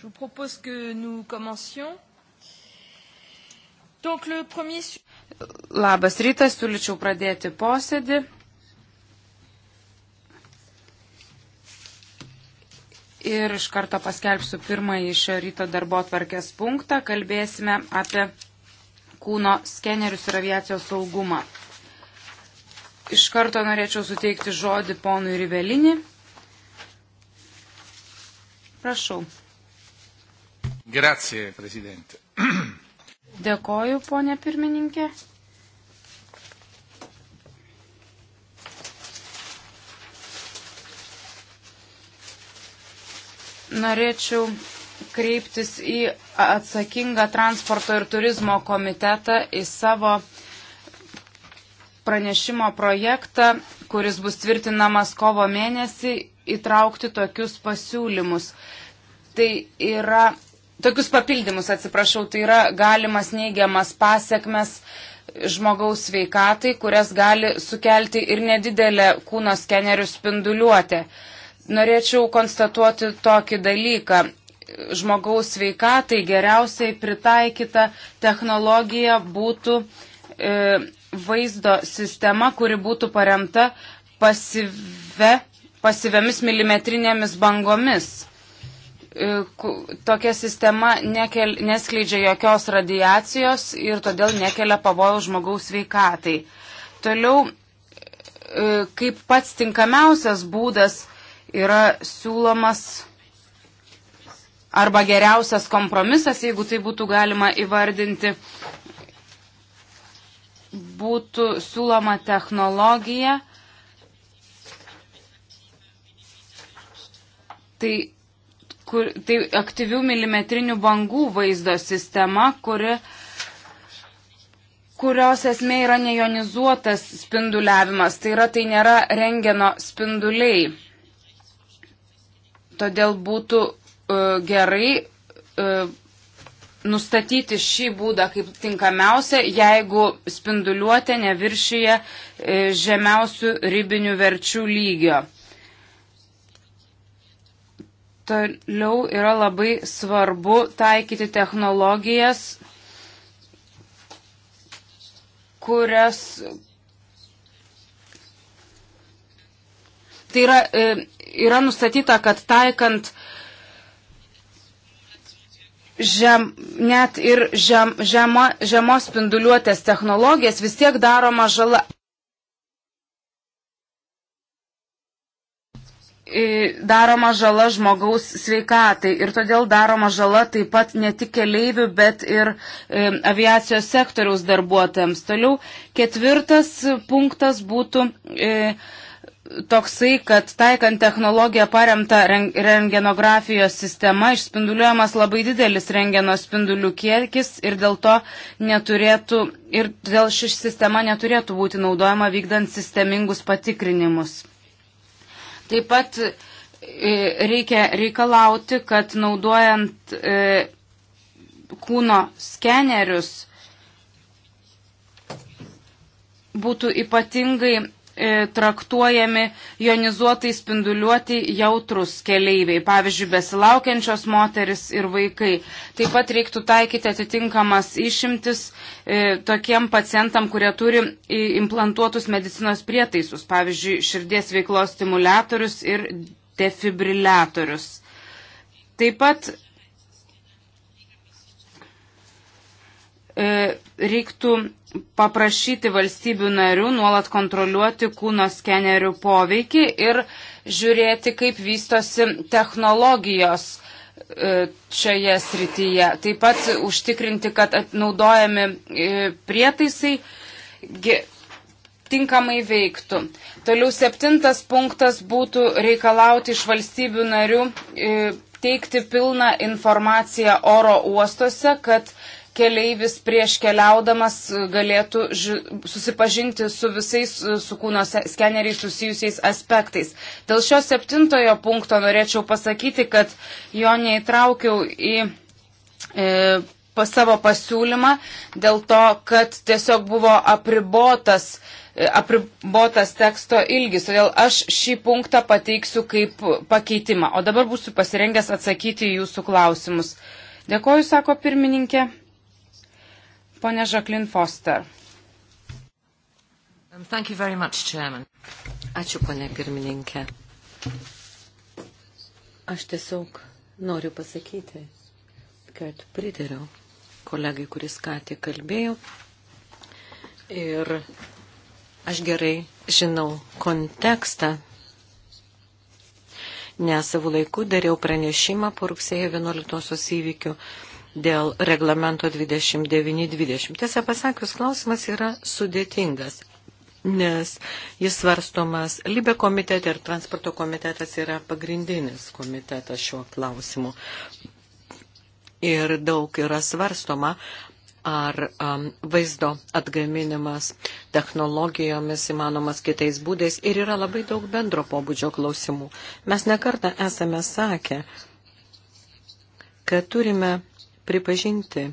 Je vous propose que nous commencions. Donc, le premier... Labas rytas, siūlyčiau pradėti posėdį. Ir iš karto paskelbsiu pirmąjį šio ryto darbo tvarkės punktą. Kalbėsime apie kūno skenerius ir aviacijos saugumą. Iš karto norėčiau suteikti žodį ponui Rivelinį. Prašau. Grazie, prezidente. Dėkoju, ponė pirmininkė. Norėčiau kreiptis į atsakingą transporto ir turizmo komitetą į savo pranešimo projektą, kuris bus tvirtinamas kovo mėnesį, įtraukti tokius pasiūlymus. Tai yra tokius papildymus, atsiprašau, tai yra galimas neigiamas pasiekmes žmogaus sveikatai, kurias gali sukelti ir nedidelė kūno skenerių spinduliuotė. Norėčiau konstatuoti tokį dalyką. Žmogaus sveikatai geriausiai pritaikyta technologija būtų e, vaizdo sistema, kuri būtų paremta pasive, pasiviamis milimetrinėmis bangomis E, tokia sistema nekel, neskleidžia jokios radiacijos ir todėl nekelia pavojų žmogaus sveikatai. Toliau, e, kaip pats tinkamiausias būdas yra siūlomas arba geriausias kompromisas, jeigu tai būtų galima įvardinti, būtų siūloma technologija. Tai kur, tai aktyvių milimetrinių bangų vaizdo sistema, kuri, kurios esmė yra neionizuotas spinduliavimas. Tai yra, tai nėra rengeno spinduliai. Todėl būtų uh, gerai uh, nustatyti šį būdą kaip tinkamiausią, jeigu spinduliuotė neviršyje e, žemiausių ribinių verčių lygio. Toliau yra labai svarbu taikyti technologijas, kurias. Tai yra, e, yra nustatyta, kad taikant žem, net ir žem, žema, žemos spinduliuotės technologijas vis tiek daroma žala. daroma žala žmogaus sveikatai ir todėl daroma žala taip pat ne tik keleivių, bet ir e, aviacijos sektoriaus darbuotojams. Toliau ketvirtas punktas būtų e, toksai, kad taikant technologiją paremta rengenografijos sistema išspinduliuojamas labai didelis rengeno spindulių kiekis ir dėl to neturėtų, ir dėl ši sistema neturėtų būti naudojama vykdant sistemingus patikrinimus. Taip pat e, reikia reikalauti, kad naudojant e, kūno skenerius būtų ypatingai E, traktuojami jonizuotai spinduliuoti jautrus keleiviai, pavyzdžiui, besilaukiančios moteris ir vaikai. Taip pat reiktų taikyti atitinkamas išimtis e, tokiem pacientam, kurie turi implantuotus medicinos prietaisus, pavyzdžiui, širdies veiklos stimulatorius ir defibriliatorius. Taip pat e, reiktų paprašyti valstybių narių nuolat kontroliuoti kūno skenerių poveikį ir žiūrėti, kaip vystosi technologijos e, šioje srityje. Taip pat užtikrinti, kad naudojami e, prietaisai tinkamai veiktų. Toliau septintas punktas būtų reikalauti iš valstybių narių e, teikti pilną informaciją oro uostuose, kad keleivis prieš keliaudamas galėtų ži, susipažinti su visais e, su kūno skeneriais susijusiais aspektais. Dėl šio septintojo punkto norėčiau pasakyti, kad jo neįtraukiau į e, pas savo pasiūlymą dėl to, kad tiesiog buvo apribotas e, apribotas teksto ilgis, todėl aš šį punktą pateiksiu kaip pakeitimą. O dabar būsiu pasirengęs atsakyti į jūsų klausimus. Dėkoju, sako pirmininkė. Pone Žaklin Foster. Um, much, chairman. Ačiū, ponė pirmininkė. Aš tiesiog noriu pasakyti, kad pritariu kolegai, kuris ką tik kalbėjo. Ir aš gerai žinau kontekstą, nes savo laiku dariau pranešimą po rugsėjo 11 įvykių dėl reglamento 2920. Tiesą pasakius, klausimas yra sudėtingas, nes jis svarstomas Libė komitete ir transporto komitetas yra pagrindinis komitetas šiuo klausimu. Ir daug yra svarstoma, ar um, vaizdo atgaminimas technologijomis įmanomas kitais būdais ir yra labai daug bendro pobūdžio klausimų. Mes nekartą esame sakę, kad turime pripažinti,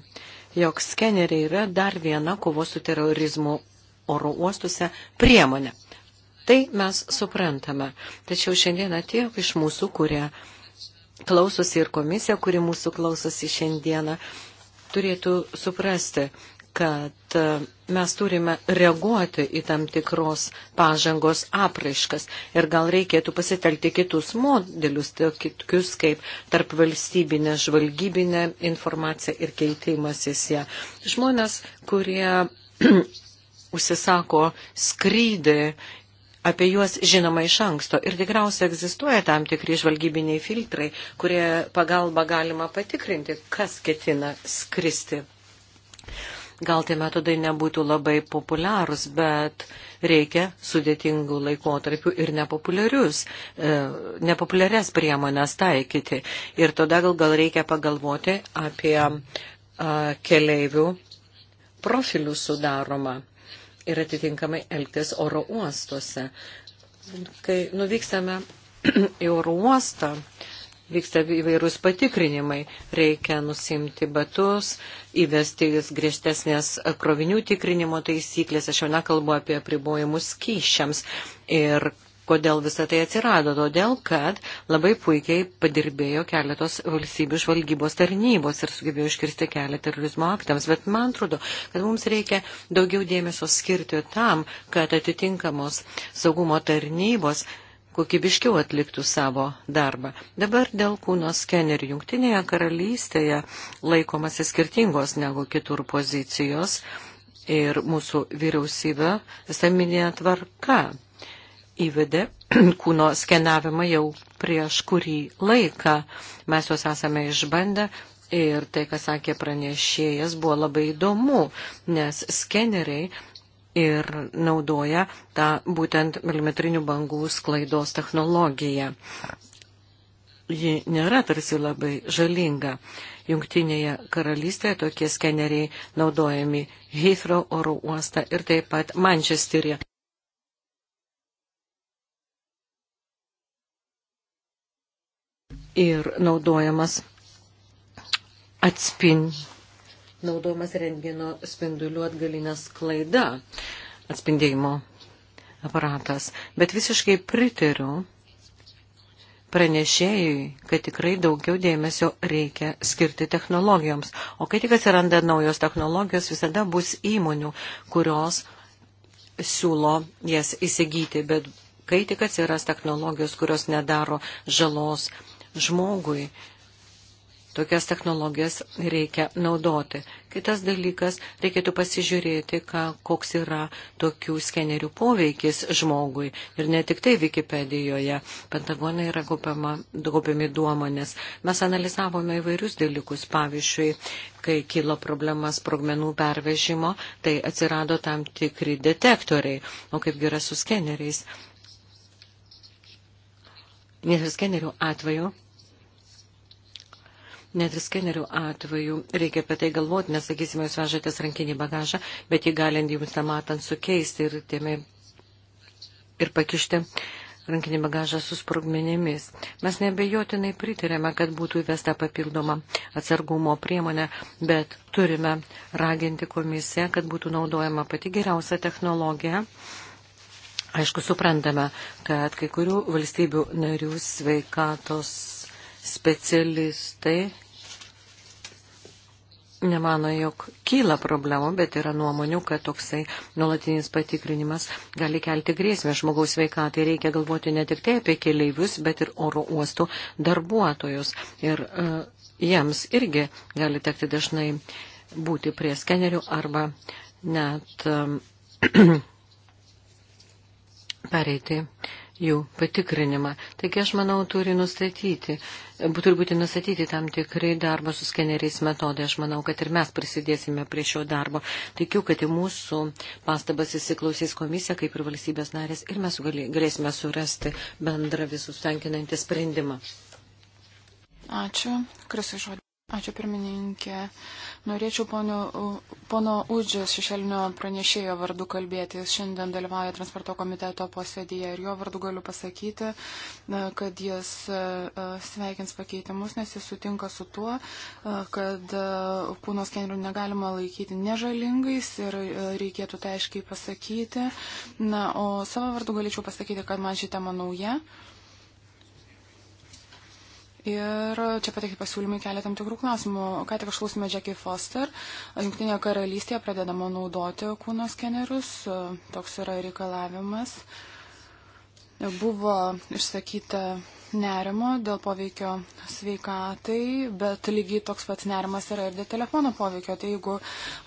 jog skeneriai yra dar viena kovos su terorizmu oro uostuose priemonė. Tai mes suprantame. Tačiau šiandieną tiek iš mūsų, kurie klausosi ir komisija, kuri mūsų klausosi šiandieną, turėtų suprasti, kad e, mes turime reaguoti į tam tikros pažangos apraiškas ir gal reikėtų pasitelti kitus modelius, tai tokius kaip tarp valstybinė, žvalgybinė informacija ir keitimasis ją. Žmonės, kurie užsisako skrydį, apie juos žinoma iš anksto ir tikriausiai egzistuoja tam tikri žvalgybiniai filtrai, kurie pagalba galima patikrinti, kas ketina skristi. Gal tie metodai nebūtų labai populiarūs, bet reikia sudėtingų laikotarpių ir nepopuliarius, e, nepopuliarias priemonės taikyti. Ir tada gal, gal reikia pagalvoti apie e, keleivių profilių sudaromą ir atitinkamai elgtis oro uostuose. Kai nuvykstame į oro uostą, vyksta įvairūs patikrinimai. Reikia nusimti batus, įvesti griežtesnės krovinių tikrinimo taisyklės. Aš jau nekalbu apie pribojimus kyšiams. Ir kodėl visą tai atsirado? Todėl, kad labai puikiai padirbėjo keletos valstybių žvalgybos tarnybos ir sugebėjo iškirsti kelią terorizmo aktams. Bet man atrodo, kad mums reikia daugiau dėmesio skirti tam, kad atitinkamos saugumo tarnybos kokybiškiau atliktų savo darbą. Dabar dėl kūno skenerių jungtinėje karalystėje laikomasi skirtingos negu kitur pozicijos ir mūsų vyriausybė visuomenė tvarka įvedė kūno skenavimą jau prieš kurį laiką. Mes juos esame išbandę. Ir tai, ką sakė pranešėjas, buvo labai įdomu, nes skeneriai ir naudoja tą būtent milimetrinių bangų sklaidos technologiją. Ji nėra tarsi labai žalinga. Jungtinėje karalystėje tokie skeneriai naudojami Heathrow oro uostą ir taip pat Mančesterėje. Ir naudojamas atspindi naudojamas rengino spindulių atgalinės klaida atspindėjimo aparatas. Bet visiškai pritariu pranešėjui, kad tikrai daugiau dėmesio reikia skirti technologijoms. O kai tik atsiranda naujos technologijos, visada bus įmonių, kurios siūlo jas įsigyti. Bet kai tik atsiras technologijos, kurios nedaro žalos žmogui, tokias technologijas reikia naudoti. Kitas dalykas, reikėtų pasižiūrėti, ką, koks yra tokių skenerių poveikis žmogui. Ir ne tik tai Wikipedijoje, Pentagonai yra gaupiami duomonės. Mes analizavome įvairius dalykus, pavyzdžiui, kai kilo problemas sprogmenų pervežimo, tai atsirado tam tikri detektoriai. O kaipgi yra su skeneriais? Nes skenerių atveju Net ir skenerių atveju reikia apie tai galvoti, nes, sakysime, jūs vežatės rankinį bagažą, bet jį galint jums nematant sukeisti ir, tėme, ir pakišti rankinį bagažą su sprogmenimis. Mes nebejotinai pritarėme, kad būtų įvesta papildoma atsargumo priemonė, bet turime raginti komisiją, kad būtų naudojama pati geriausia technologija. Aišku, suprantame, kad kai kurių valstybių narių sveikatos specialistai nemano, jog kyla problemų, bet yra nuomonių, kad toksai nuolatinis patikrinimas gali kelti grėsmę žmogaus veikatai. Reikia galvoti ne tik tai apie keleivius, bet ir oro uostų darbuotojus. Ir uh, jiems irgi gali tekti dažnai būti prie skenerių arba net um, pereiti jų patikrinimą. Taigi aš manau, turi nustatyti, turi būti nustatyti tam tikrai darbo su skeneriais metodai. Aš manau, kad ir mes prisidėsime prie šio darbo. Tikiu, kad į mūsų pastabas įsiklausys komisija, kaip ir valstybės narės, ir mes galėsime surasti bendrą visus tenkinantį sprendimą. Ačiū. Krisai žodžiu. Ačiū pirmininkė. Norėčiau ponio, pono Udžios šešėlinio pranešėjo vardu kalbėti. Jis šiandien dalyvauja transporto komiteto posėdėje ir jo vardu galiu pasakyti, kad jis e, e, sveikins pakeitimus, nes jis sutinka su tuo, e, kad kūno skenerių negalima laikyti nežalingais ir reikėtų tai aiškiai pasakyti. Na, o savo vardu galėčiau pasakyti, kad man ši tema nauja. Ja. Ir čia pateikti pasiūlymai kelia tam tikrų klausimų. Ką tik aš klausime Jackie Foster, Junktinėje karalystėje pradedama naudoti kūno skenerius, toks yra reikalavimas. Buvo išsakyta nerimo dėl poveikio sveikatai, bet lygiai toks pats nerimas yra ir dėl telefono poveikio. Tai jeigu,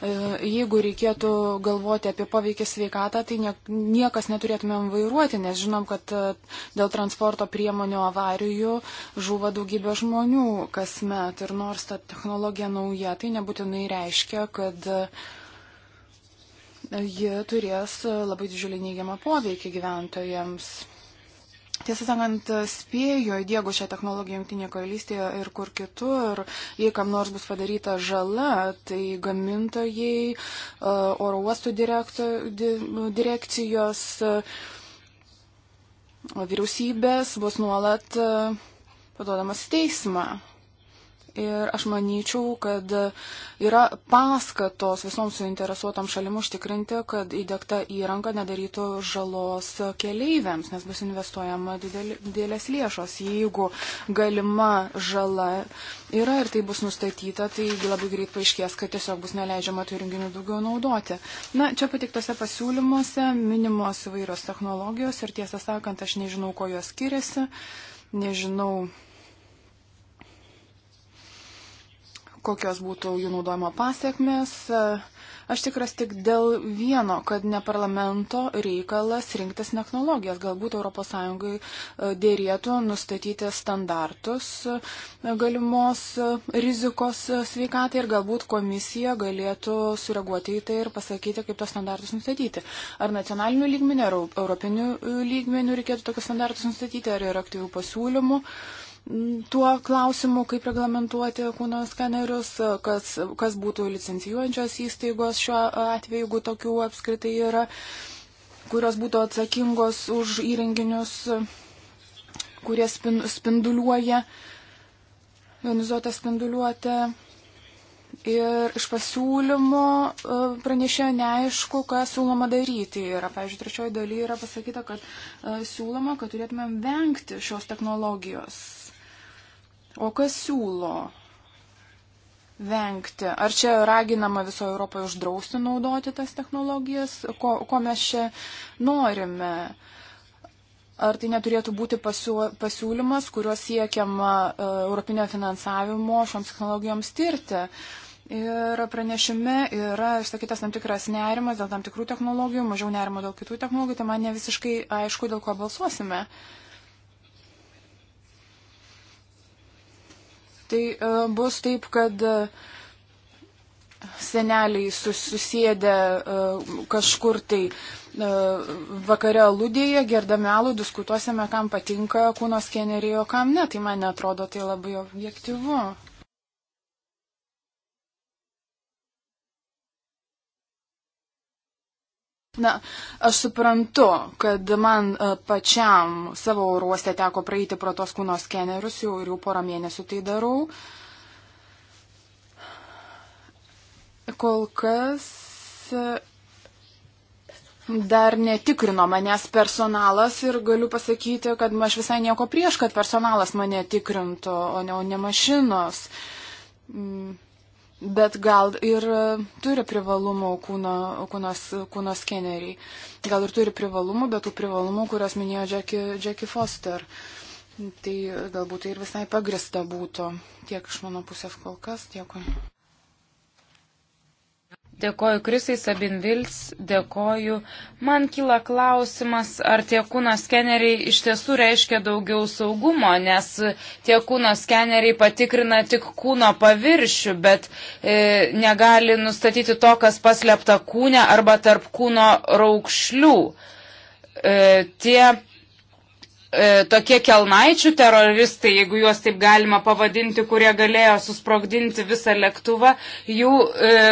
e, jeigu reikėtų galvoti apie poveikį sveikatą, tai niekas neturėtumėm vairuoti, nes žinom, kad e, dėl transporto priemonių avarijų žuva daugybė žmonių kasmet. Ir nors ta technologija nauja, tai nebūtinai reiškia, kad e, ji turės labai didžiulį neigiamą poveikį gyventojams tiesą sakant, spėjo įdėgo šią technologiją Junktinėje karalystėje ir kur kitur, jei kam nors bus padaryta žala, tai gamintojai, e, oro uostų direkcijos, e, vyriausybės bus nuolat paduodamas e, teismą. Ir aš manyčiau, kad yra paskatos visoms suinteresuotam šalim užtikrinti, kad įdėkta įranga nedarytų žalos keleiviams, nes bus investuojama didelės lėšos. Jeigu galima žala yra ir tai bus nustatyta, tai labai greit paaiškės, kad tiesiog bus neleidžiama tų įrenginių daugiau naudoti. Na, čia patiktose pasiūlymuose minimos įvairios technologijos ir tiesą sakant, aš nežinau, kuo jos skiriasi, nežinau kokios būtų jų naudojimo pasiekmes. Aš tikras tik dėl vieno, kad ne parlamento reikalas rinktis technologijas. Galbūt ES e, dėrėtų nustatyti standartus e, galimos e, rizikos sveikatai ir galbūt komisija galėtų sureaguoti į tai ir pasakyti, kaip tos standartus nustatyti. Ar nacionaliniu lygmeniu, ar europiniu lygmeniu reikėtų tokius standartus nustatyti, ar yra aktyvių pasiūlymų. Uh, tuo klausimu, kaip reglamentuoti kūno skanerius, kas, kas būtų licencijuojančios įstaigos šiuo atveju, jeigu tokių apskritai yra, kurios būtų atsakingos už įrenginius, kurie spinduliuoja, jonizuotą spinduliuotę. Ir iš pasiūlymo e, pranešėjo neaišku, ką siūloma daryti. Ir, pavyzdžiui, trečioji daly yra pasakyta, kad e, siūloma, kad turėtumėm vengti šios technologijos O kas siūlo vengti? Ar čia raginama viso Europoje uždrausti naudoti tas technologijas? Ko, ko mes čia norime? Ar tai neturėtų būti pasiūlymas, kuriuo siekiama e, europinio finansavimo šioms technologijoms tirti? Ir pranešime yra išsakytas tam tikras nerimas dėl tam tikrų technologijų, mažiau nerimo dėl kitų technologijų, tai man ne visiškai aišku, dėl ko balsuosime. Uh, tai e, bus taip, kad e, seneliai susėdę e, kažkur tai vakare aludėje, gerdami alų, diskutuosime, kam patinka kūno skeneriai, o kam ne. Tai man netrodo tai labai objektivu. Na, aš suprantu, kad man e, pačiam savo uoste teko praeiti pro tos kūno skenerius, jau ir jau porą mėnesių tai darau. Kol kas e, dar netikrino manęs personalas ir galiu pasakyti, kad aš visai nieko prieš, kad personalas mane tikrintų, o ne, o ne mašinos. Mm Bet gal ir e, turi privalumų kūno, kūnos, kūno skeneriai. Gal ir turi privalumų, bet tų privalumų, kurias minėjo Jackie, Jackie Foster. Tai galbūt tai ir visai pagrista būtų. Tiek iš mano pusės kol kas. Dėkui. Dėkoju Krisai Sabinvils, dėkoju. Man kyla klausimas, ar tie kūno skeneriai iš tiesų reiškia daugiau saugumo, nes tie kūno skeneriai patikrina tik kūno paviršių, bet e, negali nustatyti to, kas paslėpta kūne arba tarp kūno raukšlių. E, tie e, tokie kelnaičių teroristai, jeigu juos taip galima pavadinti, kurie galėjo susprogdinti visą lėktuvą, jų. E,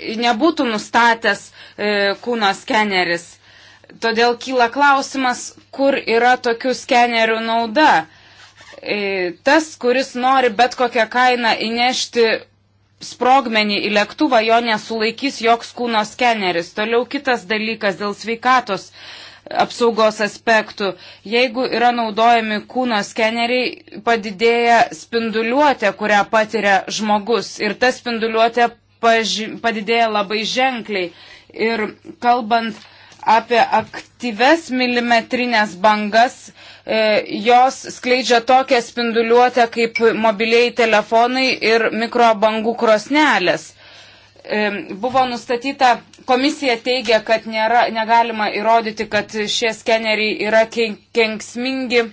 nebūtų nustatęs e, kūno skeneris. Todėl kyla klausimas, kur yra tokių skenerių nauda. E, tas, kuris nori bet kokią kainą įnešti sprogmenį į lėktuvą, jo nesulaikys joks kūno skeneris. Toliau kitas dalykas dėl sveikatos apsaugos aspektų. Jeigu yra naudojami kūno skeneriai, padidėja spinduliuotė, kurią patiria žmogus ir ta spinduliuotė paži, padidėja labai ženkliai. Ir kalbant apie aktyves milimetrinės bangas, e, jos skleidžia tokią spinduliuotę kaip mobiliai telefonai ir mikrobangų krosnelės. E, buvo nustatyta, komisija teigia, kad nėra, negalima įrodyti, kad šie skeneriai yra kenksmingi. Ken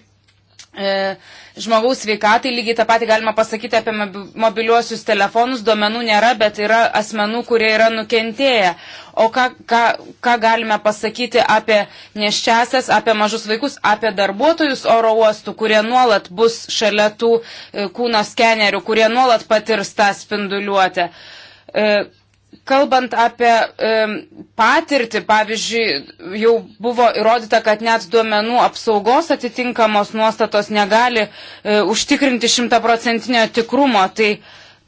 E, žmogaus sveikatai. Lygiai tą patį galima pasakyti apie mobiliuosius telefonus. Duomenų nėra, bet yra asmenų, kurie yra nukentėję. O ką, ką, ką galime pasakyti apie neščiasias, apie mažus vaikus, apie darbuotojus oro uostų, kurie nuolat bus šalia tų e, kūno skenerių, kurie nuolat patirs tą spinduliuotę. E, kalbant apie e, patirtį, pavyzdžiui, jau buvo įrodyta, kad net duomenų apsaugos atitinkamos nuostatos negali e, užtikrinti šimtaprocentinio tikrumo, tai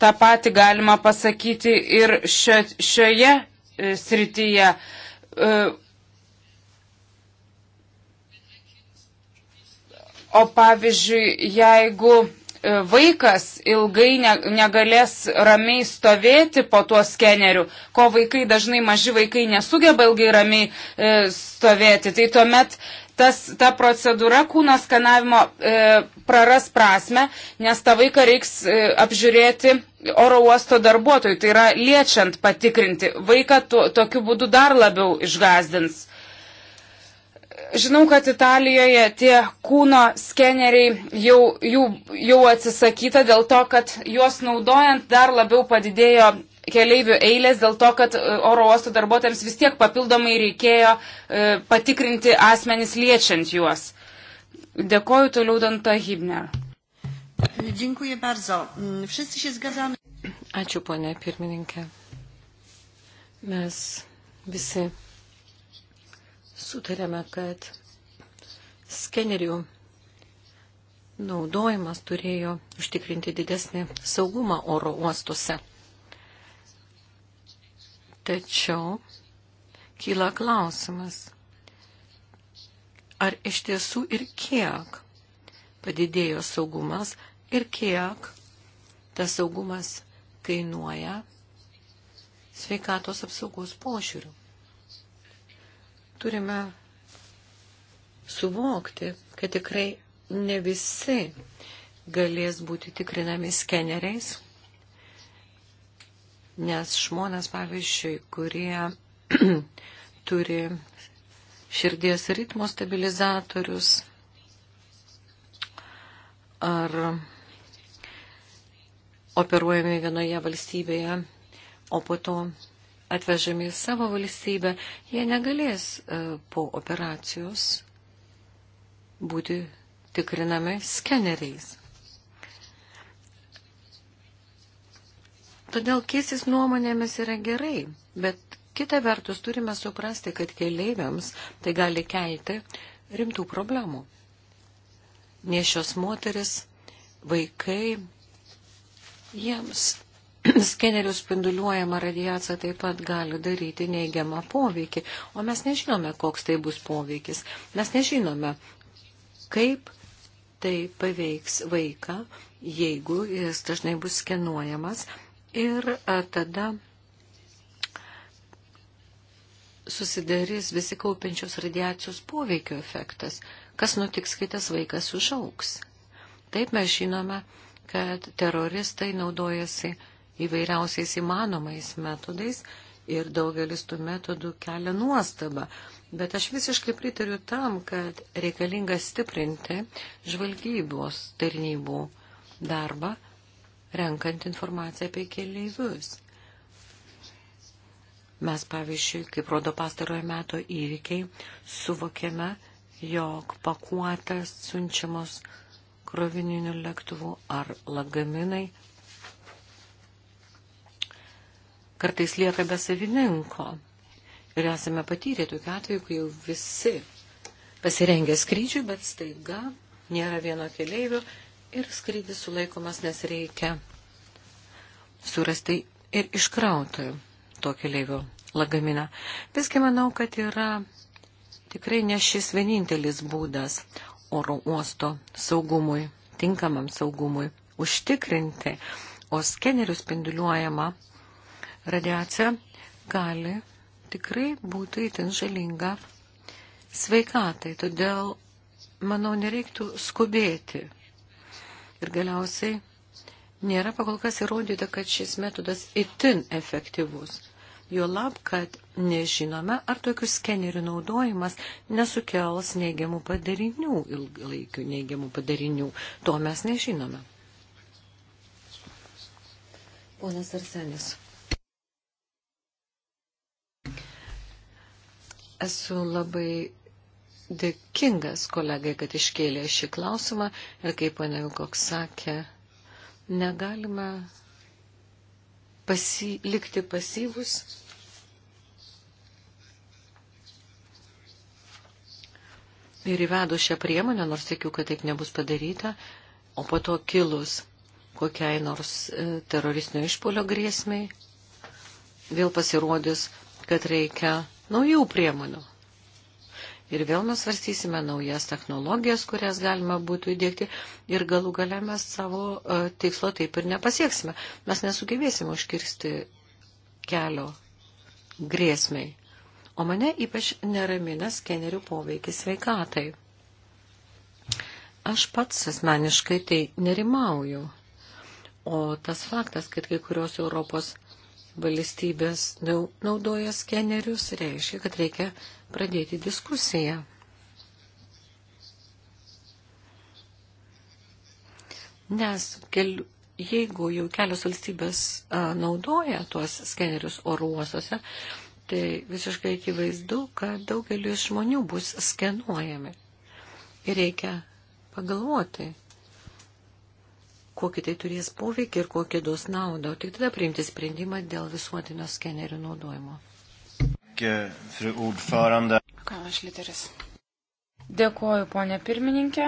tą patį galima pasakyti ir šio, šioje e, srityje. E, o pavyzdžiui, jeigu E, vaikas ilgai ne, negalės ramiai stovėti po tuo skeneriu, ko vaikai dažnai maži vaikai nesugeba ilgai ramiai e, stovėti, tai tuomet tas, ta procedūra kūno skanavimo e, praras prasme, nes tą vaiką reiks e, apžiūrėti oro uosto darbuotojų, tai yra liečiant patikrinti. Vaiką to, tokiu būdu dar labiau išgazdins. Žinau, kad Italijoje tie kūno skeneriai jau, jų, jau atsisakyta dėl to, kad juos naudojant dar labiau padidėjo keleivių eilės dėl to, kad e, oro uosto darbuotojams vis tiek papildomai reikėjo e, patikrinti asmenis liečiant juos. Dėkoju toliau Danta Hibner. Dziękuję bardzo. Mm, wszyscy się zgadzamy. Ačiū, ponė pirmininkė. Mes visi sutarėme, kad skenerių naudojimas turėjo užtikrinti didesnį saugumą oro uostuose. Tačiau kyla klausimas, ar iš tiesų ir kiek padidėjo saugumas ir kiek tas saugumas kainuoja sveikatos apsaugos požiūrių turime suvokti, kad tikrai ne visi galės būti tikrinami skeneriais, nes žmonės, pavyzdžiui, kurie turi širdies ritmo stabilizatorius ar operuojami vienoje valstybėje, o po to atvežami į savo valstybę, jie negalės e, po operacijos būti tikrinami skeneriais. Todėl keisis nuomonėmis yra gerai, bet kita vertus turime suprasti, kad keleiviams tai gali kelti rimtų problemų. Nešios moteris, vaikai, jiems skenerių spinduliuojama radiacija taip pat gali daryti neigiamą poveikį, o mes nežinome, koks tai bus poveikis. Mes nežinome, kaip tai paveiks vaiką, jeigu jis dažnai bus skenuojamas ir a, tada susidarys visi kaupiančios radiacijos poveikio efektas, kas nutiks, kai tas vaikas užauks. Taip mes žinome, kad teroristai naudojasi įvairiausiais įmanomais metodais ir daugelis tų metodų kelia nuostabą. Bet aš visiškai pritariu tam, kad reikalinga stiprinti žvalgybos tarnybų darbą, renkant informaciją apie keleivius. Mes, pavyzdžiui, kaip rodo pastarojo meto įvykiai, suvokėme, jog pakuotas siunčiamos krovininių lėktuvų ar lagaminai kartais lieka be savininko. Ir esame patyrę tokiu atveju, kai jau visi pasirengę skrydžiui, bet staiga nėra vieno keleivio ir skrydis sulaikomas, nes reikia surasti ir iškrauti to keleivio lagaminą. Visgi manau, kad yra tikrai ne šis vienintelis būdas oro uosto saugumui, tinkamam saugumui užtikrinti, o skenerių spinduliuojama radiacija gali tikrai būti įtin žalinga sveikatai. Todėl, manau, nereiktų skubėti. Ir galiausiai nėra pakol kas įrodyta, kad šis metodas itin efektyvus. Jo lab, kad nežinome, ar tokių skenerių naudojimas nesukels neigiamų padarinių, ilgalaikių neigiamų padarinių. To mes nežinome. Ponas Arsenis. Esu labai dėkingas kolegai, kad iškėlė šį klausimą ir kaip pane Vilkoks sakė, negalime pasi, likti pasyvus. Ir įvedus šią priemonę, nors tikiu, kad taip nebus padaryta, o po to kilus kokiai nors e, teroristinio išpolio grėsmiai, vėl pasirodys, kad reikia naujų priemonių. Ir vėl mes svarstysime naujas technologijas, kurias galima būtų įdėkti ir galų gale mes savo e, tikslo taip ir nepasieksime. Mes nesugebėsime užkirsti kelio grėsmiai. O mane ypač neramina skenerių poveikis sveikatai. Aš pats asmeniškai tai nerimauju. O tas faktas, kad kai kurios Europos valstybės naudoja skenerius, reiškia, kad reikia pradėti diskusiją. Nes kelių, jeigu jau kelios valstybės a, naudoja tuos skenerius oro uostose, tai visiškai akivaizdu, kad daugelis žmonių bus skenuojami. Ir reikia pagalvoti, kokį tai turės poveikį ir kokį duos naudą, o tik tada priimti sprendimą dėl visuotinio skenerių naudojimo. Kalas Literis. Dėkuoju, ponė pirmininkė.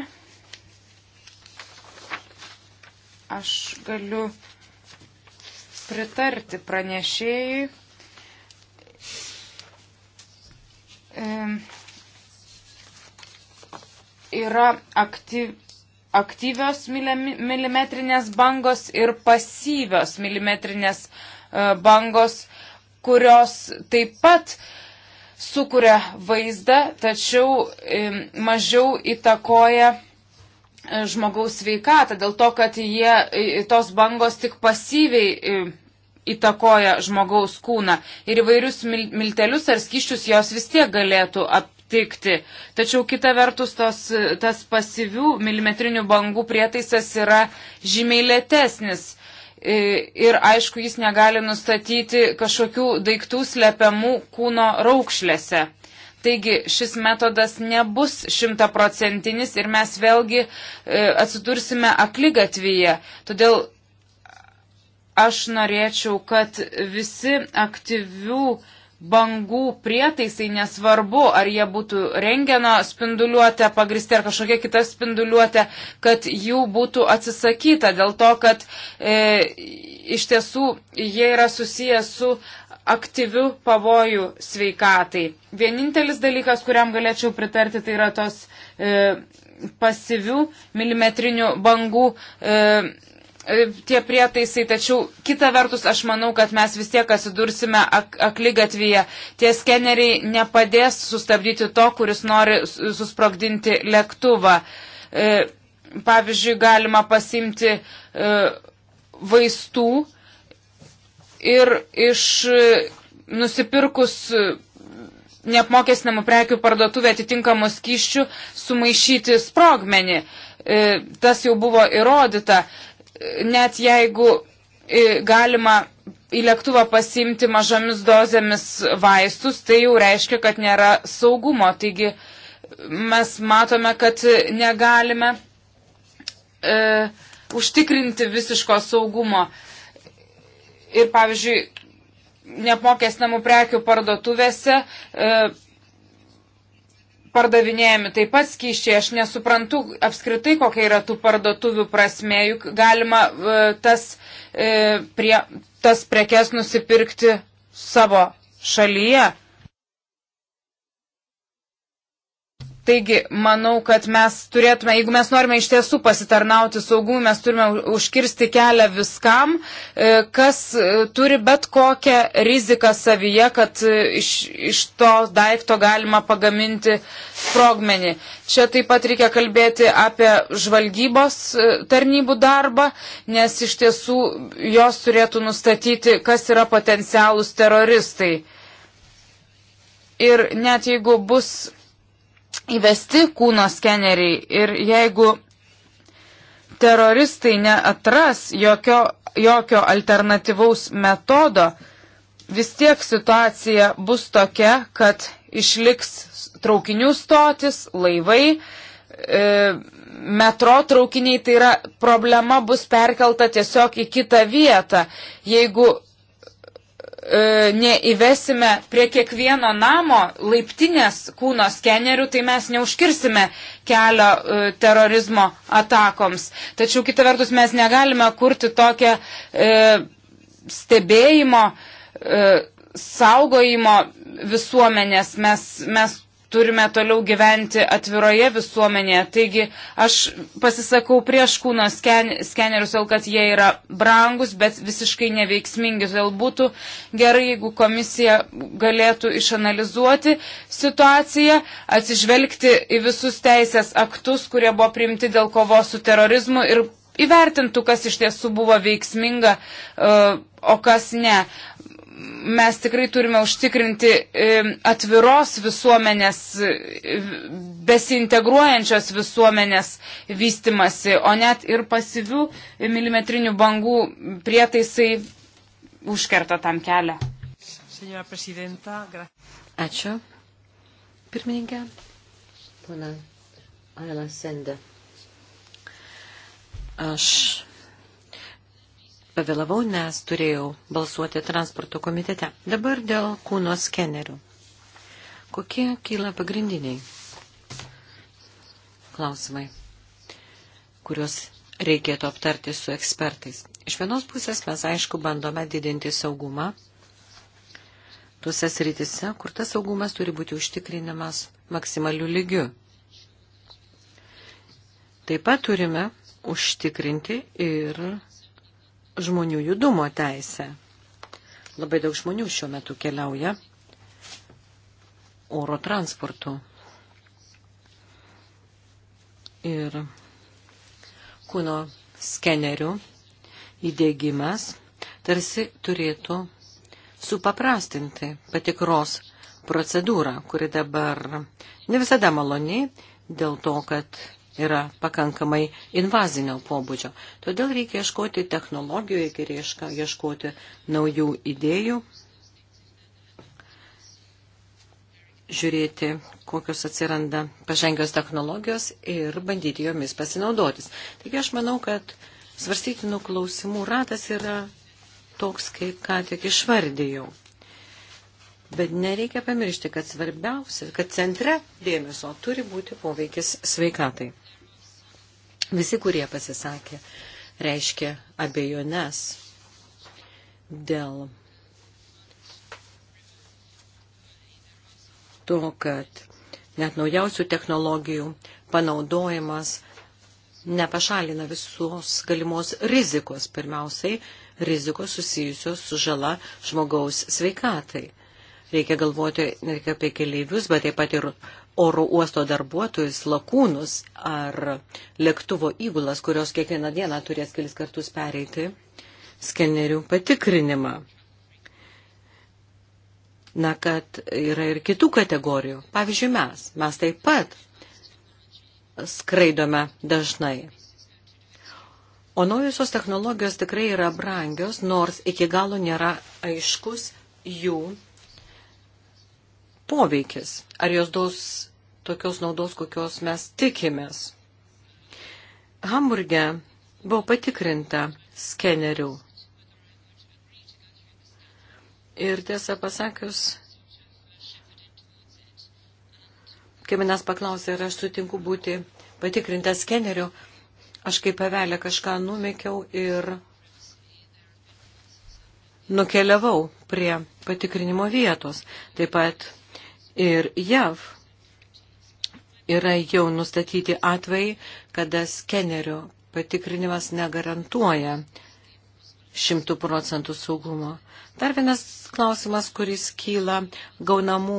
Aš galiu pritarti pranešėjui. E, yra aktyv, aktyvios milimetrinės bangos ir pasyvios milimetrinės e, bangos, kurios taip pat sukuria vaizdą, tačiau e, mažiau įtakoja e, žmogaus sveikatą, dėl to, kad jie, tos bangos tik pasyviai įtakoja žmogaus kūną ir įvairius miltelius ar skyščius jos vis tiek galėtų ap, aptikti. Tačiau kita vertus tos, tas pasyvių milimetrinių bangų prietaisas yra žymiai lėtesnis. E, ir aišku, jis negali nustatyti kažkokių daiktų slepiamų kūno raukšlėse. Taigi šis metodas nebus šimtaprocentinis ir mes vėlgi e, atsidursime aklygatvyje. Todėl aš norėčiau, kad visi aktyvių bangų prietaisai, nesvarbu, ar jie būtų rengeno spinduliuotė pagristi ar kažkokia kita spinduliuotė, kad jų būtų atsisakyta dėl to, kad e, iš tiesų jie yra susiję su aktyviu pavojų sveikatai. Vienintelis dalykas, kuriam galėčiau pritarti, tai yra tos e, pasyvių milimetrinių bangų e, E, tie prietaisai, tačiau kita vertus aš manau, kad mes vis tiek atsidursime ak aklygatvyje. Tie skeneriai nepadės sustabdyti to, kuris nori susprogdinti lėktuvą. E, pavyzdžiui, galima pasimti e, vaistų ir iš e, nusipirkus e, neapmokestinamų prekių parduotuvę atitinkamos kiščių sumaišyti sprogmenį. E, tas jau buvo įrodyta net jeigu e, galima į lėktuvą pasimti mažomis dozėmis vaistus, tai jau reiškia, kad nėra saugumo. Taigi mes matome, kad negalime e, užtikrinti visiško saugumo. Ir pavyzdžiui, neapmokestinamų prekių parduotuvėse e, pardavinėjami taip pat skyščiai. Aš nesuprantu apskritai, kokia yra tų parduotuvių prasme. Juk galima e, tas, e, prie, tas prekes nusipirkti savo šalyje. Taigi, manau, kad mes turėtume, jeigu mes norime iš tiesų pasitarnauti saugumui, mes turime užkirsti kelią viskam, e, kas e, turi bet kokią riziką savyje, kad e, iš, iš to daikto galima pagaminti sprogmenį. Čia taip pat reikia kalbėti apie žvalgybos tarnybų darbą, nes iš tiesų jos turėtų nustatyti, kas yra potencialūs teroristai. Ir net jeigu bus įvesti kūno skeneriai ir jeigu teroristai neatras jokio, jokio alternatyvaus metodo, vis tiek situacija bus tokia, kad išliks traukinių stotis, laivai, e, metro traukiniai, tai yra problema bus perkelta tiesiog į kitą vietą. Jeigu e, neįvesime prie kiekvieno namo laiptinės kūno skenerių, tai mes neužkirsime kelio e, terorizmo atakoms. Tačiau kita vertus mes negalime kurti tokią e, stebėjimo, e, saugojimo visuomenės. Mes, mes turime toliau gyventi atviroje visuomenėje. Taigi aš pasisakau prieš kūno sken, skenerius, todėl kad jie yra brangus, bet visiškai neveiksmingi. Todėl būtų gerai, jeigu komisija galėtų išanalizuoti situaciją, atsižvelgti į visus teisės aktus, kurie buvo priimti dėl kovos su terorizmu ir įvertintų, kas iš tiesų buvo veiksminga, e, o kas ne mes tikrai turime užtikrinti atviros visuomenės, besintegruojančios visuomenės vystimasi, o net ir pasyvių milimetrinių bangų prietaisai užkerta tam kelią. Ačiū. Pirmininkė, pana Aila Sende. Aš pavėlavau, nes turėjau balsuoti transporto komitete. Dabar dėl kūno skenerių. Kokie kyla pagrindiniai klausimai, kuriuos reikėtų aptarti su ekspertais? Iš vienos pusės mes, aišku, bandome didinti saugumą tuose srityse, kur tas saugumas turi būti užtikrinamas maksimaliu lygiu. Taip pat turime užtikrinti ir žmonių judumo teisę. Labai daug žmonių šiuo metu keliauja oro transportu. Ir kūno skenerių įdėgymas tarsi turėtų supaprastinti patikros procedūrą, kuri dabar ne visada maloni dėl to, kad yra pakankamai invazinio pobūdžio. Todėl reikia ieškoti technologijų, reikia ieškoti naujų idėjų, žiūrėti, kokios atsiranda pažengios technologijos ir bandyti jomis pasinaudotis. Taigi aš manau, kad svarstytinų klausimų ratas yra toks, kaip ką tik išvardėjau. Bet nereikia pamiršti, kad svarbiausia, kad centre dėmesio turi būti poveikis sveikatai. Visi, kurie pasisakė, reiškia abejones dėl to, kad net naujausių technologijų panaudojimas nepašalina visos galimos rizikos, pirmiausiai rizikos susijusios su žala žmogaus sveikatai. Reikia galvoti ne tik apie keleivius, bet taip pat ir oro uosto darbuotojus, lakūnus ar lėktuvo įgulas, kurios kiekvieną dieną turės kelis kartus pereiti skenerių patikrinimą. Na, kad yra ir kitų kategorijų. Pavyzdžiui, mes. Mes taip pat skraidome dažnai. O naujusios technologijos tikrai yra brangios, nors iki galo nėra aiškus jų poveikis, ar jos duos tokios naudos, kokios mes tikimės. Hamburge buvo patikrinta skenerių. Ir tiesą pasakius, kai manęs paklausė, ar aš sutinku būti patikrinta skeneriu, aš kaip pavelė kažką numekiau ir nukeliavau prie patikrinimo vietos. Taip pat ir JAV yra jau nustatyti atvejai, kada skenerio patikrinimas negarantuoja šimtų procentų saugumo. Dar vienas klausimas, kuris kyla gaunamų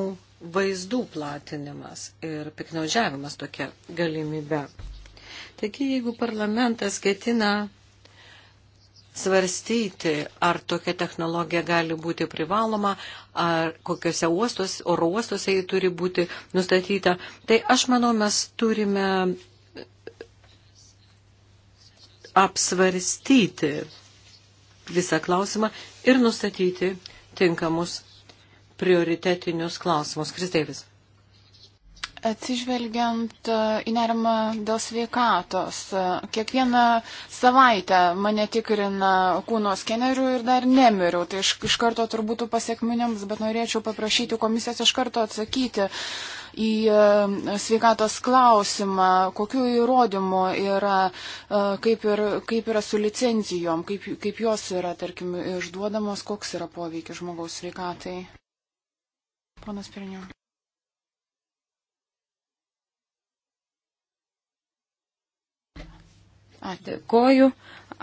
vaizdų platinimas ir piknaudžiavimas tokia galimybe. Taigi, jeigu parlamentas ketina svarstyti, ar tokia technologija gali būti privaloma, ar kokiuose uostos, oro uostuose jį turi būti nustatyta. Tai aš manau, mes turime apsvarstyti visą klausimą ir nustatyti tinkamus prioritetinius klausimus. Kristėvis. Atsižvelgiant e, į nerimą dėl sveikatos, e, kiekvieną savaitę mane tikrina kūno skeneriu ir dar nemiriau. Tai iš, iš karto turbūt pasiekminėms, bet norėčiau paprašyti komisijos iš karto atsakyti į e, sveikatos klausimą, kokiu įrodymu yra, kaip, ir, kaip yra su licencijom, kaip, kaip jos yra, tarkim, išduodamos, koks yra poveikis žmogaus sveikatai. Ponas Pirniu. Dėkoju.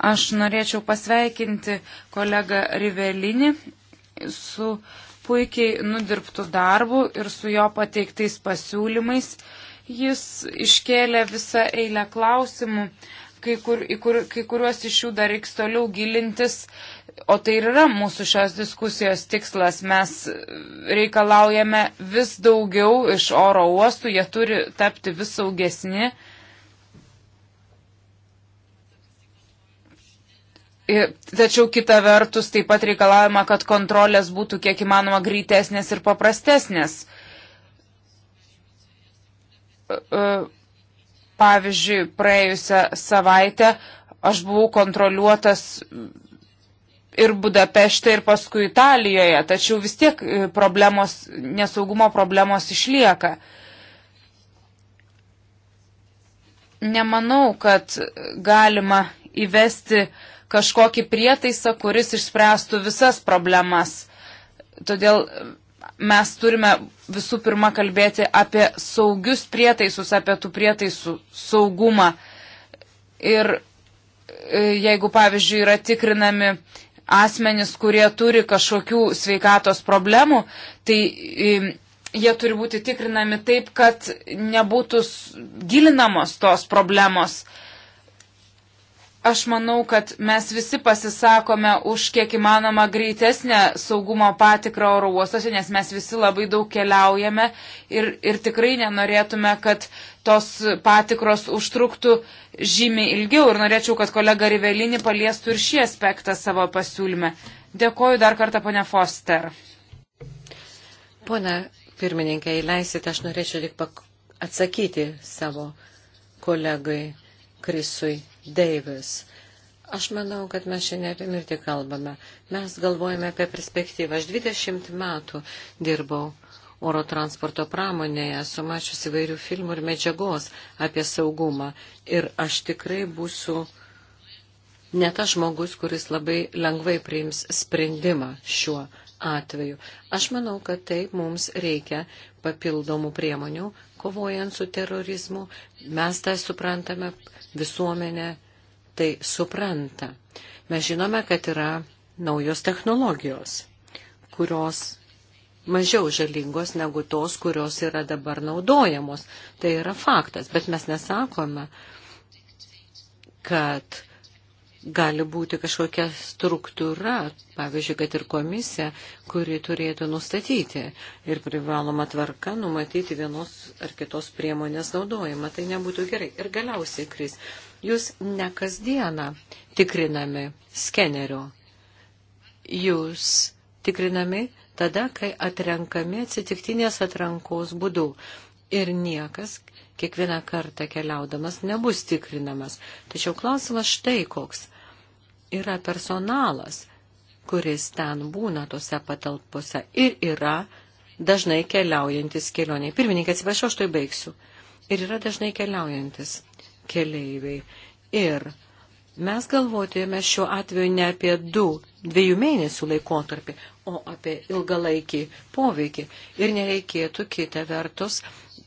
Aš norėčiau pasveikinti kolegą Rivelinį su puikiai nudirbtų darbų ir su jo pateiktais pasiūlymais. Jis iškėlė visą eilę klausimų, kai, kur, kur, kai kuriuos iš jų dar reiks toliau gilintis, o tai ir yra mūsų šios diskusijos tikslas. Mes reikalaujame vis daugiau iš oro uostų, jie turi tapti vis saugesni. Tačiau kita vertus taip pat reikalavima, kad kontrolės būtų kiek įmanoma greitesnės ir paprastesnės. E, e, pavyzdžiui, praėjusią savaitę aš buvau kontroliuotas ir Budapešte, ir paskui Italijoje, tačiau vis tiek e, problemos, nesaugumo problemos išlieka. Nemanau, kad galima įvesti kažkokį prietaisą, kuris išspręstų visas problemas. Todėl mes turime visų pirma kalbėti apie saugius prietaisus, apie tų prietaisų saugumą. Ir e, jeigu, pavyzdžiui, yra tikrinami asmenys, kurie turi kažkokių sveikatos problemų, tai e, jie turi būti tikrinami taip, kad nebūtų gilinamos tos problemos. Aš manau, kad mes visi pasisakome už kiek įmanoma greitesnę saugumo patikrą oro uostose, nes mes visi labai daug keliaujame ir, ir tikrai nenorėtume, kad tos patikros užtruktų žymiai ilgiau ir norėčiau, kad kolega Rivelinį paliestų ir šį aspektą savo pasiūlyme. Dėkoju dar kartą, ponė Foster. Pone pirmininkė, įleisite, aš norėčiau tik atsakyti savo kolegai Krisui Deivis. Aš manau, kad mes šiandien apie mirtį kalbame. Mes galvojame apie perspektyvą. Aš 20 metų dirbau oro transporto pramonėje, esu mačiusi įvairių filmų ir medžiagos apie saugumą. Ir aš tikrai būsiu ne tas žmogus, kuris labai lengvai priims sprendimą šiuo atveju. Aš manau, kad taip mums reikia papildomų priemonių, kovojant su terorizmu. Mes tai suprantame, visuomenė tai supranta. Mes žinome, kad yra naujos technologijos, kurios mažiau žalingos negu tos, kurios yra dabar naudojamos. Tai yra faktas, bet mes nesakome, kad gali būti kažkokia struktūra, pavyzdžiui, kad ir komisija, kuri turėtų nustatyti ir privaloma tvarka numatyti vienos ar kitos priemonės naudojimą. Tai nebūtų gerai. Ir galiausiai, Kris, jūs ne kasdieną tikrinami skeneriu. Jūs tikrinami tada, kai atrenkami atsitiktinės atrankos būdu. Ir niekas kiekvieną kartą keliaudamas nebus tikrinamas. Tačiau klausimas štai koks yra personalas, kuris ten būna tose patalpose ir yra dažnai keliaujantis kelioniai. Pirmininkė, atsiprašau, aš tai baigsiu. Ir yra dažnai keliaujantis keleiviai. Ir mes galvotėjome šiuo atveju ne apie du, dviejų mėnesių laikotarpį, o apie ilgalaikį poveikį. Ir nereikėtų kitą vertus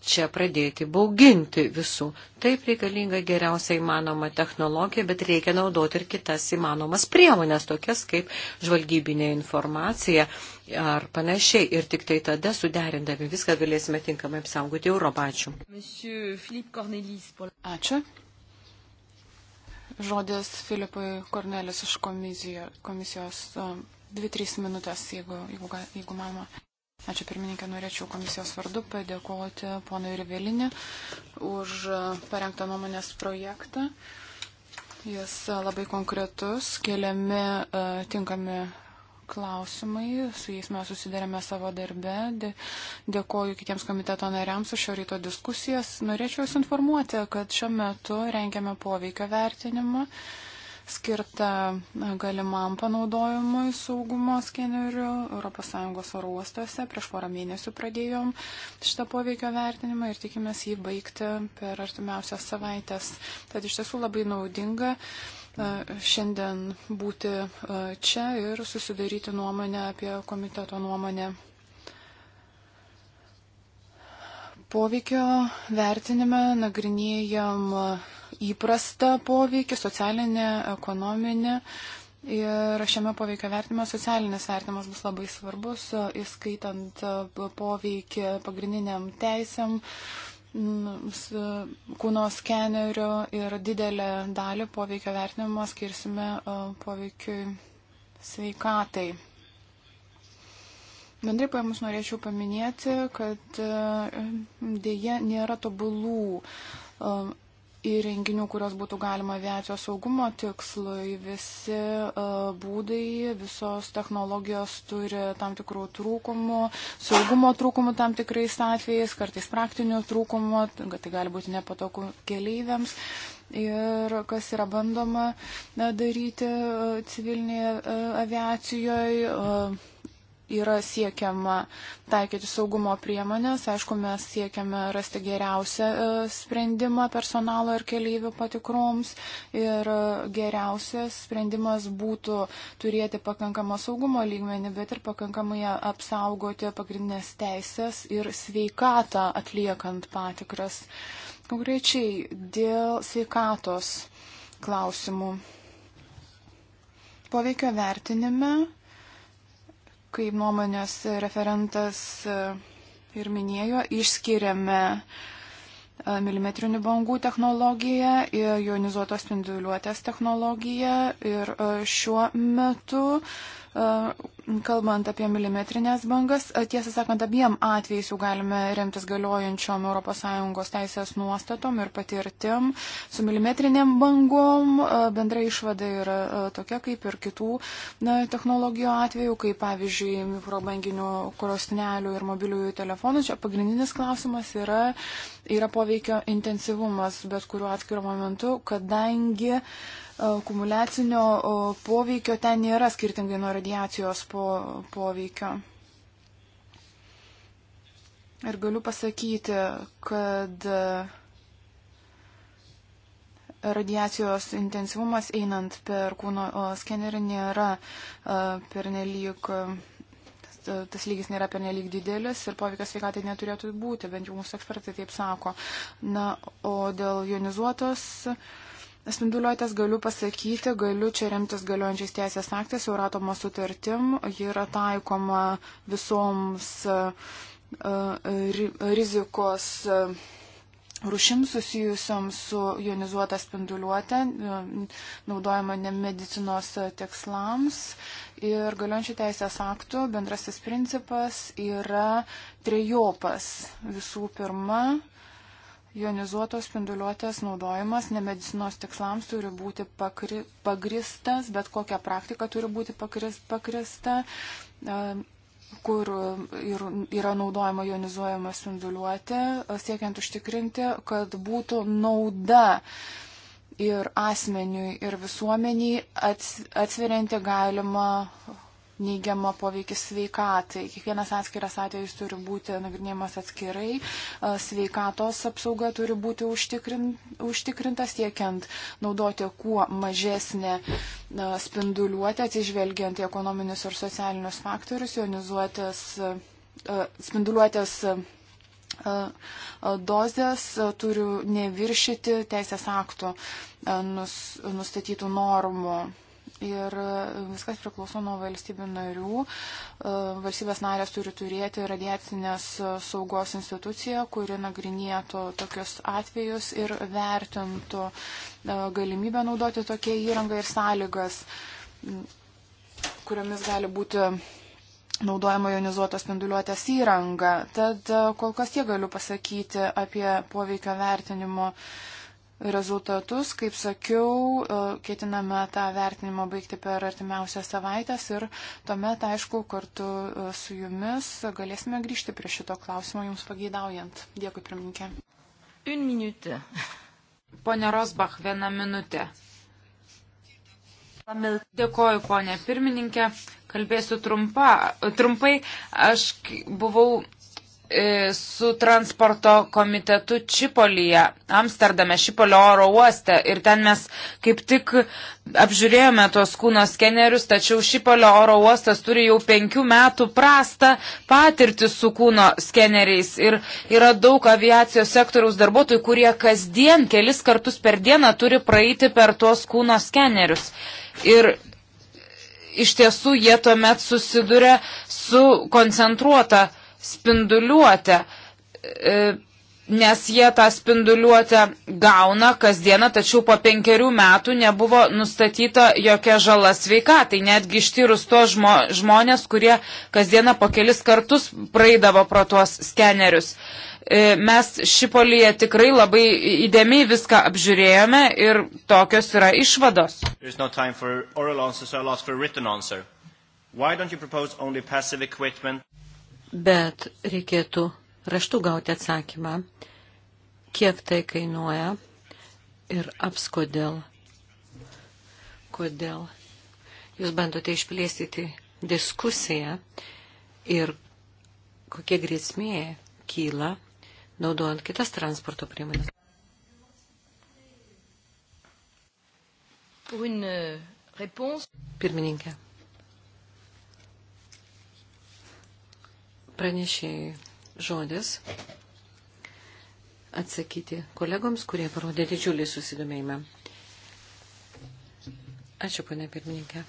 čia pradėti bauginti visų. Taip reikalinga geriausia įmanoma technologija, bet reikia naudoti ir kitas įmanomas priemonės, tokias kaip žvalgybinė informacija ar panašiai. Ir tik tai tada suderindami viską galėsime tinkamai apsaugoti Europą. Ačiū. Ačiū. Žodis Filipui Kornelis iš komisijos. komisijos 2-3 um, minutės, jeigu, jeigu, jeigu mama. Ačiū pirmininkė, norėčiau komisijos vardu padėkoti ponui Rivelinį už parengtą nuomonės projektą. Jis labai konkretus, keliami e, tinkami klausimai, su jais mes susidarėme savo darbe. Dėkoju kitiems komiteto nariams už šio ryto diskusijas. Norėčiau Jūs informuoti, kad šiuo metu rengiame poveikio vertinimą skirta galimam panaudojimui saugumo skenerių ES oro uostuose. Prieš porą mėnesių pradėjom šitą poveikio vertinimą ir tikimės jį baigti per artimiausias savaitės. Tad iš tiesų labai naudinga šiandien būti čia ir susidaryti nuomonę apie komiteto nuomonę. Poveikio vertinime nagrinėjam įprastą poveikį, socialinį, ekonominį. Ir šiame poveikio vertinime socialinis vertinimas bus labai svarbus, įskaitant e, poveikį pagrindiniam teisėm, kūno skeneriu ir didelę dalį poveikio vertinimo skirsime e, poveikiui sveikatai. Bendrai paėmus norėčiau paminėti, kad e, dėje nėra tobulų įrenginių, kurios būtų galima aviacijos saugumo tikslui. Visi e, būdai, visos technologijos turi tam tikrų trūkumų, saugumo trūkumų tam tikrais atvejais, kartais praktinių trūkumų, tai, tai gali būti nepatogu keleiviams. Ir kas yra bandoma daryti e, civilinėje e, aviacijoje yra siekiama taikyti saugumo priemonės. Aišku, mes siekiame rasti geriausią e, sprendimą personalo ir keleivių patikroms. Ir e, geriausias sprendimas būtų turėti pakankamą saugumo lygmenį, bet ir pakankamai apsaugoti pagrindinės teisės ir sveikatą atliekant patikras. Konkrečiai dėl sveikatos klausimų. Poveikio vertinime kaip nuomonės referentas e, ir minėjo, išskiriame e, milimetrinių bangų technologiją ir jonizuotos spinduliuotės technologiją. Ir e, šiuo metu kalbant apie milimetrinės bangas, tiesą sakant, abiem atvejais jau galime remtis galiojančiom ES teisės nuostatom ir patirtim. Su milimetrinėm bangom bendra išvada yra tokia kaip ir kitų na, technologijų atveju, kaip pavyzdžiui mikrobanginių krosnelių ir mobiliųjų telefonų. Čia pagrindinis klausimas yra, yra poveikio intensyvumas bet kuriuo atskiru momentu, kadangi uh, kumulacinio poveikio ten nėra skirtingai nuo radiacijos po, poveikio. Ir galiu pasakyti, kad e, radiacijos intensyvumas einant per kūno skenerį nėra e, pernelyg, e, tas lygis nėra pernelyg didelis ir poveikas sveikatai neturėtų būti, bent jau mūsų ekspertai taip sako. Na, o dėl jonizuotos Spinduliuotės galiu pasakyti, galiu čia remtis galiojančiais teisės aktais, Euratomo sutartim, ji yra taikoma visoms e, e, rizikos e, rušim susijusiam su jonizuota spinduliuotė, naudojama ne medicinos tikslams. Ir galiojančių teisės aktų bendrasis principas yra trejopas. Visų pirma, Jonizuotos spinduliuotės naudojimas nemedicinos tikslams turi būti pakri, pagristas, bet kokia praktika turi būti pakris, pakrista, e, kur ir, yra naudojama jonizuojama spinduliuotė, e, siekiant užtikrinti, kad būtų nauda ir asmeniui, ir visuomeniai atsverianti galima neigiamą poveikį sveikatai. Kiekvienas atskiras atvejis turi būti nagrinėjimas atskirai. Sveikatos apsauga turi būti užtikrintas siekiant naudoti kuo mažesnę spinduliuotę, atsižvelgiant į ekonominius ir socialinius faktorius, jonizuotis spinduliuotės dozės turiu neviršyti teisės aktų nustatytų normų. Ir e, viskas priklauso nuo valstybių narių. E, valstybės narės turi turėti radiacinės e, saugos instituciją, kuri nagrinėtų tokius atvejus ir vertintų galimybę naudoti tokią įrangą ir sąlygas, kuriomis gali būti naudojama jonizuotos spinduliuotės įranga. Tad kol kas tiek galiu pasakyti apie poveikio vertinimo uh, rezultatus. Kaip sakiau, e, ketiname tą vertinimą baigti per artimiausias savaitės ir tuomet, aišku, kartu e, su jumis galėsime grįžti prie šito klausimo jums pageidaujant. Dėkui, pirmininkė. Un minutė. Pone Rosbach, vieną minutę. Dėkoju, ponė pirmininkė. Kalbėsiu trumpa, trumpai. Aš buvau E, su transporto komitetu Čipolyje, Amsterdame, Šipolio oro uoste. Ir ten mes kaip tik apžiūrėjome tuos kūno skenerius, tačiau Šipolio oro uostas turi jau penkių metų prastą patirtį su kūno skeneriais. Ir yra daug aviacijos sektoriaus darbuotojų, kurie kasdien, kelis kartus per dieną turi praeiti per tuos kūno skenerius. Ir iš tiesų jie tuomet susiduria su koncentruota spinduliuotę, e, nes jie tą spinduliuotę gauna kasdieną, tačiau po penkerių metų nebuvo nustatyta jokia žala sveikatai, netgi ištyrus to žmo, žmonės, kurie kasdieną po kelis kartus praeidavo pro tuos skenerius e, mes Šipolyje tikrai labai įdėmiai viską apžiūrėjome ir tokios yra išvados. Answers, so Why don't you propose only passive equipment? bet reikėtų raštu gauti atsakymą, kiek tai kainuoja ir apskodėl, kodėl jūs bandote išplėstyti diskusiją ir kokie grėsmė kyla naudojant kitas transporto priemonės. Euh, Pirmininkė. pranešėjai žodis atsakyti kolegoms, kurie parodė didžiulį susidomėjimą. Ačiū, ponė pirmininkė.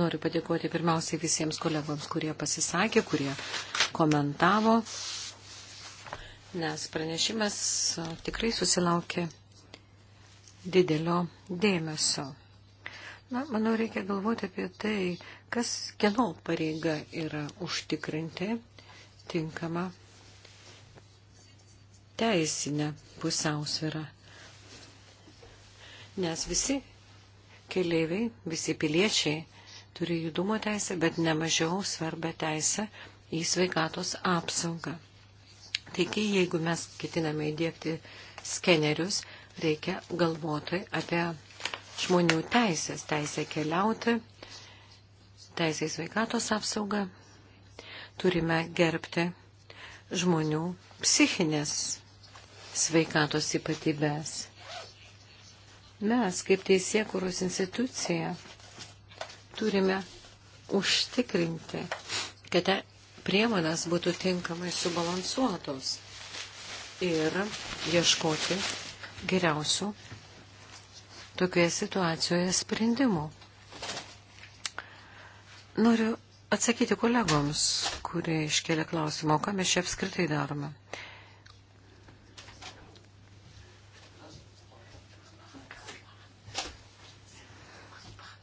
Noriu padėkoti pirmiausiai visiems kolegoms, kurie pasisakė, kurie komentavo, nes pranešimas tikrai susilaukė didelio dėmesio. Na, manau, reikia galvoti apie tai, Kas kieno pareiga yra užtikrinti tinkamą teisinę pusiausvyrą? Nes visi keleiviai, visi piliečiai turi judumo teisę, bet nemažiau svarbę teisę į sveikatos apsaugą. Taigi, jeigu mes ketiname įdėkti skenerius, reikia galvoti apie žmonių teisės, teisę keliauti, teisę į sveikatos apsaugą, turime gerbti žmonių psichinės sveikatos ypatybės. Mes, kaip teisėkuros institucija, turime užtikrinti, kad priemonės būtų tinkamai subalansuotos ir ieškoti geriausių tokioje situacijoje sprendimų. Noriu atsakyti kolegoms, kurie iškėlė klausimą, o ką mes čia apskritai darome.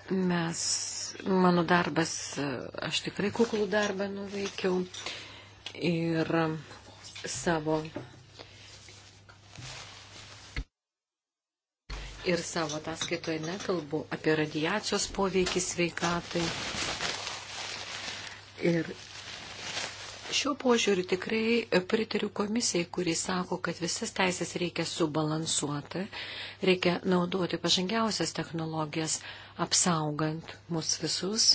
Mes, mano darbas, aš tikrai kuklų darbą nuveikiau ir savo ir savo ataskaitoje nekalbu apie radiacijos poveikį sveikatai Ir šiuo požiūriu tikrai pritariu komisijai, kuris sako, kad visas teisės reikia subalansuoti, reikia naudoti pažangiausias technologijas, apsaugant mus visus.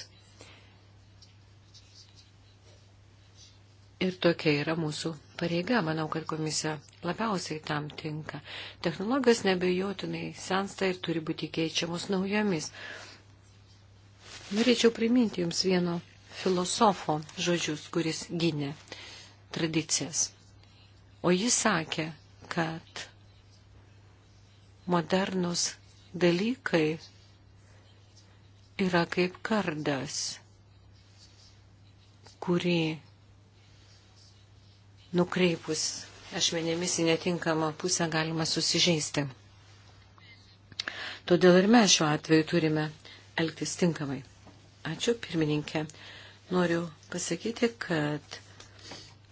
Ir tokia yra mūsų pareiga. Manau, kad komisija labiausiai tam tinka. Technologijos nebejotinai sensta ir turi būti keičiamos naujomis. Norėčiau priminti Jums vieno filosofo žodžius, kuris gynė tradicijas. O jis sakė, kad modernus dalykai yra kaip kardas, kurį nukreipus ašmenėmis į netinkamą pusę galima susižeisti. Todėl ir mes šiuo atveju turime elgtis tinkamai. Ačiū, pirmininkė. Noriu pasakyti, kad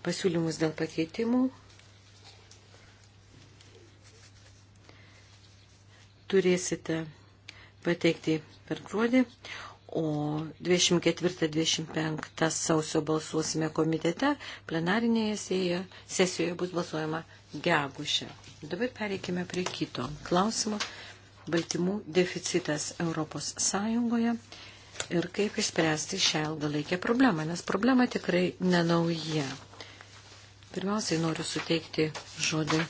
pasiūlymus dėl pakeitimų turėsite pateikti per gruodį, o 24-25 sausio balsuosime komitete, plenarinėje sėje, sesijoje bus balsuojama gegušė. Dabar pereikime prie kito klausimo. Baltymų deficitas Europos Sąjungoje ir kaip išspręsti šią ilgalaikę problemą, nes problema tikrai nenauja. Pirmiausiai noriu suteikti žodį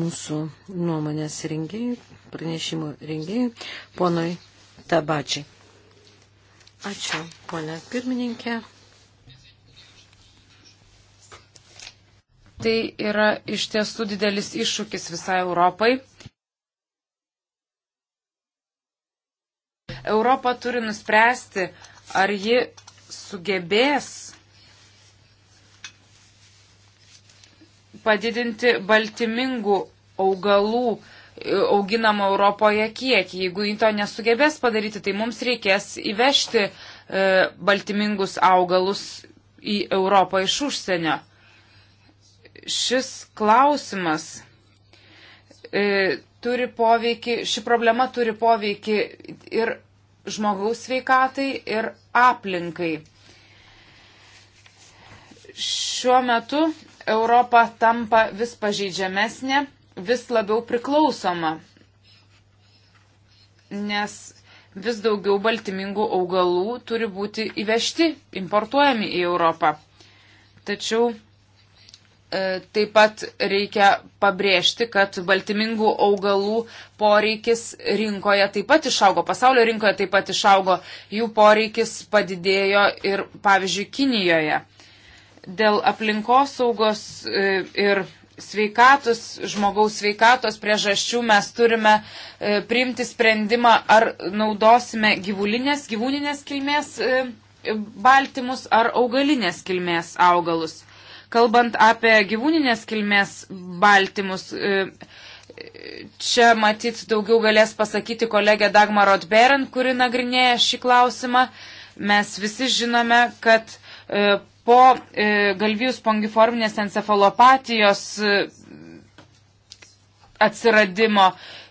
mūsų nuomonės rengėjai, pranešimo rengėjai, ponui Tabačiai. Ačiū, ponė pirmininkė. Tai yra iš tiesų didelis iššūkis visai Europai. Europa turi nuspręsti, ar ji sugebės padidinti baltymingų augalų e, auginamą Europoje kiekį. Jeigu jį to nesugebės padaryti, tai mums reikės įvežti e, baltymingus augalus į Europą iš užsienio šis klausimas e, turi poveikį, ši problema turi poveikį ir žmogaus sveikatai, ir aplinkai. Šiuo metu Europa tampa vis pažeidžiamesnė, vis labiau priklausoma, nes vis daugiau baltymingų augalų turi būti įvežti, importuojami į Europą. Tačiau E, taip pat reikia pabrėžti, kad baltymingų augalų poreikis rinkoje taip pat išaugo, pasaulio rinkoje taip pat išaugo, jų poreikis padidėjo ir, pavyzdžiui, Kinijoje. Dėl aplinkosaugos e, ir sveikatos, žmogaus sveikatos priežasčių mes turime e, priimti sprendimą, ar naudosime gyvulinės, gyvūninės kilmės baltymus ar augalinės kilmės augalus Kalbant apie gyvūninės kilmės baltymus, e, čia matyt daugiau galės pasakyti kolegė Dagma Rotberen, kuri nagrinėja šį klausimą. Mes visi žinome, kad e, po e, galvijus pongiforminės encefalopatijos atsiradimo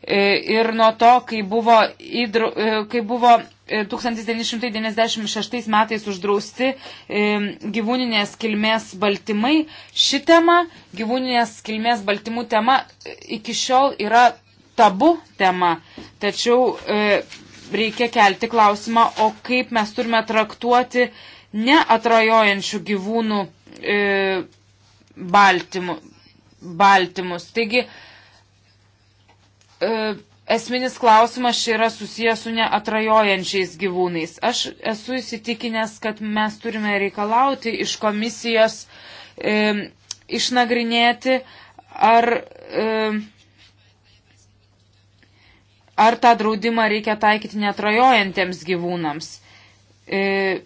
ir nuo to, kai buvo, įdru, kai buvo 1996 e, metais uždrausti e, gyvūninės kilmės baltymai. Ši tema, gyvūninės kilmės baltymų tema, e, iki šiol yra tabu tema. Tačiau reikia kelti klausimą, o kaip mes turime traktuoti neatrajojančių gyvūnų baltymų, baltymus. Taigi, esminis klausimas čia yra susijęs su neatrajojančiais gyvūnais. Aš esu įsitikinęs, kad mes turime reikalauti iš komisijos e, išnagrinėti, ar, e, ar tą draudimą reikia taikyti neatrajojantiems gyvūnams. E,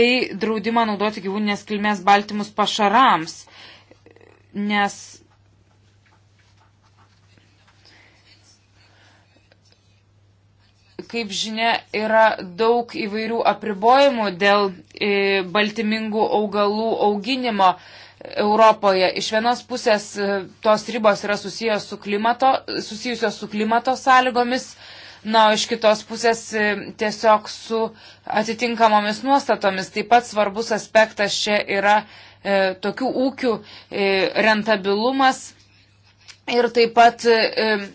bei draudimą naudoti gyvūninės kilmės baltymus pašarams, nes kaip žinia, yra daug įvairių apribojimų dėl e, baltymingų augalų auginimo e, Europoje. Iš vienos pusės e, tos ribos yra su klimato, susijusios su klimato sąlygomis, na, iš kitos pusės tiesiog su atitinkamomis nuostatomis. Taip pat svarbus aspektas čia yra e, tokių ūkių e, rentabilumas ir taip pat e,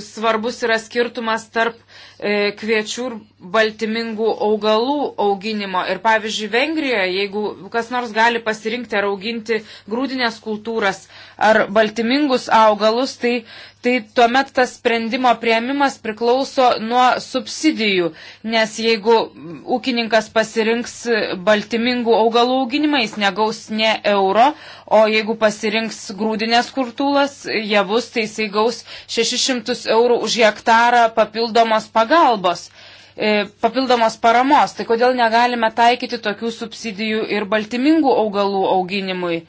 svarbus yra skirtumas tarp e, kviečių ir baltymingų augalų auginimo. Ir pavyzdžiui, Vengrijoje, jeigu kas nors gali pasirinkti ar auginti grūdinės kultūras ar baltymingus augalus, tai, tai tuomet tas sprendimo prieimimas priklauso nuo subsidijų, nes jeigu ūkininkas pasirinks baltymingų augalų auginimą, jis negaus ne euro, o jeigu pasirinks grūdinės kurtulas, javus, tai jisai gaus 600 eurų už hektarą papildomos pagalbos e, papildomos paramos. Tai kodėl negalime taikyti tokių subsidijų ir baltymingų augalų auginimui?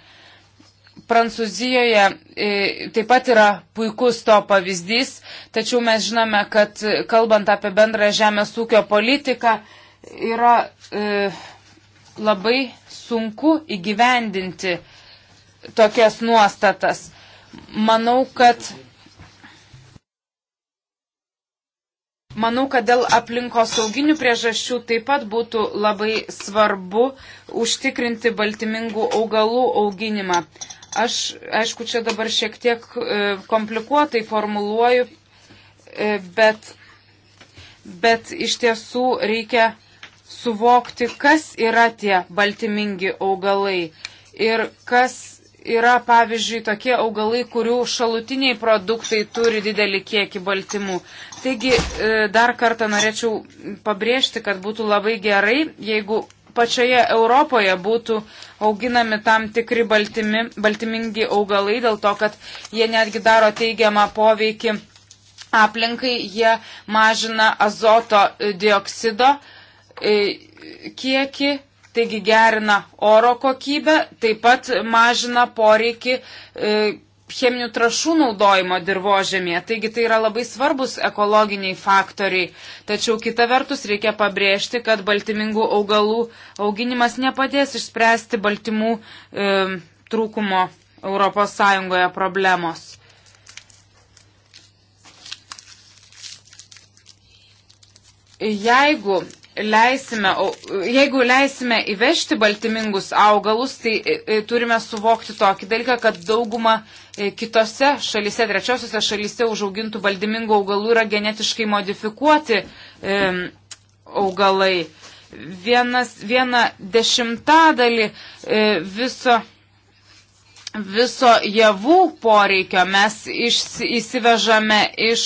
Prancūzijoje e, taip pat yra puikus to pavyzdys, tačiau mes žinome, kad kalbant apie bendrą žemės ūkio politiką, yra e, labai sunku įgyvendinti tokias nuostatas. Manau, kad Manau, kad dėl aplinkos sauginių priežasčių taip pat būtų labai svarbu užtikrinti baltymingų augalų auginimą. Aš, aišku, čia dabar šiek tiek e, komplikuotai formuluoju, e, bet, bet iš tiesų reikia suvokti, kas yra tie baltymingi augalai ir kas yra, pavyzdžiui, tokie augalai, kurių šalutiniai produktai turi didelį kiekį baltymų. Taigi e, dar kartą norėčiau pabrėžti, kad būtų labai gerai, jeigu pačioje Europoje būtų auginami tam tikri baltymi, baltymingi augalai, dėl to, kad jie netgi daro teigiamą poveikį aplinkai, jie mažina azoto e, dioksido e, kiekį, taigi gerina oro kokybę, taip pat mažina poreikį e, cheminių trašų naudojimo dirbožėmėje. Taigi tai yra labai svarbus ekologiniai faktoriai. Tačiau kita vertus reikia pabrėžti, kad baltymingų augalų auginimas nepadės išspręsti baltymų e, trūkumo ES problemos. Jeigu leisime, jeigu leisime įvežti baltymingus augalus, tai e, e, turime suvokti tokį dalyką, kad dauguma E, kitose šalise, trečiosiose šalise užaugintų valdymingų augalų yra genetiškai modifikuoti e, augalai. Vienas, viena dešimtadalį e, viso, viso javų poreikio mes iš, įsivežame iš,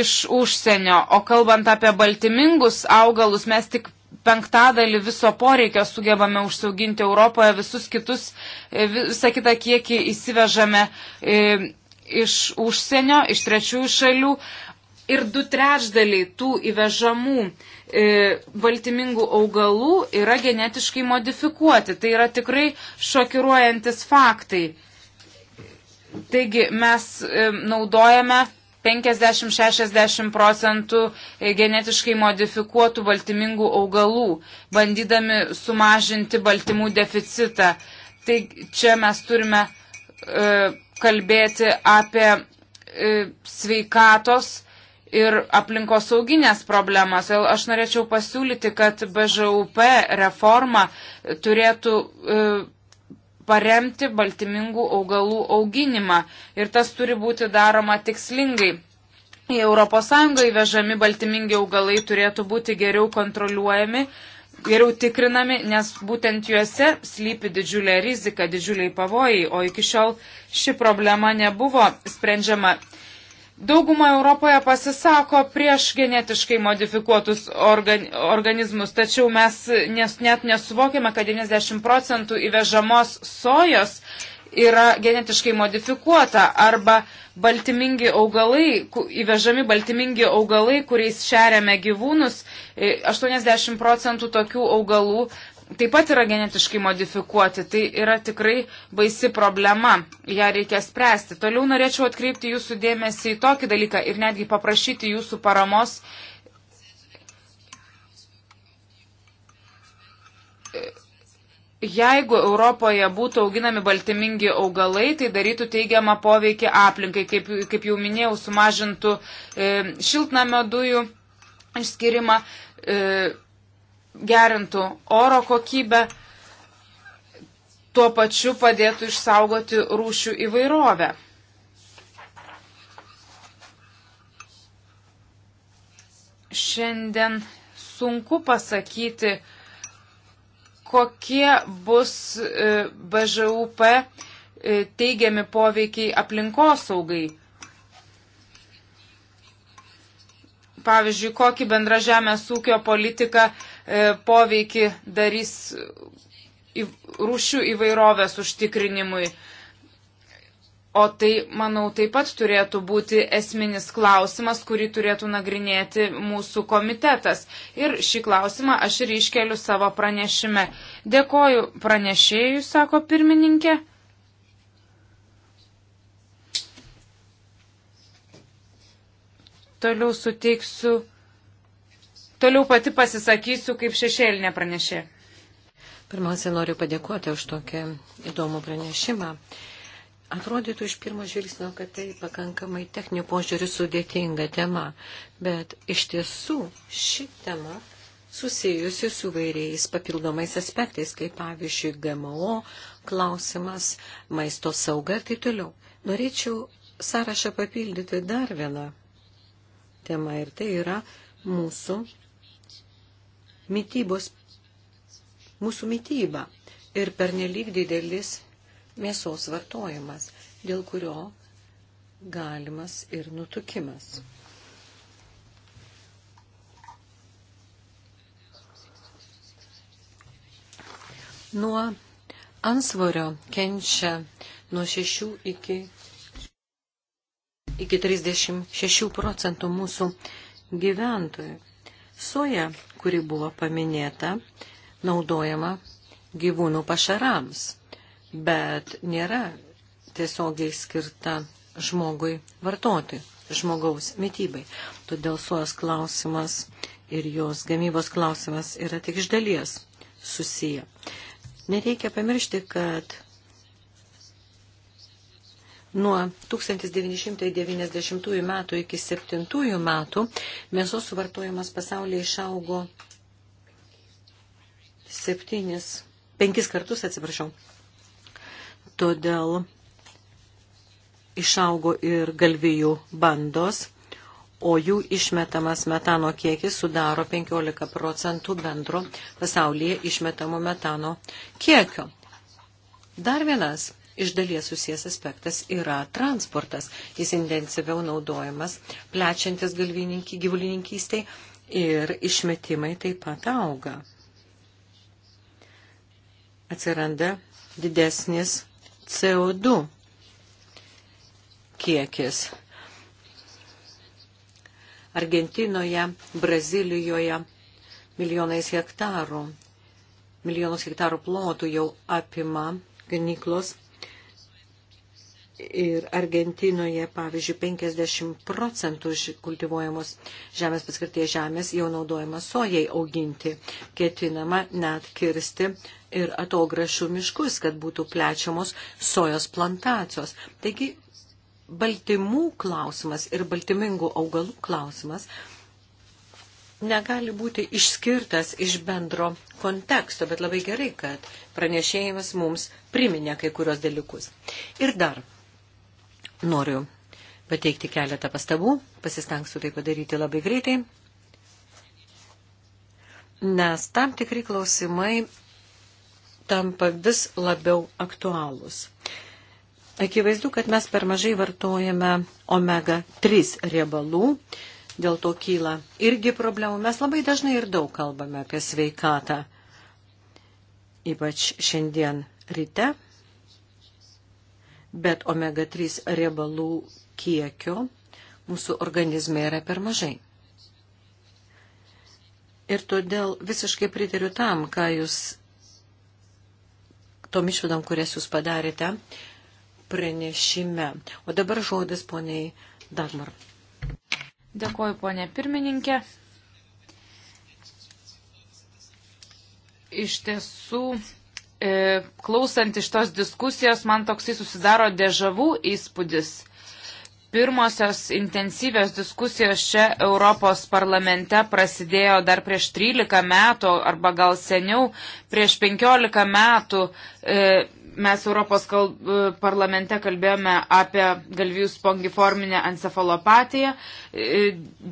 iš užsienio, o kalbant apie baltymingus augalus, mes tik penktadalį viso poreikio sugebame užsiauginti Europoje, visus kitus, e, visą kitą kiekį įsivežame e, iš užsienio, iš trečiųjų šalių. Ir du trečdaliai tų įvežamų e, baltymingų augalų yra genetiškai modifikuoti. Tai yra tikrai šokiruojantis faktai. Taigi mes e, naudojame 50-60 procentų e, genetiškai modifikuotų baltymingų augalų, bandydami sumažinti baltymų deficitą. Tai čia mes turime e, kalbėti apie e, sveikatos ir aplinkosauginės problemas. Aš norėčiau pasiūlyti, kad BŽUP reforma turėtų e, paremti baltymingų augalų auginimą ir tas turi būti daroma tikslingai. Į ES įvežami baltymingi augalai turėtų būti geriau kontroliuojami, geriau tikrinami, nes būtent juose slypi didžiulė rizika, didžiuliai pavojai, o iki šiol ši problema nebuvo sprendžiama. Dauguma Europoje pasisako prieš genetiškai modifikuotus organ, organizmus, tačiau mes nes, net nesuvokiame, kad 90 procentų įvežamos sojos yra genetiškai modifikuota arba baltymingi augalai, įvežami baltymingi augalai, kuriais šeriame gyvūnus, 80 e, procentų tokių augalų taip pat yra genetiškai modifikuoti. Tai yra tikrai baisi problema, ją reikia spręsti. Toliau norėčiau atkreipti jūsų dėmesį į tokį dalyką ir netgi paprašyti jūsų paramos. Jeigu Europoje būtų auginami baltymingi augalai, tai darytų teigiamą poveikį aplinkai, kaip, kaip jau minėjau, sumažintų e, šiltnamio dujų išskirimą. E, gerintų oro kokybę, tuo pačiu padėtų išsaugoti rūšių įvairovę. Šiandien sunku pasakyti, kokie bus e, BŽUP e, teigiami poveikiai aplinkosaugai. Pavyzdžiui, kokį bendrą žemės ūkio politiką E, poveikį darys rūšių įvairovės užtikrinimui. O tai, manau, taip pat turėtų būti esminis klausimas, kurį turėtų nagrinėti mūsų komitetas. Ir šį klausimą aš ir iškeliu savo pranešime. Dėkoju pranešėjui, sako pirmininkė. Toliau suteiksiu Toliau pati pasisakysiu kaip šešėlinė pranešė. Pirmiausia, noriu padėkoti už tokį įdomų pranešimą. Atrodytų iš pirmo žvilgsnio, kad tai pakankamai techninių požiūrių sudėtinga tema, bet iš tiesų ši tema susijusi su vairiais papildomais aspektais, kaip pavyzdžiui GMO klausimas, maisto sauga ir taip toliau. Norėčiau sąrašą papildyti dar vieną temą ir tai yra mūsų mytybos, mūsų mytyba ir pernelyg didelis mėsos vartojimas, dėl kurio galimas ir nutukimas. Nuo ansvario kenčia nuo 6 iki, iki 36 procentų mūsų gyventojų. Soja kuri buvo paminėta, naudojama gyvūnų pašarams, bet nėra tiesiogiai skirta žmogui vartoti, žmogaus mytybai. Todėl suos klausimas ir jos gamybos klausimas yra tik iš dalies susiję. Nereikia pamiršti, kad Nuo 1990 metų iki 1907 metų mėsos suvartojimas pasaulyje išaugo 7, 5 kartus, atsiprašau. Todėl išaugo ir galvijų bandos, o jų išmetamas metano kiekis sudaro 15 procentų bendro pasaulyje išmetamo metano kiekio. Dar vienas iš dalies susijęs aspektas yra transportas. Jis intensyviau naudojamas, plečiantis gyvulininkystiai ir išmetimai taip pat auga. Atsiranda didesnis CO2 kiekis. Argentinoje, Brazilijoje milijonais hektarų, milijonus hektarų plotų jau apima ganyklos Ir Argentinoje, pavyzdžiui, 50 procentų kultivuojamos žemės paskirties žemės jau naudojama sojai auginti. Ketinama net kirsti ir atograšų miškus, kad būtų plečiamos sojos plantacijos. Taigi, baltymų klausimas ir baltymingų augalų klausimas negali būti išskirtas iš bendro konteksto, bet labai gerai, kad pranešėjimas mums priminė kai kurios dalykus. Ir dar Noriu pateikti keletą pastabų, pasistengsiu tai padaryti labai greitai, nes tam tikri klausimai tampa vis labiau aktualūs. Akivaizdu, kad mes per mažai vartojame omega-3 riebalų, dėl to kyla irgi problemų. Mes labai dažnai ir daug kalbame apie sveikatą, ypač šiandien ryte bet omega-3 riebalų kiekio mūsų organizme yra per mažai. Ir todėl visiškai pritariu tam, ką jūs tom išvedam, kurias jūs padarėte pranešime. O dabar žodis poniai Dagmar. Dėkoju, ponė pirmininkė. Iš tiesų, E, klausant iš tos diskusijos, man toksai susidaro dežavų įspūdis. Pirmosios intensyvios diskusijos čia Europos parlamente prasidėjo dar prieš 13 metų arba gal seniau, prieš 15 metų e, mes Europos kal e, parlamente kalbėjome apie galvijų spongiforminę encefalopatiją.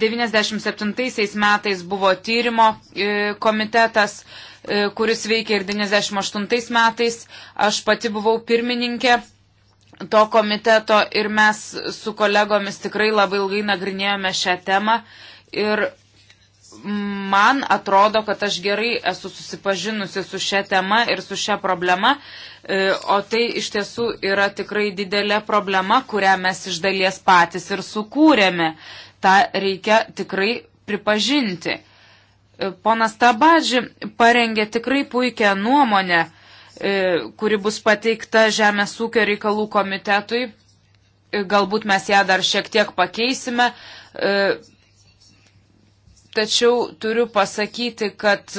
97 e, metais buvo tyrimo komitetas, E, kuris veikia ir 98 metais. Aš pati buvau pirmininkė to komiteto ir mes su kolegomis tikrai labai ilgai nagrinėjome šią temą. Ir man atrodo, kad aš gerai esu susipažinusi su šia tema ir su šia problema, e, o tai iš tiesų yra tikrai didelė problema, kurią mes iš dalies patys ir sukūrėme. Ta reikia tikrai pripažinti. Ponas Tabaži parengė tikrai puikią nuomonę, e, kuri bus pateikta Žemės ūkio reikalų komitetui. E, galbūt mes ją dar šiek tiek pakeisime. E, tačiau turiu pasakyti, kad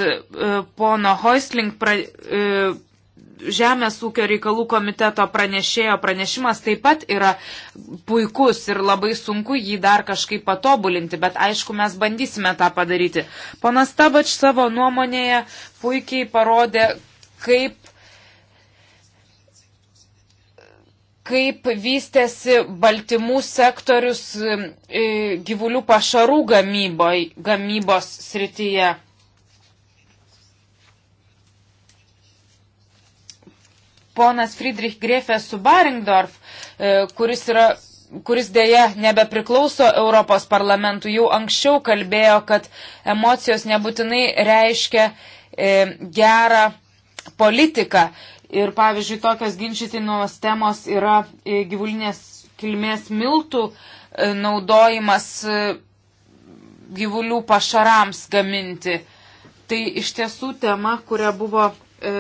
pono Hoisling pra, Žemės ūkio reikalų komiteto pranešėjo pranešimas taip pat yra puikus ir labai sunku jį dar kažkaip patobulinti, bet aišku, mes bandysime tą padaryti. Ponas Tabač savo nuomonėje puikiai parodė, kaip kaip vystėsi baltymų sektorius e, gyvulių pašarų gamyboj, gamybos srityje. ponas Friedrich Grefės su Baringdorf, e, kuris yra kuris dėja nebepriklauso Europos parlamentų, jau anksčiau kalbėjo, kad emocijos nebūtinai reiškia e, gerą politiką. Ir pavyzdžiui, tokios ginčytinos temos yra e, gyvulinės kilmės miltų e, naudojimas e, gyvulių pašarams gaminti. Tai iš tiesų tema, kuria buvo e,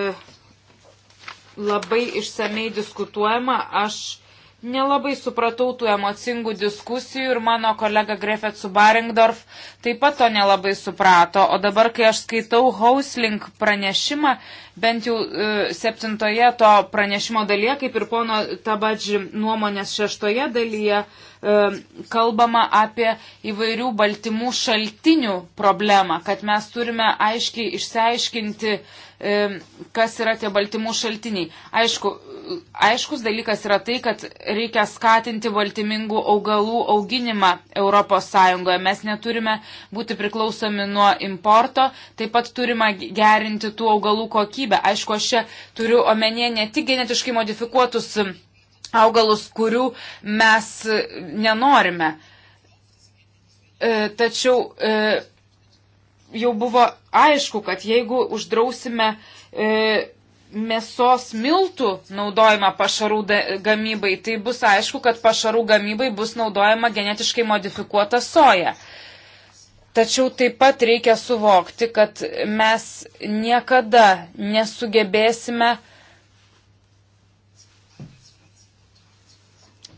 labai išsamei diskutuojama. Aš nelabai supratau tų emocingų diskusijų ir mano kolega Grefet Subaringdorf taip pat to nelabai suprato. O dabar, kai aš skaitau Hausling pranešimą, bent jau e, septintoje to pranešimo dalyje, kaip ir pono Tabadži nuomonės šeštoje dalyje, e, kalbama apie įvairių baltymų šaltinių problemą, kad mes turime aiškiai išsiaiškinti, e, kas yra tie baltymų šaltiniai. Aišku, aiškus dalykas yra tai, kad reikia skatinti baltymingų augalų auginimą ES. Mes neturime būti priklausomi nuo importo, taip pat turime gerinti tų augalų kokybę kokybę. Aišku, aš čia turiu omenyje ne tik genetiškai modifikuotus um, augalus, kurių mes uh, nenorime. E, tačiau e, jau buvo aišku, kad jeigu uždrausime e, mėsos miltų naudojimą pašarų gamybai, tai bus aišku, kad pašarų gamybai bus naudojama genetiškai modifikuota soja. Tačiau taip pat reikia suvokti, kad mes niekada nesugebėsime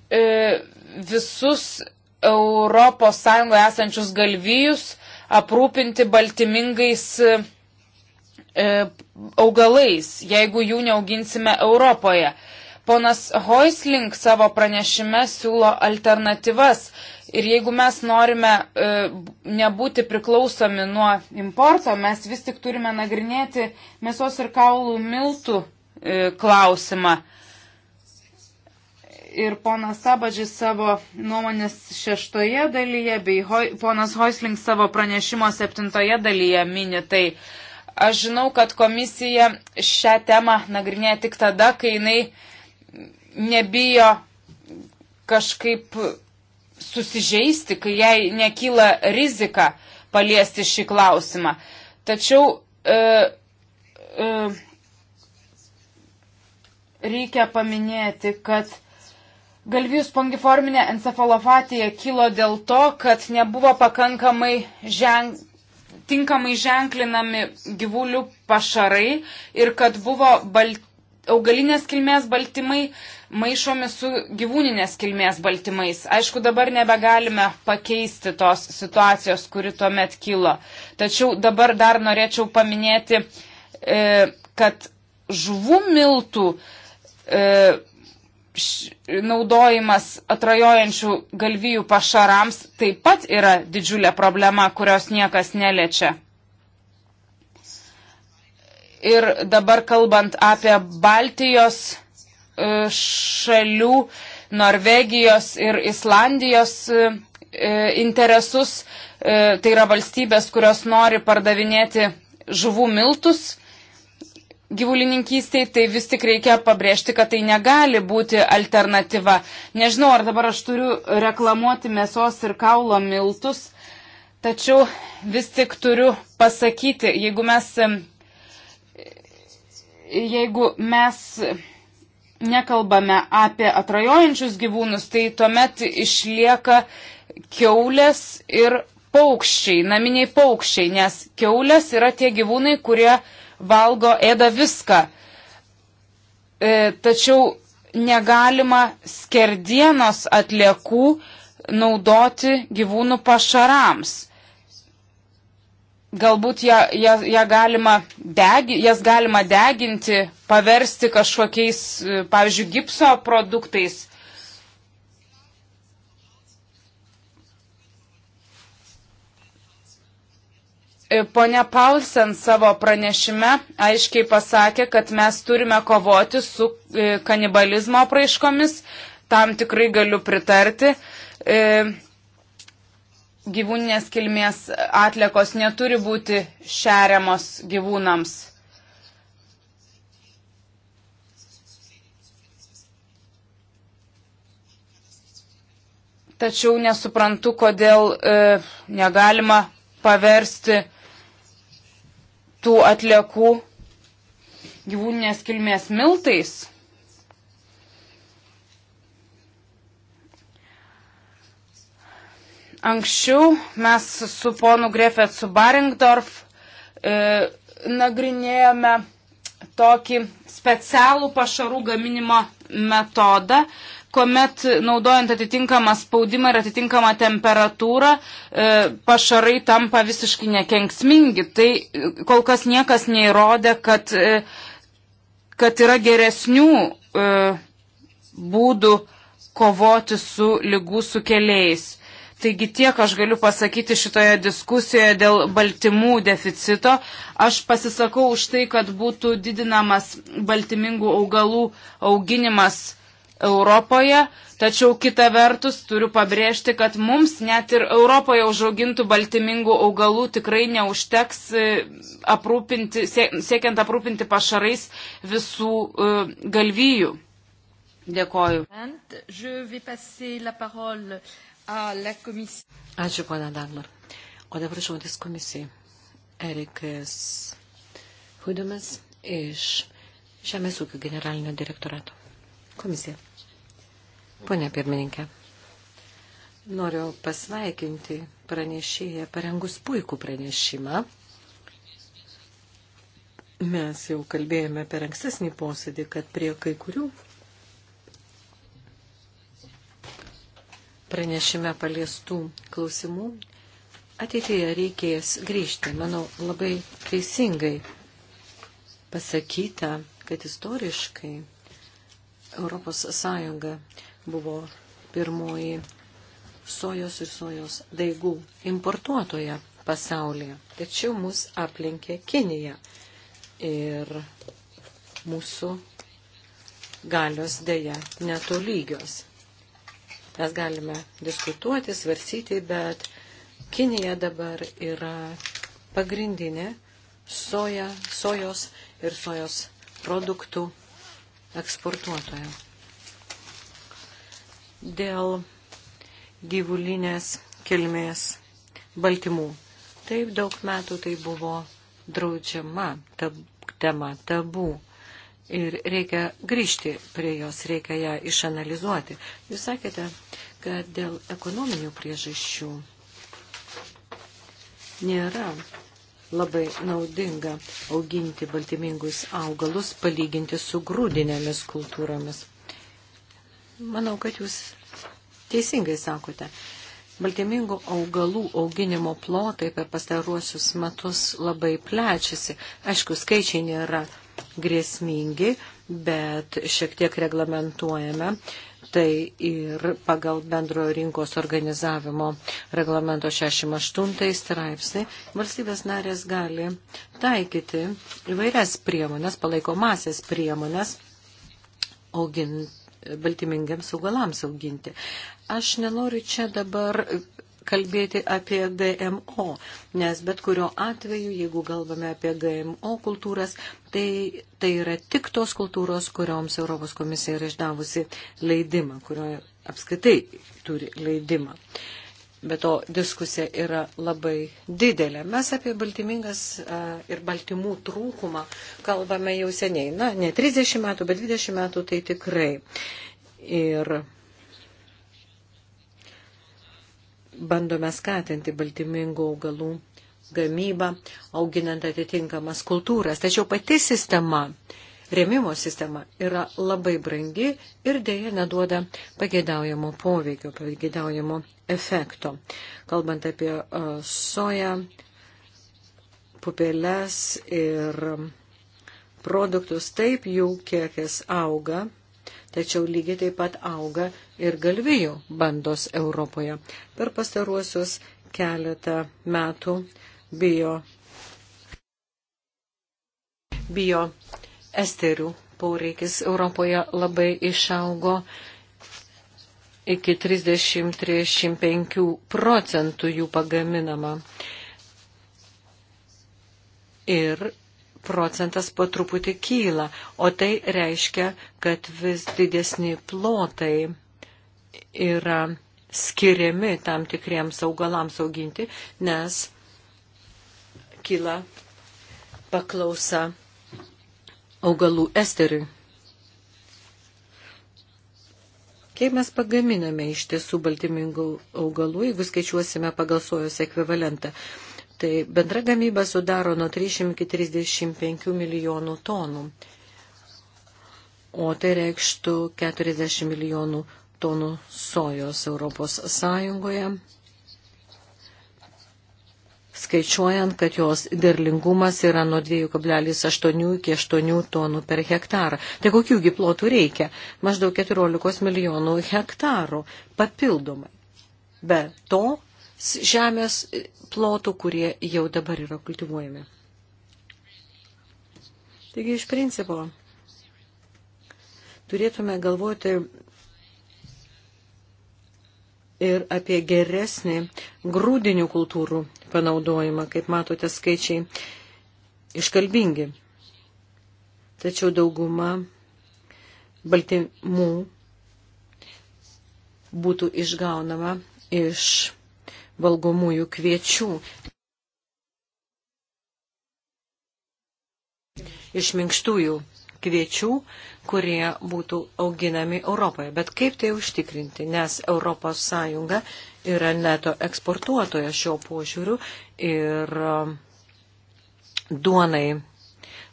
e, visus Europos Sąjungoje esančius galvijus aprūpinti baltymingais e, e, augalais, jeigu jų neauginsime Europoje. Ponas Hoisling savo pranešime siūlo alternatyvas Ir jeigu mes norime e, nebūti priklausomi nuo importo, mes vis tik turime nagrinėti mėsos ir kaulų miltų e, klausimą. Ir ponas Sabadžis savo nuomonės šeštoje dalyje, bei hoi, ponas Hoisling savo pranešimo septintoje dalyje mini tai. Aš žinau, kad komisija šią temą nagrinėja tik tada, kai jinai nebijo kažkaip susižeisti, kai jai nekyla rizika paliesti šį klausimą. Tačiau e, e, reikia paminėti, kad galvijų spongiforminė encefalofatija kilo dėl to, kad nebuvo pakankamai ženg, tinkamai ženklinami gyvulių pašarai ir kad buvo bal, augalinės kilmės baltymai maišomi su gyvūninės kilmės baltymais. Aišku, dabar nebegalime pakeisti tos situacijos, kuri tuo met kilo. Tačiau dabar dar norėčiau paminėti, e, kad žuvų miltų e, naudojimas atrajojančių galvijų pašarams taip pat yra didžiulė problema, kurios niekas neliečia. Ir dabar kalbant apie Baltijos E, šalių, Norvegijos ir Islandijos e, e, interesus. Tai yra valstybės, kurios nori pardavinėti žuvų miltus gyvulininkystėje, tai vis tik reikia pabrėžti, kad tai negali būti alternatyva. Nežinau, ar dabar aš turiu reklamuoti mėsos ir kaulo miltus, tačiau vis tik turiu pasakyti, jeigu mes, jeigu mes nekalbame apie atrajojančius gyvūnus, tai tuomet išlieka keulės ir paukščiai, naminiai paukščiai, nes keulės yra tie gyvūnai, kurie valgo, ėda viską. E, tačiau negalima skerdienos atliekų naudoti gyvūnų pašarams galbūt ją, ją, ją galima degi, jas galima deginti, paversti kažkokiais, e, pavyzdžiui, gipso produktais. E, Pone Paulsen savo pranešime aiškiai pasakė, kad mes turime kovoti su e, kanibalizmo praiškomis. Tam tikrai galiu pritarti. E, gyvūninės kilmės atliekos neturi būti šeriamos gyvūnams. Tačiau nesuprantu, kodėl e, negalima paversti tų atliekų gyvūninės kilmės miltais. Anksčiau mes su ponu Grefet su Baringdorf e, nagrinėjome tokį specialų pašarų gaminimo metodą, kuomet naudojant atitinkamą spaudimą ir atitinkamą temperatūrą e, pašarai tampa visiškai nekenksmingi. Tai e, kol kas niekas neįrodė, kad, e, kad yra geresnių e, būdų kovoti su lygų sukeliais. Taigi tiek aš galiu pasakyti šitoje diskusijoje dėl baltymų deficito. Aš pasisakau už tai, kad būtų didinamas baltymingų augalų auginimas Europoje, tačiau kita vertus turiu pabrėžti, kad mums net ir Europoje užaugintų baltymingų augalų tikrai neužteks e, aprūpinti, siekiant aprūpinti pašarais visų e, galvijų. Dėkoju. And, Ačiū, ponia Dagmar. O dabar žodis komisijai. Erikas Hudumas iš Žemės ūkio generalinio direktorato. Komisija. Pone pirmininkė, noriu pasveikinti pranešėją parengus puikų pranešimą. Mes jau kalbėjome per ankstesnį posėdį, kad prie kai kurių pranešime paliestų klausimų ateityje reikės grįžti. Manau, labai teisingai pasakyta, kad istoriškai Europos Sąjunga buvo pirmoji sojos ir sojos daigų importuotoja pasaulyje. Tačiau mus aplinkė Kinija ir mūsų galios dėja netolygios. Mes galime diskutuoti, svarsyti, bet Kinija dabar yra pagrindinė soja, sojos ir sojos produktų eksportuotoja. Dėl gyvulinės kilmės baltymų. Taip daug metų tai buvo draudžiama tab, tema tabų ir reikia grįžti prie jos, reikia ją išanalizuoti. Jūs sakėte, kad dėl ekonominių priežasčių nėra labai naudinga auginti baltymingus augalus, palyginti su grūdinėmis kultūromis. Manau, kad jūs teisingai sakote. Baltymingų augalų auginimo plotai per pastaruosius metus labai plečiasi. Aišku, skaičiai nėra grėsmingi, bet šiek tiek reglamentuojame. Tai ir pagal bendrojo rinkos organizavimo reglamento 68 straipsnį valstybės narės gali taikyti įvairias priemonės, palaikomasias priemonės augint baltymingiams augalams auginti. Aš nenoriu čia dabar kalbėti apie GMO, nes bet kurio atveju, jeigu kalbame apie GMO kultūras, tai tai yra tik tos kultūros, kurioms Europos komisija yra išdavusi leidimą, kurioje apskaitai turi leidimą. Bet to diskusija yra labai didelė. Mes apie baltymingas ir baltymų trūkumą kalbame jau seniai. Na, ne 30 metų, bet 20 metų tai tikrai. Ir bandome skatinti baltymingų augalų gamybą, auginant atitinkamas kultūras. Tačiau pati sistema, remimo sistema yra labai brangi ir dėja neduoda pageidaujamo poveikio, pageidaujamo efekto. Kalbant apie soją, pupelės ir produktus, taip jų kiekis auga tačiau lygiai taip pat auga ir galvijų bandos Europoje. Per pastaruosius keletą metų bio, bio esterių poreikis Europoje labai išaugo iki 30-35 procentų jų pagaminama. Ir procentas po truputį kyla, o tai reiškia, kad vis didesni plotai yra skiriami tam tikriems augalams auginti, nes kyla paklausa augalų esteriui. Kaip mes pagaminame iš tiesų baltymingų augalų, jeigu skaičiuosime pagal sojos ekvivalentą? tai bendra gamyba sudaro nuo 300 iki 35 milijonų tonų, o tai reikštų 40 milijonų tonų sojos Europos Sąjungoje, skaičiuojant, kad jos derlingumas yra nuo 2,8 iki 8 tonų per hektarą. Tai kokiųgi plotų reikia? Maždaug 14 milijonų hektarų papildomai. Be to, žemės plotų, kurie jau dabar yra kultivuojami. Taigi iš principo turėtume galvoti ir apie geresnį grūdinių kultūrų panaudojimą, kaip matote skaičiai iškalbingi. Tačiau dauguma baltymų būtų išgaunama iš valgomųjų kviečių. Iš minkštųjų kviečių, kurie būtų auginami Europoje. Bet kaip tai užtikrinti, nes ES yra neto eksportuotoja šio požiūriu ir um, duonai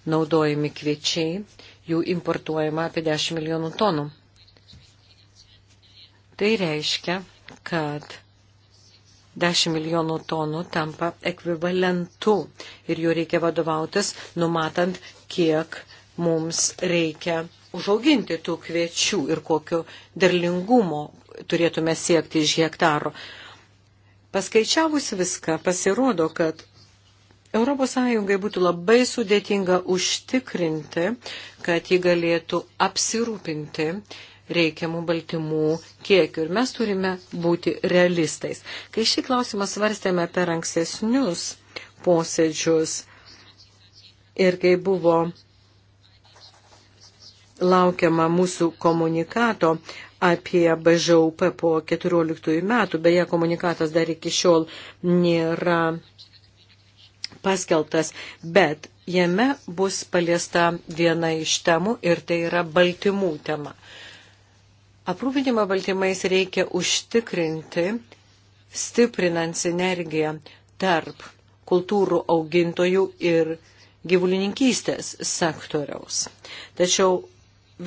naudojami kviečiai, jų importuojama apie 10 milijonų tonų. Tai reiškia, kad 10 milijonų tonų tampa ekvivalentu ir jų reikia vadovautis, numatant, kiek mums reikia užauginti tų kviečių ir kokio derlingumo turėtume siekti iš hektaro. Paskaičiavus viską, pasirodo, kad ES būtų labai sudėtinga užtikrinti, kad ji galėtų apsirūpinti reikiamų baltymų kiekių. Ir mes turime būti realistais. Kai šį klausimą svarstėme per ankstesnius posėdžius ir kai buvo laukiama mūsų komunikato apie BŽUP po 14 metų. Beje, komunikatas dar iki šiol nėra paskeltas, bet jame bus paliesta viena iš temų ir tai yra baltymų tema. Aprūpinimą baltymais reikia užtikrinti, stiprinant sinergiją tarp kultūrų augintojų ir gyvulininkystės sektoriaus. Tačiau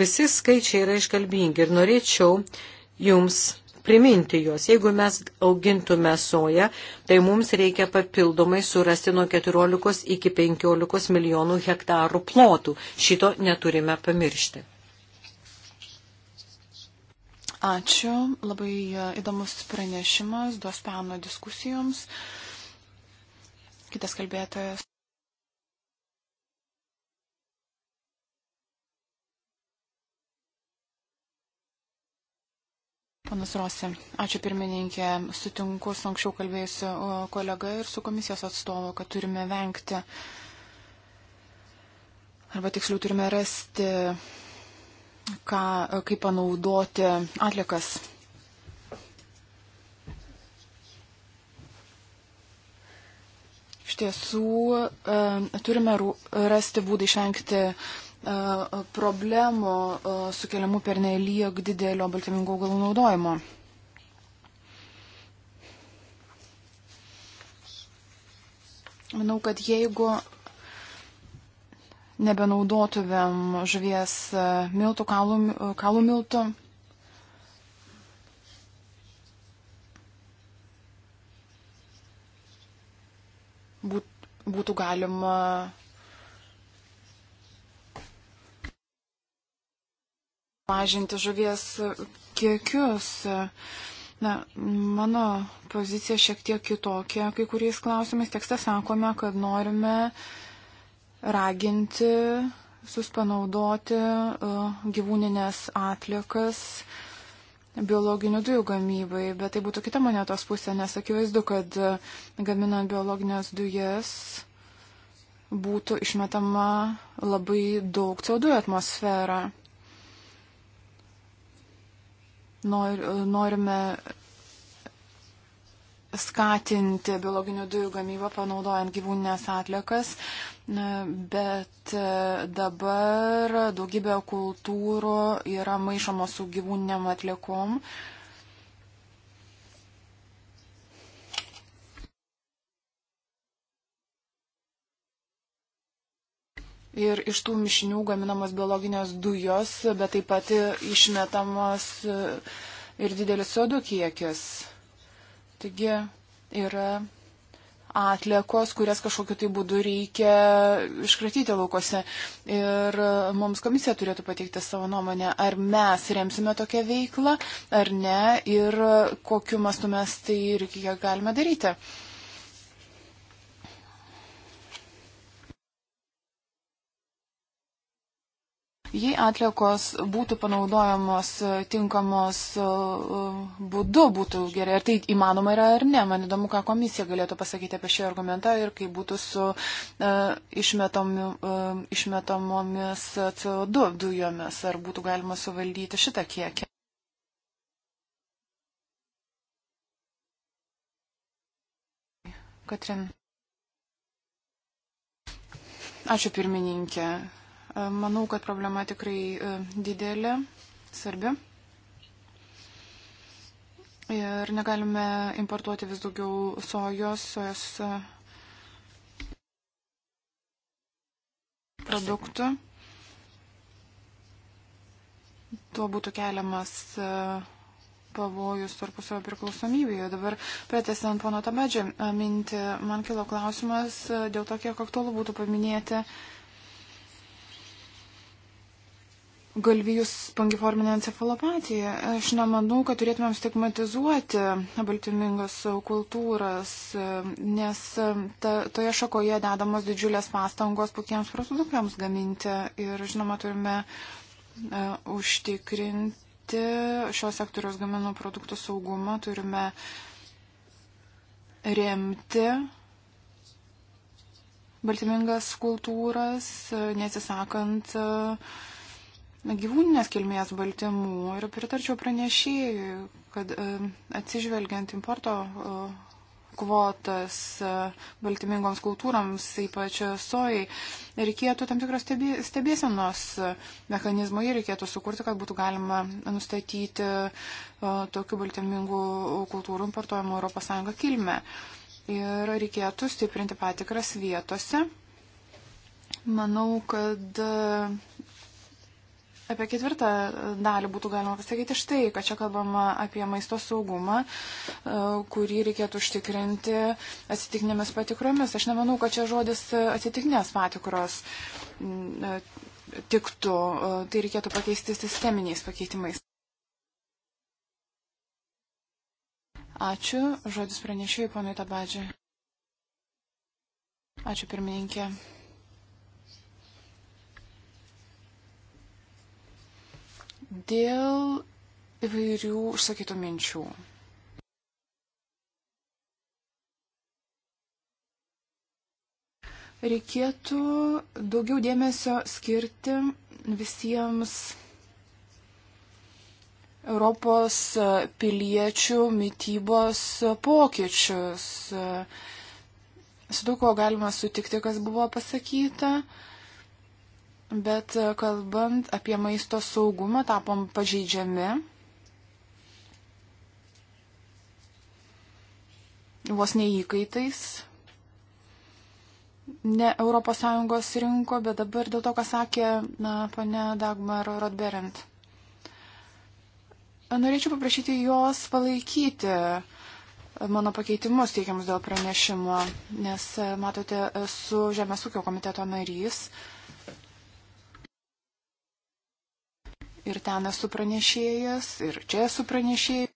visi skaičiai yra iškalbingi ir norėčiau jums priminti juos. Jeigu mes augintume soją, tai mums reikia papildomai surasti nuo 14 iki 15 milijonų hektarų plotų. Šito neturime pamiršti. Ačiū, labai e, įdomus pranešimas, duos peno diskusijoms. Kitas kalbėtojas. Panas Rosi, ačiū pirmininkė, sutinku su anksčiau kalbėjusiu kolega ir su komisijos atstovu, kad turime vengti, arba tiksliau turime rasti ką, kaip panaudoti atlikas. Iš tiesų e, turime rasti būdų išvengti e, problemų e, sukeliamų per nelyg didelio baltymingų augalų naudojimo. Manau, kad jeigu nebenaudotumėm žuvies e, miltų, kalų, kalų miltų. Būt, būtų galima mažinti žuvies kiekius. Na, mano pozicija šiek tiek kitokia. Kai kuriais klausimais tekste sakome, kad norime uh, raginti suspanaudoti e, gyvūninės atlikas biologinių dujų gamybai, bet tai būtų kita monetos pusė, nes akivaizdu, kad e, gaminant biologinės dujas būtų išmetama labai daug CO2 atmosferą. Nor, norime skatinti biologinių dujų gamybą panaudojant gyvūninės atliekas, bet e, dabar daugybė kultūrų yra maišomos su gyvūniniam atliekom. Ir iš tų mišinių gaminamos biologinės dujos, bet taip pat išmetamos e, ir didelis sodų kiekis. Taigi yra atliekos, kurias kažkokiu tai būdu reikia iškratyti laukose. Ir mums komisija turėtų pateikti savo nuomonę, ar mes remsime tokią veiklą, ar ne, ir kokiu mastu mes tai ir kiek galime daryti. Uh, Jei atliekos būtų panaudojamos e, tinkamos e, e, būdu, būtų gerai. Ar tai įmanoma yra ar ne? Man įdomu, ką komisija galėtų pasakyti apie šį argumentą ir kaip būtų su uh, išmetom, uh, išmetomomis CO2 dujomis. Ar būtų galima suvaldyti šitą kiekį? Katrin. Ačiū pirmininkė. Manau, kad problema tikrai e, didelė, svarbi. Ir negalime importuoti vis daugiau sojos, sojos e, produktų. Tuo būtų keliamas e, pavojus tarpusavio priklausomybėje. Dabar pratesiant pono Tabadžią mintį, man kilo klausimas dėl to, kiek aktualu būtų paminėti uh, galvijus spongiforminė encefalopatija. Aš nemanau, kad turėtumėm stigmatizuoti baltymingas kultūras, nes ta, toje šakoje dedamos didžiulės pastangos putiems produktams gaminti ir, žinoma, turime uh, užtikrinti šios sektoriaus gaminų produktų saugumą, turime remti baltymingas kultūras, e, nesisakant uh, e, gyvūninės kilmės baltymų ir pritarčiau pranešėjui, kad e, atsižvelgiant importo e, kvotas e, baltymingoms kultūrams, ypač sojai, reikėtų tam tikros stebėsenos mechanizmo ir reikėtų sukurti, kad būtų galima nustatyti tokių baltymingų kultūrų importuojamų ES kilmę. Ir reikėtų stiprinti patikras vietose. Manau, kad Apie ketvirtą dalį būtų galima pasakyti štai, kad čia kalbama apie maisto saugumą, e, kurį reikėtų užtikrinti atsitiknėmis patikromis. Aš nemanau, kad čia žodis atsitiknės patikros mm, e, tiktų, e, tai reikėtų pakeisti sisteminiais pakeitimais. Ačiū, žodis pranešėjai, ponui Tabadžiai. Ačiū pirmininkė. dėl įvairių užsakytų minčių. Reikėtų daugiau dėmesio skirti visiems Europos piliečių mytybos pokyčius. Su daug ko galima sutikti, kas buvo pasakyta. Uh, Bet e, kalbant apie maisto saugumą, tapom pažeidžiami. Vos neįkaitais. Ne ES rinko, bet dabar dėl to, ką sakė na, pane Dagmar Rodberent. Norėčiau paprašyti jos palaikyti mano pakeitimus teikiamus dėl pranešimo, nes e, matote, esu Žemės ūkio komiteto narys. Uh, Ir ten esu pranešėjas, ir čia esu pranešėjas.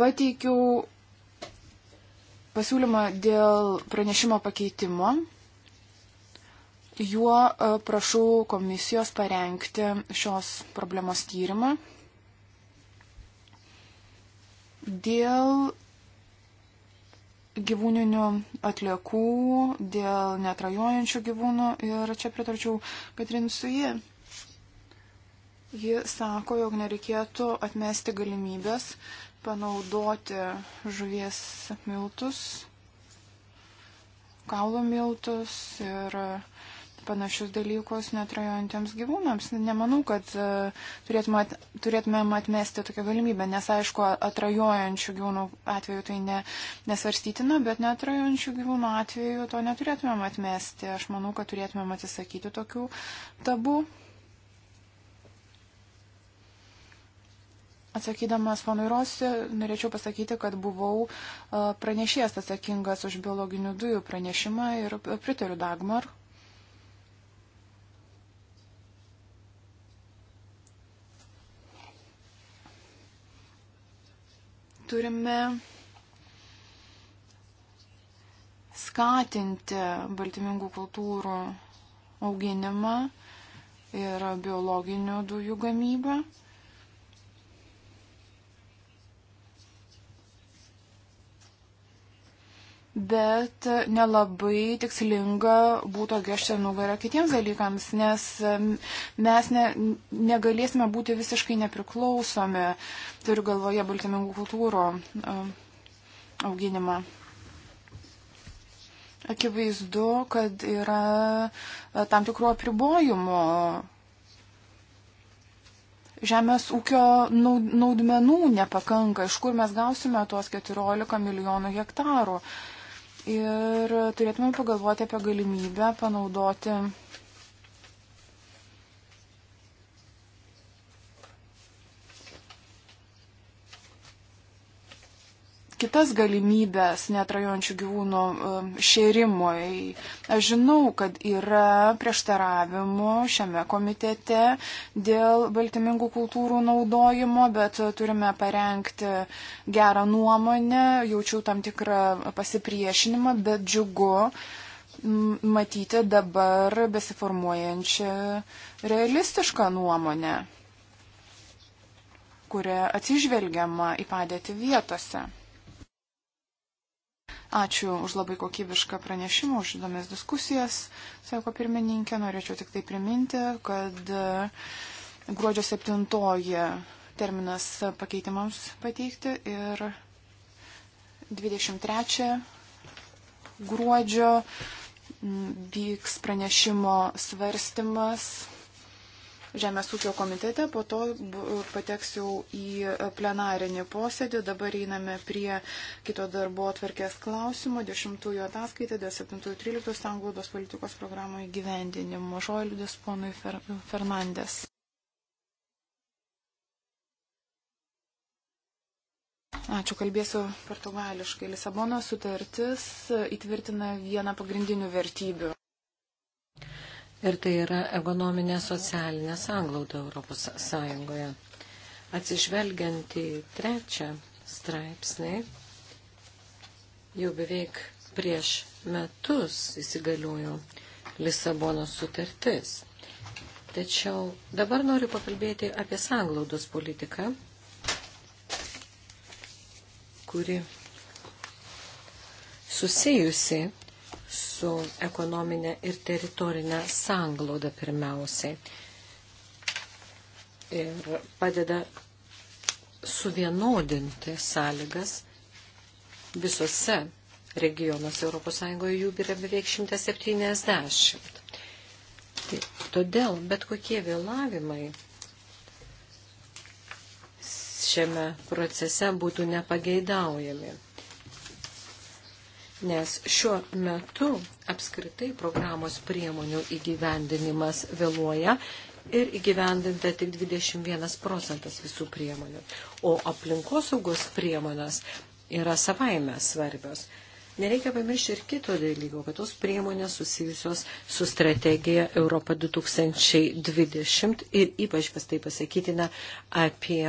Pateikiau pasiūlymą dėl pranešimo pakeitimo. Juo e, prašau komisijos parengti šios problemos tyrimą dėl gyvūninių atliekų, dėl netrajojančių gyvūnų ir čia pritarčiau Katrin su jie. Ji sako, jog nereikėtų atmesti galimybės panaudoti žuvies miltus, kaulo miltus ir panašius dalykus netrajojantiems gyvūnams. Nemanau, kad e, turėtume, at, turėtumėm atmesti tokią galimybę, nes aišku, atrajojančių gyvūnų atveju tai ne, nesvarstytina, bet netrajojančių gyvūnų atveju to neturėtumėm atmesti. Aš manau, kad turėtumėm atsisakyti tokių tabų. Atsakydamas ponui Rosi, norėčiau pasakyti, kad buvau e, pranešėjas atsakingas už biologinių dujų pranešimą ir pritariu Dagmar. turime skatinti baltymingų kultūrų auginimą ir biologinių dujų gamybą. bet nelabai tikslinga būtų atgręžti nugarą kitiems dalykams, nes mes ne, negalėsime būti visiškai nepriklausomi, turiu galvoje baltymingų kultūrų auginimą. Akivaizdu, kad yra e, tam tikrų apribojimų žemės ūkio naudmenų nepakanka, iš kur mes gausime tuos 14 milijonų hektarų ir turėtume pagalvoti apie galimybę panaudoti kitas galimybės netrajojančių gyvūnų um, šėrimui. Aš žinau, kad yra prieštaravimų šiame komitete dėl baltymingų kultūrų naudojimo, bet turime parengti gerą nuomonę, jaučiau tam tikrą pasipriešinimą, bet džiugu matyti dabar besiformuojančią realistišką nuomonę kuria atsižvelgiama į padėtį vietose. Ačiū už labai kokybišką pranešimą, už įdomias diskusijas. Sako pirmininkė, norėčiau tik tai priminti, kad e, gruodžio 7 terminas pakeitimams pateikti ir 23 gruodžio vyks pranešimo svarstymas Žemės ūkio komitete, po to pateksiu į plenarinį posėdį. Dabar einame prie kito darbo atverkės klausimo, dešimtųjų ataskaitą dėl 7.13 sanglaudos politikos programų įgyvendinimo. Žoilidis ponui Fer Fernandes. Ačiū, kalbėsiu portugališkai. Lisabono sutartis įtvirtina vieną pagrindinių vertybių ir tai yra ekonominė socialinė sanglauda Europos Sąjungoje. Atsižvelgiant į trečią straipsnį, jau beveik prieš metus įsigaliojo Lisabonos sutartis. Tačiau dabar noriu pakalbėti apie sanglaudos politiką, kuri susijusi su ekonominė ir teritorinė sanglauda pirmiausiai. Ir padeda suvienodinti sąlygas visose regionuose Europos Sąjungoje jų yra beveik 170. Tai, todėl bet kokie vėlavimai šiame procese būtų nepageidaujami nes šiuo metu apskritai programos priemonių įgyvendinimas vėluoja ir įgyvendinta tik 21 procentas visų priemonių, o aplinkosaugos priemonės yra savaime svarbios. Nereikia pamiršti ir kito dalyko, kad tos priemonės susijusios su strategija Europa 2020 ir ypač pas tai pasakytina apie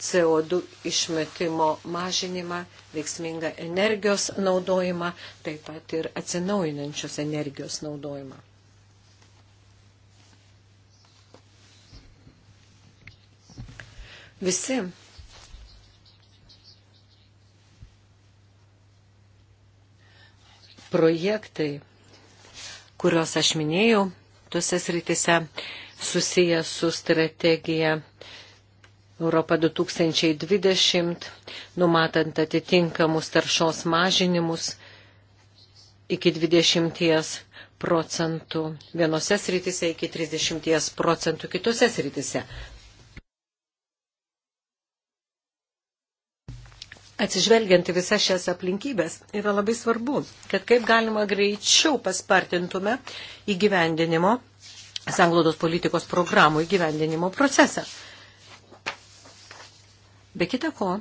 CO2 išmetimo mažinimą, veiksmingą energijos naudojimą, taip pat ir atsinaujinančios energijos naudojimą. Visi projektai, kuriuos aš minėjau, tuose sritise susijęs su strategija 2020 Europa 2020, numatant atitinkamus taršos mažinimus iki 20 procentų vienose srityse, iki 30 procentų kitose srityse. Atsižvelgiant į visas šias aplinkybės, yra labai svarbu, kad kaip galima greičiau paspartintume įgyvendinimo, sanglaudos politikos programų įgyvendinimo procesą. Be kita ko,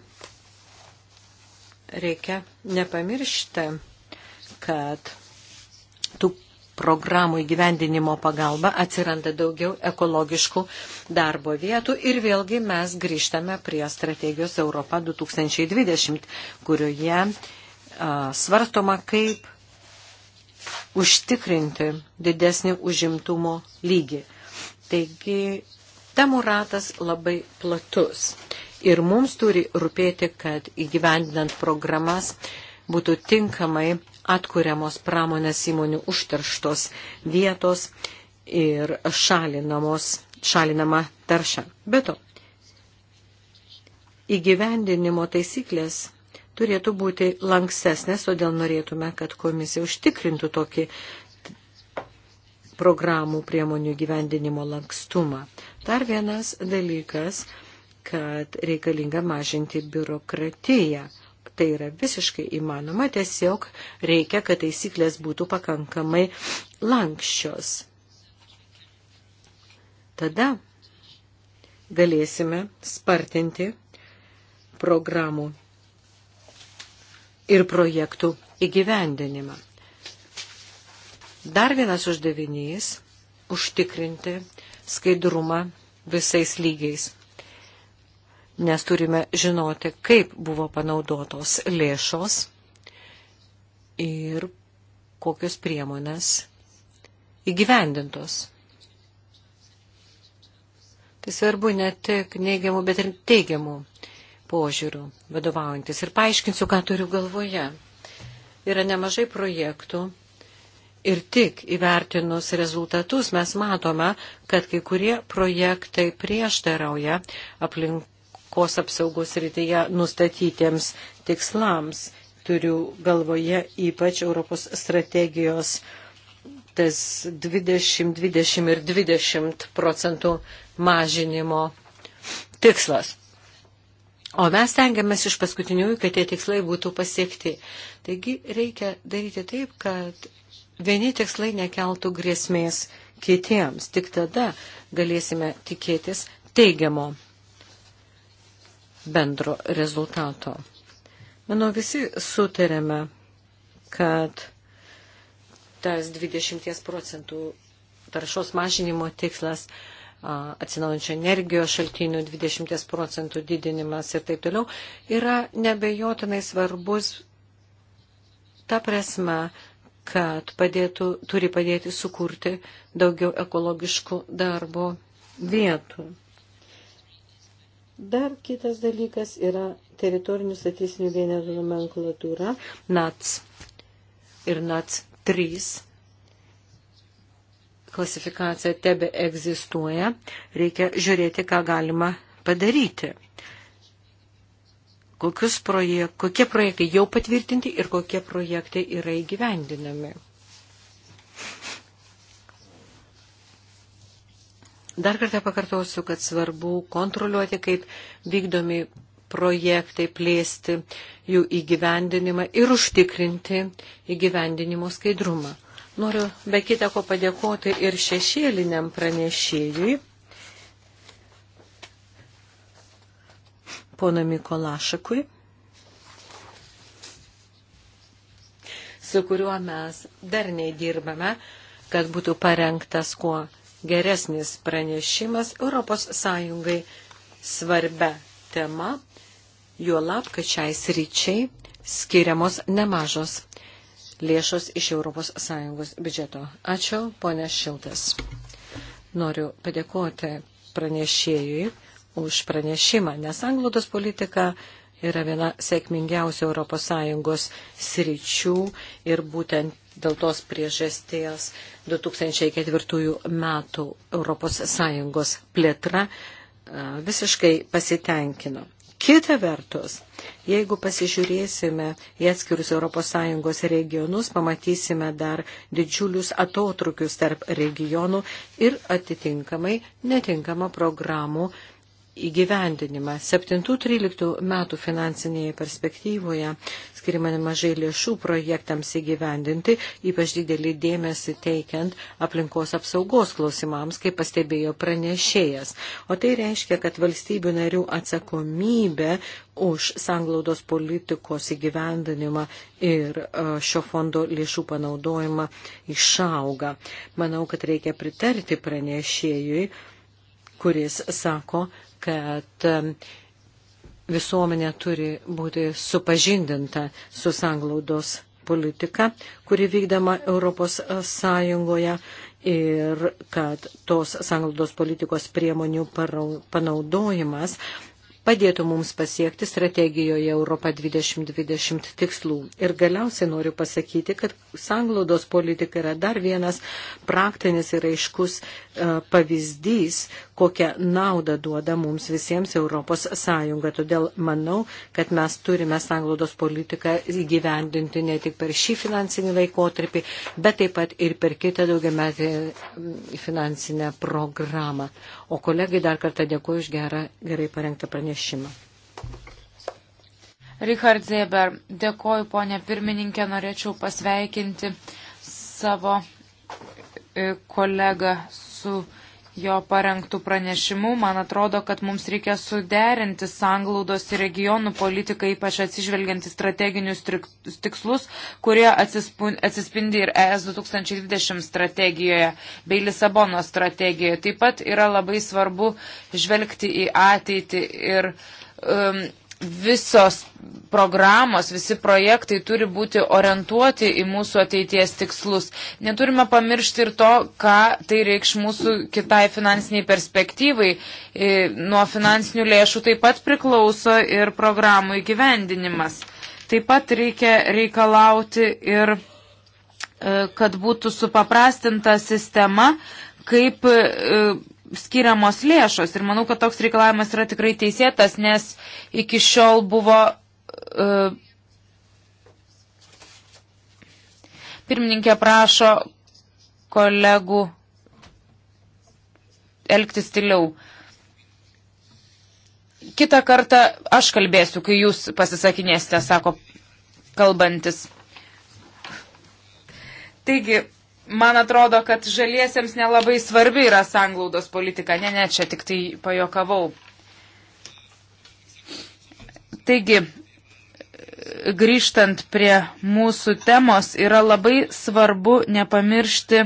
reikia nepamiršti, kad tų programų įgyvendinimo pagalba atsiranda daugiau ekologiškų darbo vietų ir vėlgi mes grįžtame prie strategijos Europa 2020, kurioje a, svarstoma, kaip užtikrinti didesnį užimtumo lygį. Taigi, temų ratas labai platus. Ir mums turi rūpėti, kad įgyvendinant programas būtų tinkamai atkuriamos pramonės įmonių užterštos vietos ir šalinamos, šalinama tarša. Be to, įgyvendinimo taisyklės turėtų būti lanksesnės, todėl norėtume, kad komisija užtikrintų tokį programų priemonių gyvendinimo lankstumą. Dar vienas dalykas kad reikalinga mažinti biurokratiją. Tai yra visiškai įmanoma, tiesiog reikia, kad taisyklės būtų pakankamai lankščios. Tada galėsime spartinti programų ir projektų įgyvendinimą. Dar vienas uždavinys – užtikrinti skaidrumą visais lygiais nes turime žinoti, kaip buvo panaudotos lėšos ir kokios priemonės įgyvendintos. Tai svarbu ne tik neigiamų, bet ir teigiamų požiūrių vadovaujantis. Ir paaiškinsiu, ką turiu galvoje. Yra nemažai projektų ir tik įvertinus rezultatus mes matome, kad kai kurie projektai prieštarauja aplink aplinkos apsaugos rytyje nustatytiems tikslams. Turiu galvoje ypač Europos strategijos tas 20, 20 ir 20 procentų mažinimo tikslas. O mes tengiamės iš paskutiniųjų, kad tie tikslai būtų pasiekti. Taigi reikia daryti taip, kad vieni tikslai nekeltų grėsmės kitiems. Tik tada galėsime tikėtis teigiamo bendro rezultato. Manau, visi sutarėme, kad tas 20 procentų taršos mažinimo tikslas atsinaujančio energijos šaltinių 20 procentų didinimas ir taip toliau yra nebejotinai svarbus ta prasme, kad padėtų, turi padėti sukurti daugiau ekologiškų darbo vietų. Dar kitas dalykas yra teritorinių statistinių vienetų nomenklatūra NATS ir NATS 3 klasifikacija tebe egzistuoja, reikia žiūrėti, ką galima padaryti. Kokius projek, kokie projektai jau patvirtinti ir kokie projektai yra įgyvendinami. Dar kartą pakartosiu, kad svarbu kontroliuoti, kaip vykdomi projektai, plėsti jų įgyvendinimą ir užtikrinti įgyvendinimo skaidrumą. Noriu be kita ko padėkoti ir šešėliniam pranešėjui, pono Mikolašakui, su kuriuo mes dar neįdirbame, kad būtų parengtas kuo geresnis pranešimas Europos Sąjungai svarbia tema, juolab, kad šiai sryčiai skiriamos nemažos lėšos iš Europos Sąjungos biudžeto. Ačiū, ponė Šiltas. Noriu padėkoti pranešėjui už pranešimą, nes anglodos politika yra viena sėkmingiausių Europos Sąjungos sričių ir būtent Dėl tos priežasties 2004 metų ES plėtra visiškai pasitenkino. Kita vertus, jeigu pasižiūrėsime į atskirus ES regionus, pamatysime dar didžiulius atotrukius tarp regionų ir atitinkamai netinkamą programų įgyvendinimą. 7-13 metų finansinėje perspektyvoje skirima nemažai lėšų projektams įgyvendinti, ypač didelį dėmesį teikiant aplinkos apsaugos klausimams, kaip pastebėjo pranešėjas. O tai reiškia, kad valstybių narių atsakomybė už sanglaudos politikos įgyvendinimą ir e, šio fondo lėšų panaudojimą išauga. Manau, kad reikia pritarti pranešėjui kuris sako, kad um, visuomenė turi būti supažindinta su sanglaudos politika, kuri vykdama Europos Sąjungoje ir kad tos sanglaudos politikos priemonių panaudojimas padėtų mums pasiekti strategijoje Europa 2020 tikslų. Ir galiausiai noriu pasakyti, kad sanglaudos politika yra dar vienas praktinis ir aiškus e, pavyzdys, kokią naudą duoda mums visiems Europos Sąjunga. Todėl manau, kad mes turime sanglaudos politiką įgyvendinti ne tik per šį finansinį laikotarpį, bet taip pat ir per kitą daugiametį mm, finansinę programą. O kolegai dar kartą dėkuoju už gerą, gerai parengtą pranešimą. Richard Zeber, dėkoju ponė pirmininkė, norėčiau pasveikinti savo e, kolegą su jo parengtų pranešimų. Man atrodo, kad mums reikia suderinti sanglaudos ir regionų politiką, ypač atsižvelgiant į strateginius tikslus, kurie atsispindi ir ES 2020 strategijoje bei Lisabono strategijoje. Taip pat yra labai svarbu žvelgti į ateitį ir um, visos programos, visi projektai turi būti orientuoti į mūsų ateities tikslus. Neturime pamiršti ir to, ką tai reikš mūsų kitai finansiniai perspektyvai. E, nuo finansinių lėšų taip pat priklauso ir programų įgyvendinimas. Taip pat reikia reikalauti ir e, kad būtų supaprastinta sistema, kaip e, skiriamos lėšos. Ir manau, kad toks reikalavimas yra tikrai teisėtas, nes iki šiol buvo. Uh, pirmininkė prašo kolegų elgtis tiliau. Kita kartą aš kalbėsiu, kai jūs pasisakinėsite, sako kalbantis. Taigi, man atrodo, kad žaliesiems nelabai svarbi yra sanglaudos politika. Ne, ne, čia tik tai pajokavau. Taigi, grįžtant prie mūsų temos, yra labai svarbu nepamiršti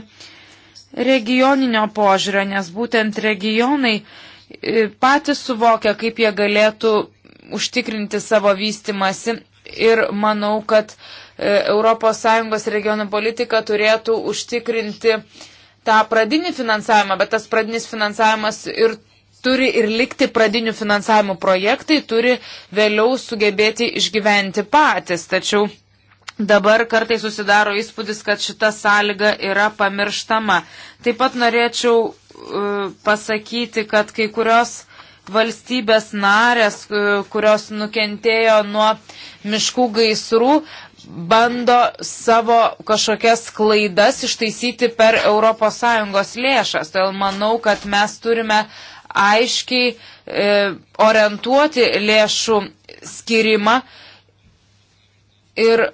regioninio požiūrio, nes būtent regionai e, patys suvokia, kaip jie galėtų užtikrinti savo vystimasi ir manau, kad uh, ES regionų politika turėtų užtikrinti tą pradinį finansavimą, bet tas pradinis finansavimas ir turi ir likti pradinių finansavimų projektai, turi vėliau sugebėti išgyventi patys. Tačiau dabar kartai susidaro įspūdis, kad šita sąlyga yra pamirštama. Taip pat norėčiau uh, pasakyti, kad kai kurios valstybės narės, e, kurios nukentėjo nuo miškų gaisrų, bando savo kažkokias klaidas ištaisyti per ES lėšas. Todėl manau, kad mes turime aiškiai e, orientuoti lėšų skirimą ir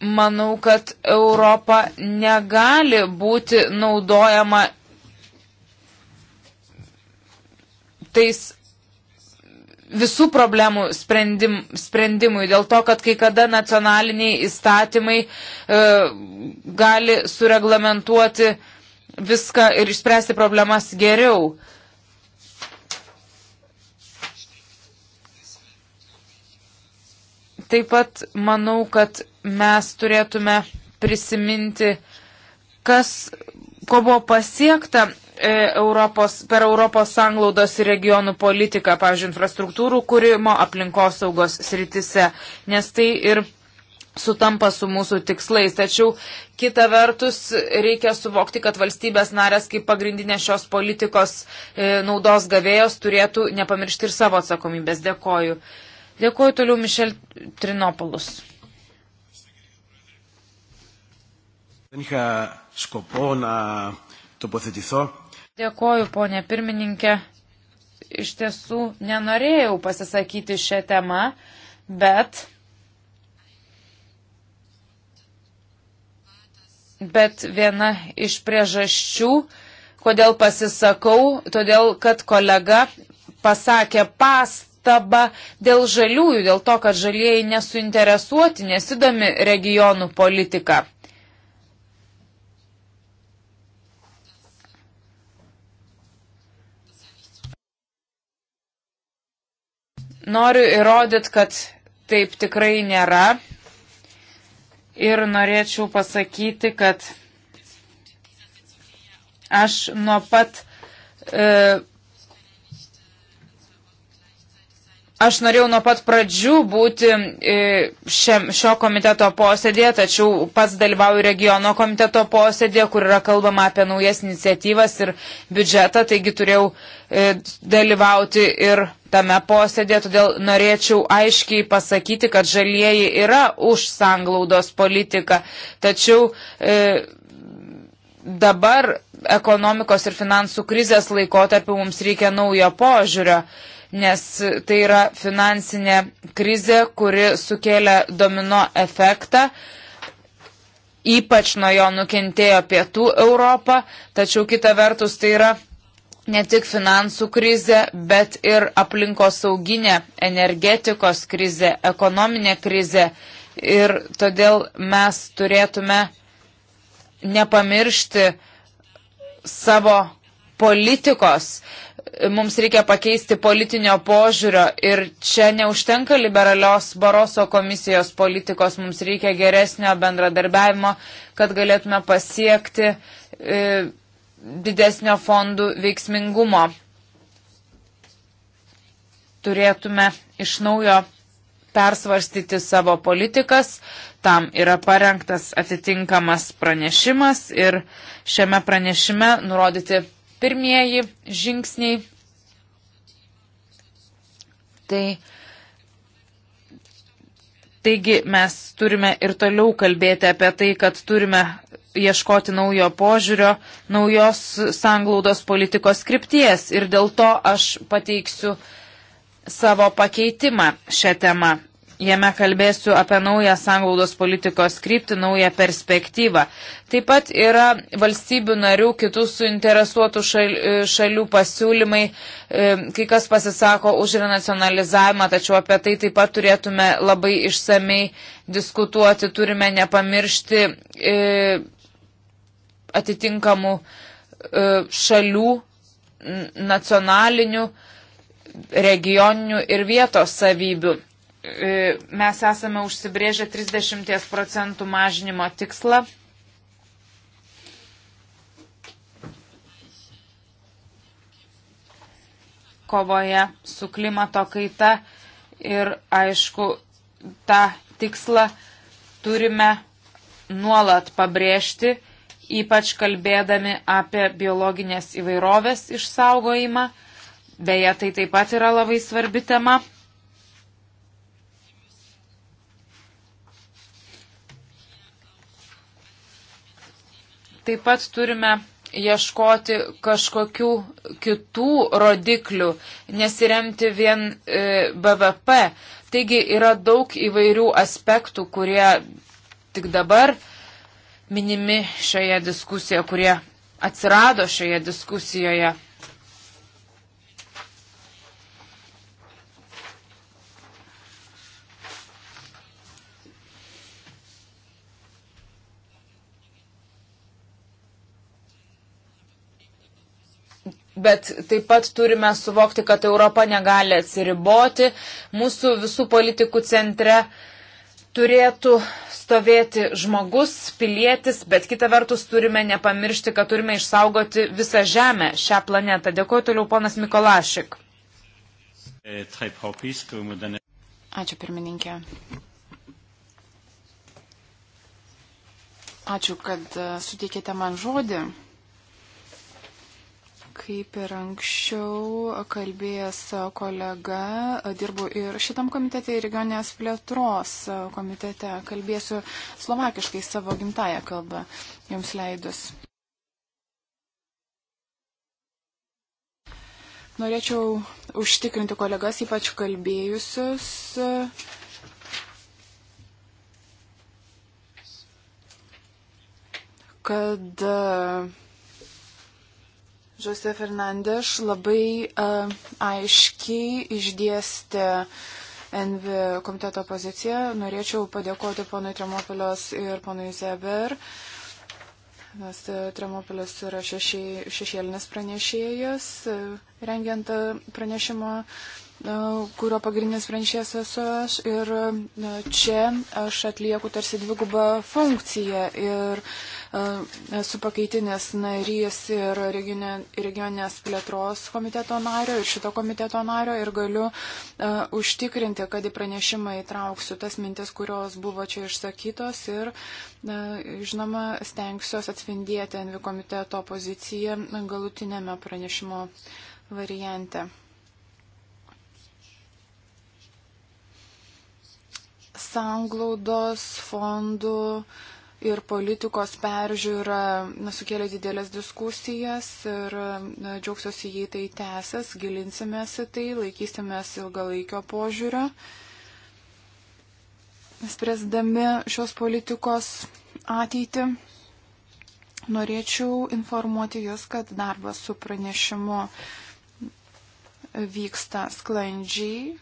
manau, kad Europa negali būti naudojama tais visų problemų sprendim, sprendimui, dėl to, kad kai kada nacionaliniai įstatymai e, gali sureglamentuoti viską ir išspręsti problemas geriau. Taip pat manau, kad mes turėtume prisiminti, kas, ko buvo pasiekta E, Europos, per Europos sanglaudos ir regionų politiką, pavyzdžiui, infrastruktūrų kūrimo aplinkosaugos sritise, nes tai ir sutampa su mūsų tikslais. Tačiau kita vertus reikia suvokti, kad valstybės narės kaip pagrindinė šios politikos e, naudos gavėjos turėtų nepamiršti ir savo atsakomybės. Dėkoju. Dėkoju toliau Mišel Trinopolus. Δεν είχα σκοπό να τοποθετηθώ Dėkoju, ponė pirmininkė. Iš tiesų nenorėjau pasisakyti šią temą, bet. Bet viena iš priežasčių, kodėl pasisakau, todėl kad kolega pasakė past pastabą dėl žaliųjų, dėl to, kad žalieji nesuinteresuoti, nesidomi regionų politika. Noriu įrodyti, kad taip tikrai nėra. Ir norėčiau pasakyti, kad aš nuo pat. E, aš norėjau nuo pat pradžių būti e, šiam, šio komiteto posėdėje, tačiau pats dalyvauju regiono komiteto posėdėje, kur yra kalbama apie naujas iniciatyvas ir biudžetą, taigi turėjau e, dalyvauti ir tame posėdėje, todėl norėčiau aiškiai pasakyti, kad žalieji yra už sanglaudos politiką, tačiau e, dabar ekonomikos ir finansų krizės laikotarpiu mums reikia naujo požiūrio, nes tai yra finansinė krizė, kuri sukėlė domino efektą. Ypač nuo jo nukentėjo pietų Europą, tačiau kita vertus tai yra ne tik finansų krizė, bet ir aplinkosauginė, energetikos krizė, ekonominė krizė. Ir todėl mes turėtume nepamiršti savo politikos. Mums reikia pakeisti politinio požiūrio ir čia neužtenka liberalios Baroso komisijos politikos, mums reikia geresnio bendradarbiavimo, kad galėtume pasiekti. E, didesnio fondų veiksmingumo. Turėtume iš naujo persvarstyti savo politikas, tam yra parengtas atitinkamas pranešimas ir šiame pranešime nurodyti pirmieji žingsniai. Tai Taigi mes turime ir toliau kalbėti apie tai, kad turime ieškoti naujo požiūrio, naujos sanglaudos politikos skripties ir dėl to aš pateiksiu savo pakeitimą šią temą. Jame kalbėsiu apie naują sanglaudos politikos kryptį, naują perspektyvą. Taip pat yra valstybių narių, kitų suinteresuotų šal, šalių pasiūlymai, e, kai kas pasisako už renacionalizavimą, tačiau apie tai taip pat turėtume labai išsamei diskutuoti, turime nepamiršti. E, atitinkamų e, šalių nacionalinių, regioninių ir vietos savybių. E, mes esame užsibrėžę 30 procentų mažinimo tikslą. kovoje su klimato kaita ir aišku, tą tikslą turime nuolat pabrėžti ypač kalbėdami apie biologinės įvairovės išsaugojimą. Beje, tai taip pat yra labai svarbi tema. Taip pat turime ieškoti kažkokių kitų rodiklių, nesiremti vien e, BVP. Taigi yra daug įvairių aspektų, kurie tik dabar e, minimi šioje diskusijoje, kurie atsirado šioje diskusijoje. Bet taip pat turime suvokti, kad Europa negali atsiriboti. Mūsų visų politikų centre uh, turėtų stovėti žmogus, pilietis, bet kita vertus turime nepamiršti, kad turime išsaugoti visą Žemę, šią planetą. Dėkuoju toliau, ponas Mikolašik. Eh, Ačiū pirmininkė. Ačiū, kad eh, suteikėte man žodį. Kaip ir anksčiau kalbėjęs kolega, dirbu ir šitam komitete, ir regionės plėtros komitete. Kalbėsiu slovakiškai savo gimtają kalbą, jums leidus. Norėčiau užtikrinti kolegas, ypač kalbėjusius, kad uh, Žose Fernandes labai uh, aiškiai išdėstė NV komiteto poziciją. Norėčiau padėkoti ponui Tremopilios ir ponui Zeber. Nes e, Tremopilis yra šeši, šešėlinis pranešėjas, e, rengiant pranešimą, kurio pagrindinis pranešėjas esu aš. Ir čia aš atlieku tarsi dvigubą funkciją. Ir uh, esu pakaitinės narys ir regioninės plėtros komiteto nario ir šito komiteto nario ir galiu uh, užtikrinti, kad į pranešimą įtrauksiu tas mintis, kurios buvo čia išsakytos ir, uh, žinoma, stengsiuos atspindėti NV komiteto poziciją galutinėme pranešimo variante. Sanglaudos fondų uh, ir politikos peržiūra sukėlė didelės diskusijas ir džiaugsiuosi, jei tai tęsės, gilinsimės į tai, laikysimės ilgalaikio požiūrio, spręsdami šios politikos ateitį. Norėčiau informuoti Jūs, kad darbas su pranešimu vyksta sklandžiai,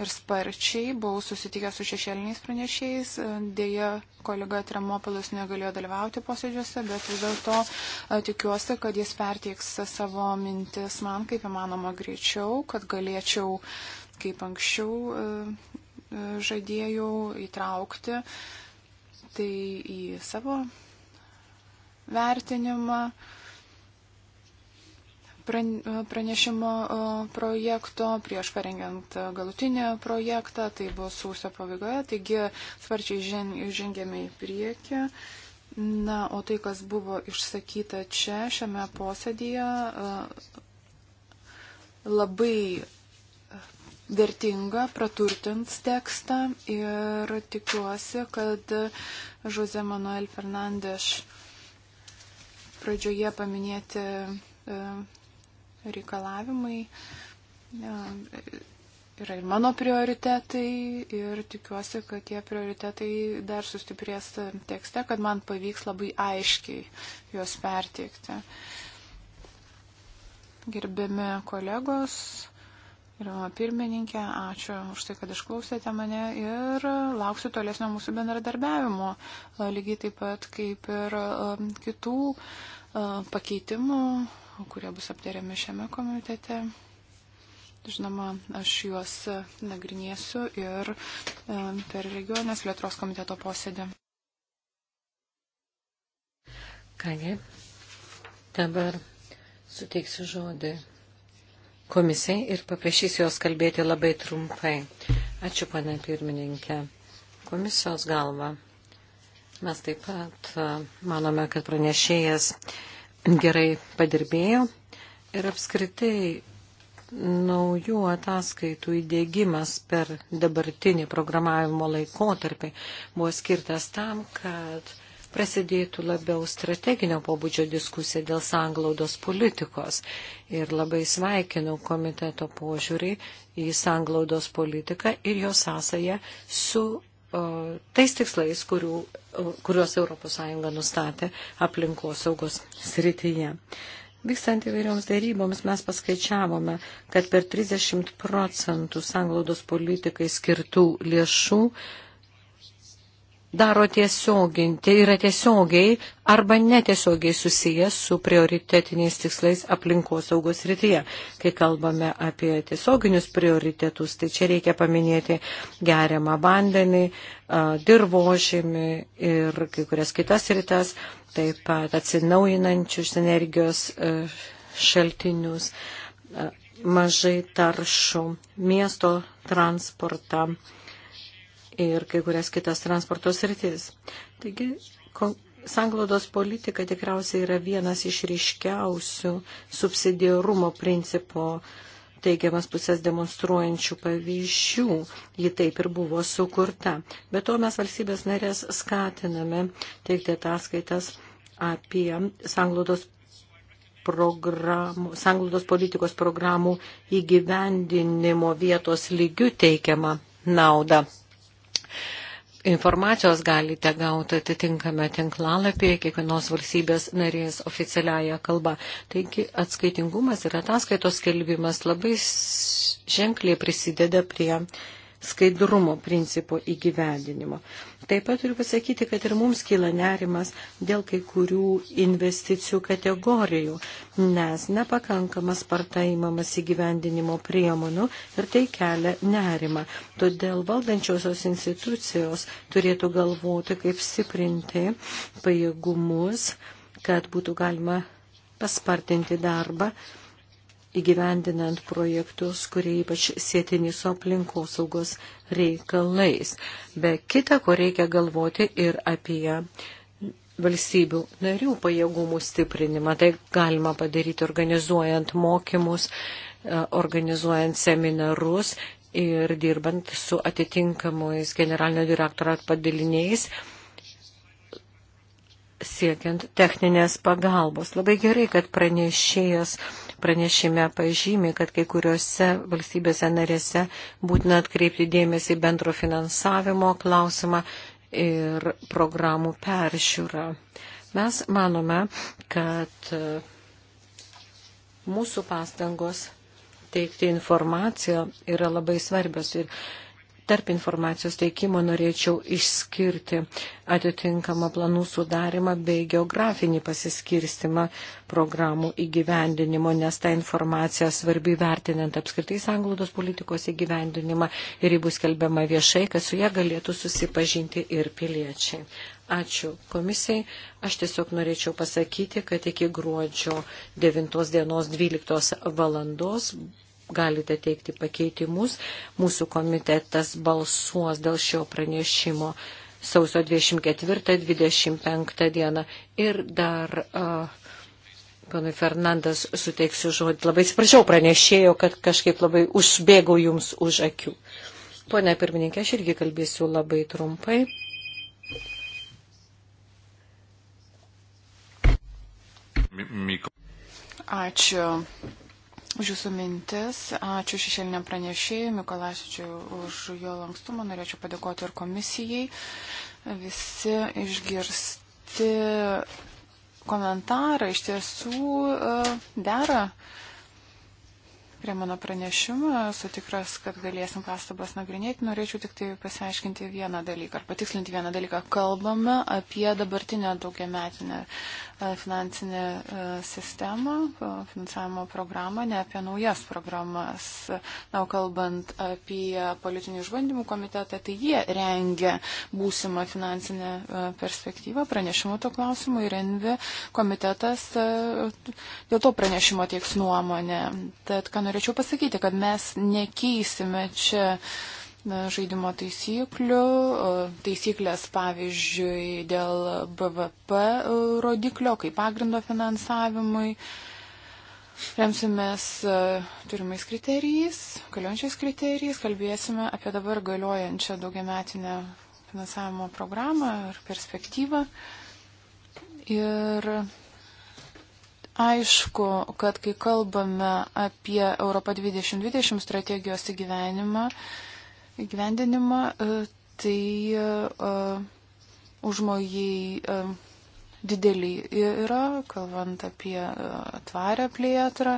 ir sparčiai. Buvau susitikęs su šešėliniais pranešėjais. Dėja, kolega Tremopolis negalėjo dalyvauti posėdžiuose, bet vis dėlto tikiuosi, kad jis perteiks savo mintis man kaip įmanoma greičiau, kad galėčiau kaip anksčiau žadėjau įtraukti tai į savo vertinimą. E, pranešimo e, projekto, prieš parengiant e, galutinį projektą, tai bus sausio pabaigoje, taigi svarčiai žengėme į priekį. Na, o tai, kas buvo išsakyta čia, šiame posėdėje, labai vertinga, praturtins tekstą ir tikiuosi, kad Jose Manuel Fernandes pradžioje paminėti reikalavimai e, yra ir mano prioritetai ir tikiuosi, kad tie prioritetai dar sustiprės tekste, kad man pavyks labai aiškiai juos perteikti. Gerbiami kolegos, gerbiama pirmininkė, ačiū už tai, kad išklausėte mane ir lauksiu tolesnio mūsų bendradarbiavimo, e, lygiai taip pat kaip ir e, kitų pakeitimų kurie bus aptariami šiame komitete. Žinoma, aš juos nagrinėsiu ir e, per regionės plėtros komiteto posėdį. Kągi, dabar suteiksiu žodį komisijai ir paprašysiu jos kalbėti labai trumpai. Ačiū, pane pirmininkė. Komisijos galva. Mes taip pat e, manome, kad pranešėjas gerai padirbėjo ir apskritai naujų ataskaitų įdėgymas per dabartinį programavimo laikotarpį buvo skirtas tam, kad prasidėtų labiau strateginio pobūdžio diskusija dėl sanglaudos politikos. Ir labai sveikinu komiteto požiūrį į sanglaudos politiką ir jo sąsają su tais tikslais, kurių, kuriuos ES nustatė aplinkos saugos srityje. Vykstant įvairioms dėryboms mes paskaičiavome, kad per 30 procentų sanglaudos politikai skirtų lėšų uh, daro tiesiogiai, tai yra tiesiogiai arba netiesiogiai susijęs su prioritetiniais tikslais aplinkos saugos rytyje. Kai kalbame apie tiesioginius prioritetus, tai čia reikia paminėti geriamą vandenį, dirbožymį ir kai kurias kitas rytas, taip pat atsinaujinančius energijos e, šaltinius, e, mažai taršų miesto transportą ir kai kurias kitas transporto sritis. Taigi, kol sanglaudos politika tikriausiai yra vienas iš ryškiausių subsidiarumo principo teigiamas pusės demonstruojančių pavyzdžių. Ji taip ir buvo sukurta. Be to mes valstybės narės skatiname teikti ataskaitas apie sanglaudos, programų, sanglaudos politikos programų įgyvendinimo vietos lygių teikiamą naudą. Informacijos galite gauti atitinkame tinklalapyje kiekvienos valstybės narės oficialiaja kalba. Taigi atskaitingumas ir ataskaitos skelbimas labai ženkliai prisideda prie skaidrumo principo įgyvendinimo. Taip pat turiu pasakyti, kad ir mums kyla nerimas dėl kai kurių investicijų kategorijų, nes nepakankamas partaimamas įgyvendinimo priemonių ir tai kelia nerimą. Todėl valdančiosios institucijos turėtų galvoti, kaip stiprinti pajėgumus, kad būtų galima paspartinti darbą įgyvendinant projektus, kurie ypač sėtini su aplinkosaugos reikalais. Be kita, ko reikia galvoti ir apie valstybių narių pajėgumų stiprinimą. Tai galima padaryti organizuojant mokymus, e, organizuojant seminarus ir dirbant su atitinkamais generalinio direktorat padaliniais siekiant techninės pagalbos. Labai gerai, kad pranešėjas pranešime pažymi, kad kai kuriuose valstybėse narėse būtina atkreipti dėmesį bendro finansavimo klausimą ir programų peržiūrą. Mes manome, kad e, mūsų pastangos teikti informaciją yra labai svarbios ir Tarp informacijos teikimo norėčiau išskirti atitinkamą planų sudarimą bei geografinį pasiskirstimą programų įgyvendinimo, nes ta informacija svarbi vertinant apskritai sanglaudos politikos įgyvendinimą ir jį bus kelbiama viešai, kad su ją galėtų susipažinti ir piliečiai. Ačiū komisijai. Aš tiesiog norėčiau pasakyti, kad iki gruodžio 9 dienos 12 valandos galite teikti pakeitimus. Mūsų komitetas balsuos dėl šio pranešimo sausio 24-25 dieną. Ir dar. Uh, Ponui Fernandas suteiksiu žodį. Labai atsiprašau pranešėjo, kad kažkaip labai užbėgau jums už akių. Pone pirmininkė, aš irgi kalbėsiu labai trumpai. Ačiū už jūsų mintis. Ačiū šešėliniam pranešėjui, Mikolašičiui, už jo lankstumą. Norėčiau padėkoti ir komisijai. Visi išgirsti komentarai iš tiesų e, dera prie mano pranešimo, esu tikras, kad galėsim pastabas nagrinėti. Norėčiau tik tai pasiaiškinti vieną dalyką ar patikslinti vieną dalyką. Kalbame apie dabartinę daugiametinę e, finansinę e, sistemą, e, finansavimo programą, ne apie naujas programas. Na, o kalbant apie politinių išbandymų komitetą, tai jie rengia būsimą finansinę perspektyvą pranešimo to klausimu ir NV komitetas dėl to pranešimo tieks nuomonę. Tad, norėčiau pasakyti, kad mes nekeisime čia žaidimo taisyklių, taisyklės pavyzdžiui dėl BVP rodiklio kaip pagrindo finansavimui. Remsimės e, turimais kriterijais, galiojančiais kriterijais, kalbėsime apie dabar galiojančią daugiametinę finansavimo programą ir perspektyvą. Ir Aišku, kad kai kalbame apie Europą 2020 strategijos įgyvendinimą, e, tai uh, užmojai uh, e, dideliai yra, kalbant apie uh, tvarę plėtrą.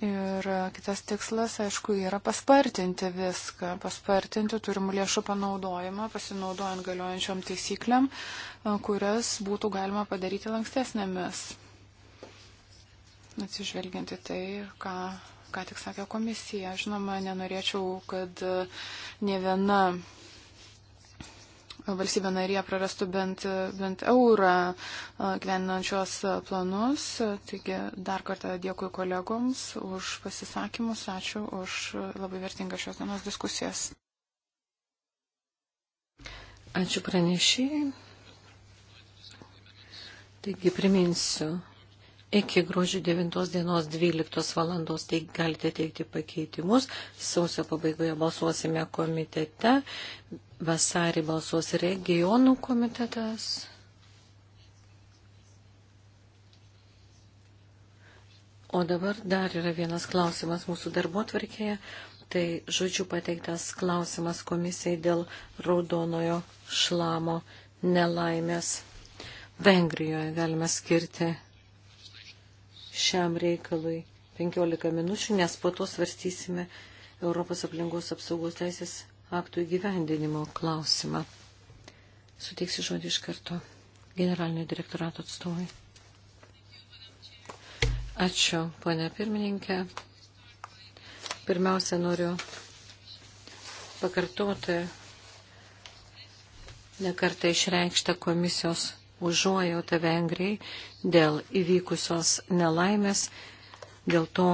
Ir kitas tikslas, aišku, yra paspartinti viską, paspartinti turimų lėšų panaudojimą, pasinaudojant galiojančiom taisyklėm, kurias būtų galima padaryti lankstesnėmis atsižvelgianti tai, ką, ką tik sakė komisija. Žinoma, nenorėčiau, kad ne viena valstybė narė prarastų bent, bent eurą gyvenančios planus. Taigi dar kartą dėkui kolegoms už pasisakymus, ačiū už labai vertingą šios dienos diskusijas. Ačiū pranešėjai. Taigi priminsiu Iki gruodžio 9 dienos 12 valandos tai galite teikti pakeitimus. Sausio pabaigoje balsuosime komitete. Vasarį balsuos regionų komitetas. O dabar dar yra vienas klausimas mūsų darbo tvarkėje. Tai žodžiu pateiktas klausimas komisijai dėl raudonojo šlamo nelaimės. Vengrijoje galime skirti šiam reikalui 15 minučių, nes po to svarstysime Europos aplinkos apsaugos teisės aktų įgyvendinimo klausimą. Suteiksiu žodį iš karto generalinio direktorato atstovai. Ačiū, ponia pirmininkė. Pirmiausia, noriu pakartoti nekartą išreikštą komisijos užuojautą Vengrijai dėl įvykusios nelaimės, dėl to,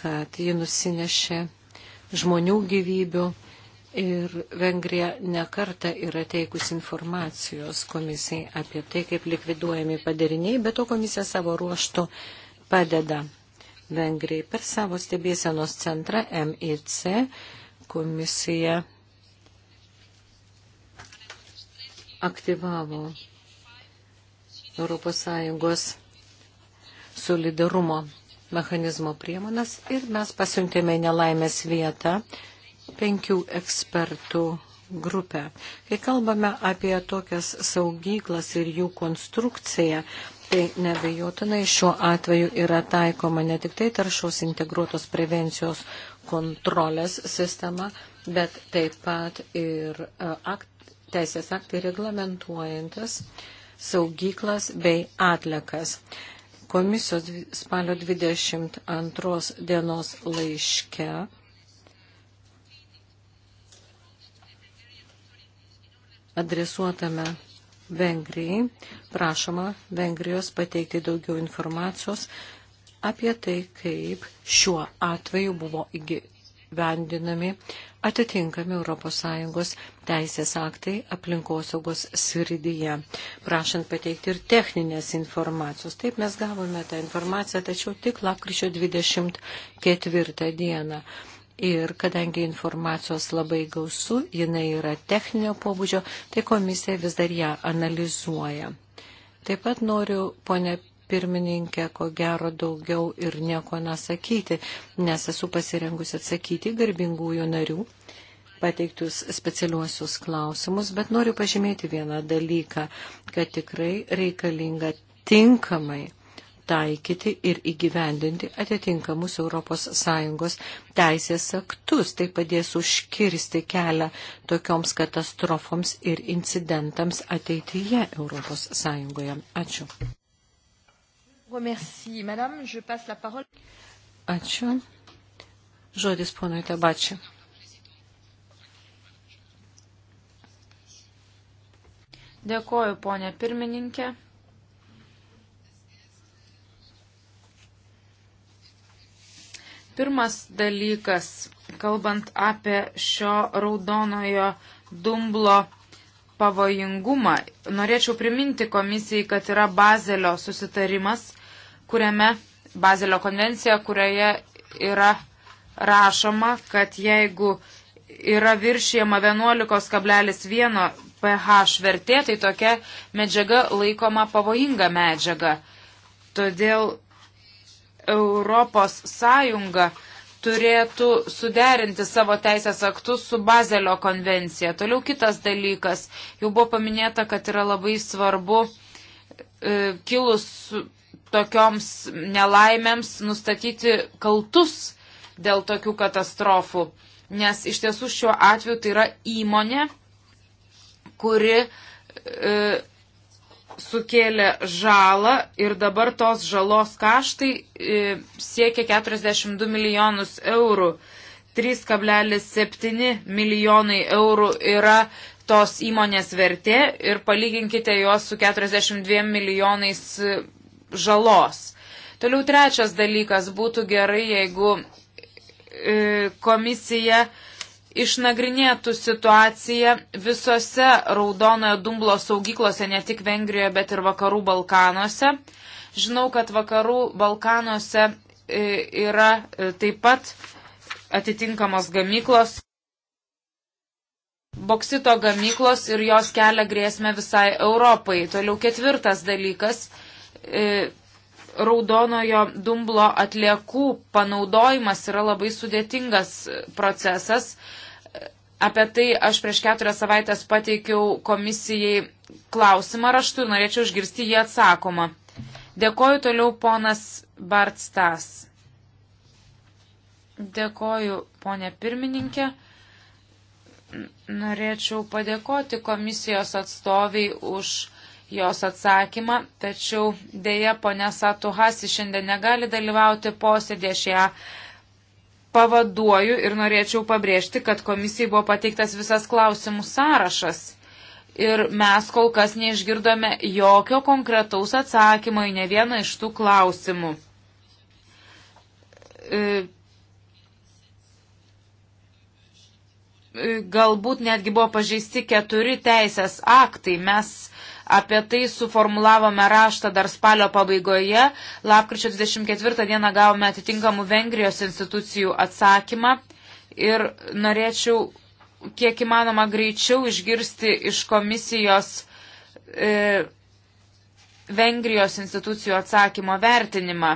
kad ji nusinešė žmonių gyvybių Ir Vengrija nekarta yra teikus informacijos komisijai apie tai, kaip likviduojami padariniai, bet to komisija savo ruoštų padeda Vengrijai. Per savo stebėsenos centrą MIC komisija aktyvavo ES solidarumo mechanizmo priemonas ir mes pasiuntėme nelaimės vietą penkių ekspertų grupę. Kai kalbame apie tokias saugyklas ir jų konstrukciją, tai nebejotinai šiuo atveju yra taikoma ne tik tai taršos integruotos prevencijos kontrolės sistema, bet taip pat ir e, akt, teisės aktai reglamentuojantis uh, saugyklas bei atlikas. Komisijos spalio 22 dienos laiške adresuotame Vengrijai prašoma Vengrijos pateikti daugiau informacijos apie tai, kaip šiuo atveju buvo įgyvendinami atitinkami ES teisės aktai aplinkosaugos srityje, prašant pateikti ir techninės informacijos. Taip mes gavome tą informaciją, tačiau tik lapkričio 24 dieną. Ir kadangi informacijos labai gausu, jinai yra techninio pobūdžio, tai komisija vis dar ją analizuoja. Taip pat noriu, ponė pirmininkė, ko gero daugiau ir nieko nesakyti, nes esu pasirengusi atsakyti garbingųjų narių pateiktus specialiuosius klausimus, bet noriu pažymėti vieną dalyką, kad tikrai reikalinga tinkamai taikyti ir įgyvendinti atitinkamus ES teisės aktus. Tai padės užkirsti kelią tokioms katastrofoms ir incidentams ateityje ES. Ačiū. Merci, madame. Je passe la parole. Ačiū. Žodis ponui Tabačiui. Dėkoju, ponė pirmininkė. Pirmas dalykas, kalbant apie šio raudonojo dumblo pavojingumą, norėčiau priminti komisijai, kad yra Bazelio susitarimas, kuriame Bazelio konvencija, kurioje yra rašoma, kad jeigu yra viršijama 11,1 pH vertė, tai tokia medžiaga laikoma pavojinga medžiaga. Todėl Europos Sąjunga turėtų suderinti savo teisės aktus su Bazelio konvencija. Toliau kitas dalykas. Jau buvo paminėta, kad yra labai svarbu e, kilus tokioms nelaimėms nustatyti kaltus dėl tokių katastrofų. Nes iš tiesų šiuo atveju tai yra įmonė, kuri e, sukėlė žalą ir dabar tos žalos kaštai e, siekia 42 milijonus eurų. 3,7 milijonai eurų yra tos įmonės vertė ir palyginkite juos su 42 milijonais žalos. Toliau trečias dalykas būtų gerai, jeigu e, komisija išnagrinėtų situaciją visose raudonojo dumblo saugyklose, ne tik Vengrijoje, bet ir vakarų Balkanuose. Žinau, kad vakarų Balkanuose e, yra e, taip pat atitinkamos gamyklos, boksito gamyklos ir jos kelia grėsmę visai Europai. Toliau ketvirtas dalykas E, raudonojo dumblo atliekų panaudojimas yra labai sudėtingas procesas. Apie tai aš prieš keturias savaitės pateikiau komisijai klausimą raštu ir norėčiau išgirsti jį atsakomą. Dėkoju toliau ponas Bartstas. Dėkoju ponė pirmininkė. Norėčiau padėkoti komisijos atstoviai už jos atsakymą, tačiau dėja ponė Satuhasi šiandien negali dalyvauti posėdė šią pavaduoju ir norėčiau pabrėžti, kad komisijai buvo pateiktas visas klausimų sąrašas. Ir mes kol kas neišgirdome jokio konkretaus atsakymo į ne vieną iš tų klausimų. E, e, galbūt netgi buvo pažeisti keturi teisės aktai. Mes Apie tai suformulavome raštą dar spalio pabaigoje. Lapkričio 24 dieną gavome atitinkamų Vengrijos institucijų atsakymą ir norėčiau kiek įmanoma greičiau išgirsti iš komisijos e, Vengrijos institucijų atsakymo vertinimą,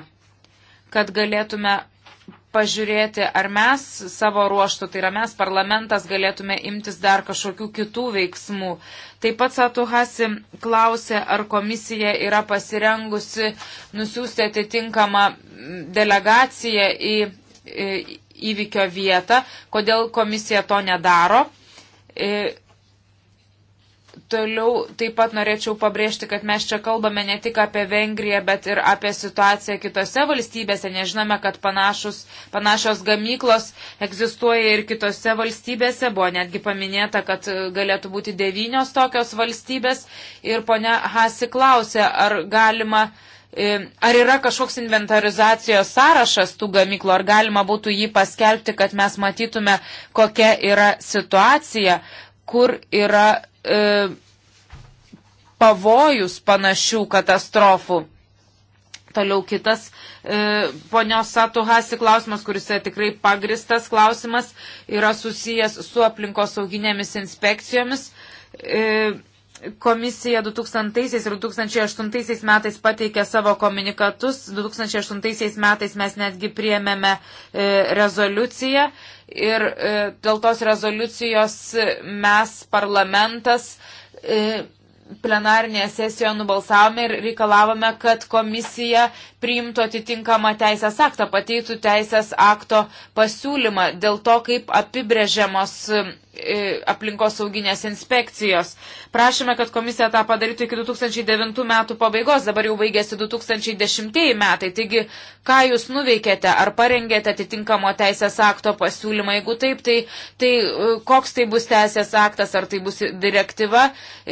kad galėtume pažiūrėti, ar mes savo ruoštų, tai yra mes parlamentas, galėtume imtis dar kažkokių kitų veiksmų. Taip pat Satuhasi klausė, ar komisija yra pasirengusi nusiųsti atitinkamą delegaciją į, į įvykio vietą, kodėl komisija to nedaro. E, Toliau taip pat norėčiau pabrėžti, kad mes čia kalbame ne tik apie Vengriją, bet ir apie situaciją kitose valstybėse. Nežinome, kad panašus, panašios gamyklos egzistuoja ir kitose valstybėse. Buvo netgi paminėta, kad galėtų būti devynios tokios valstybės. Ir ponia Hasi klausė, ar galima. E, ar yra kažkoks inventarizacijos sąrašas tų gamyklų, ar galima būtų jį paskelbti, kad mes matytume, kokia yra situacija, kur yra e, pavojus panašių katastrofų. Toliau kitas e, ponios Satuhasi klausimas, kuris yra tikrai pagristas klausimas, yra susijęs su aplinkosauginėmis inspekcijomis. E, Komisija 2000 ir 2008 metais pateikė savo komunikatus. 2008 metais mes netgi priėmėme e, rezoliuciją ir e, dėl tos rezoliucijos mes parlamentas e, plenarinėje sesijoje nubalsavome ir reikalavome, kad komisija priimtų atitinkamą teisės aktą, pateiktų teisės akto pasiūlymą dėl to, kaip apibrėžiamos E, aplinkos sauginės inspekcijos. Prašome, kad komisija tą padarytų iki 2009 metų pabaigos, dabar jau baigėsi 2010 metai. Taigi, ką jūs nuveikėte, ar parengėte atitinkamo teisės akto pasiūlymą, jeigu taip, tai, tai e, koks tai bus teisės aktas, ar tai bus direktyva,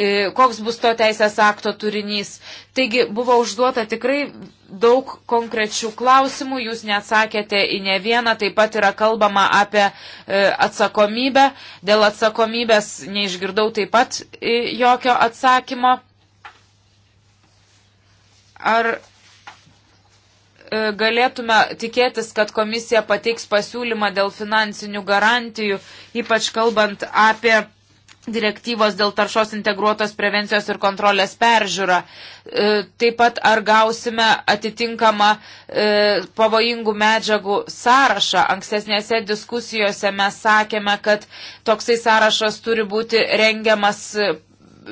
e, koks bus to teisės akto turinys. Taigi, buvo užduota tikrai daug konkrečių klausimų, jūs neatsakėte į ne vieną, taip pat yra kalbama apie e, atsakomybę. Dėl atsakomybės neišgirdau taip pat e, jokio atsakymo. Ar e, galėtume tikėtis, kad komisija pateiks pasiūlymą dėl finansinių garantijų, ypač kalbant apie direktyvos dėl taršos integruotos prevencijos ir kontrolės peržiūra. E, taip pat ar gausime atitinkamą e, pavojingų medžiagų sąrašą. Ankstesnėse diskusijose mes sakėme, kad toksai sąrašas turi būti rengiamas e,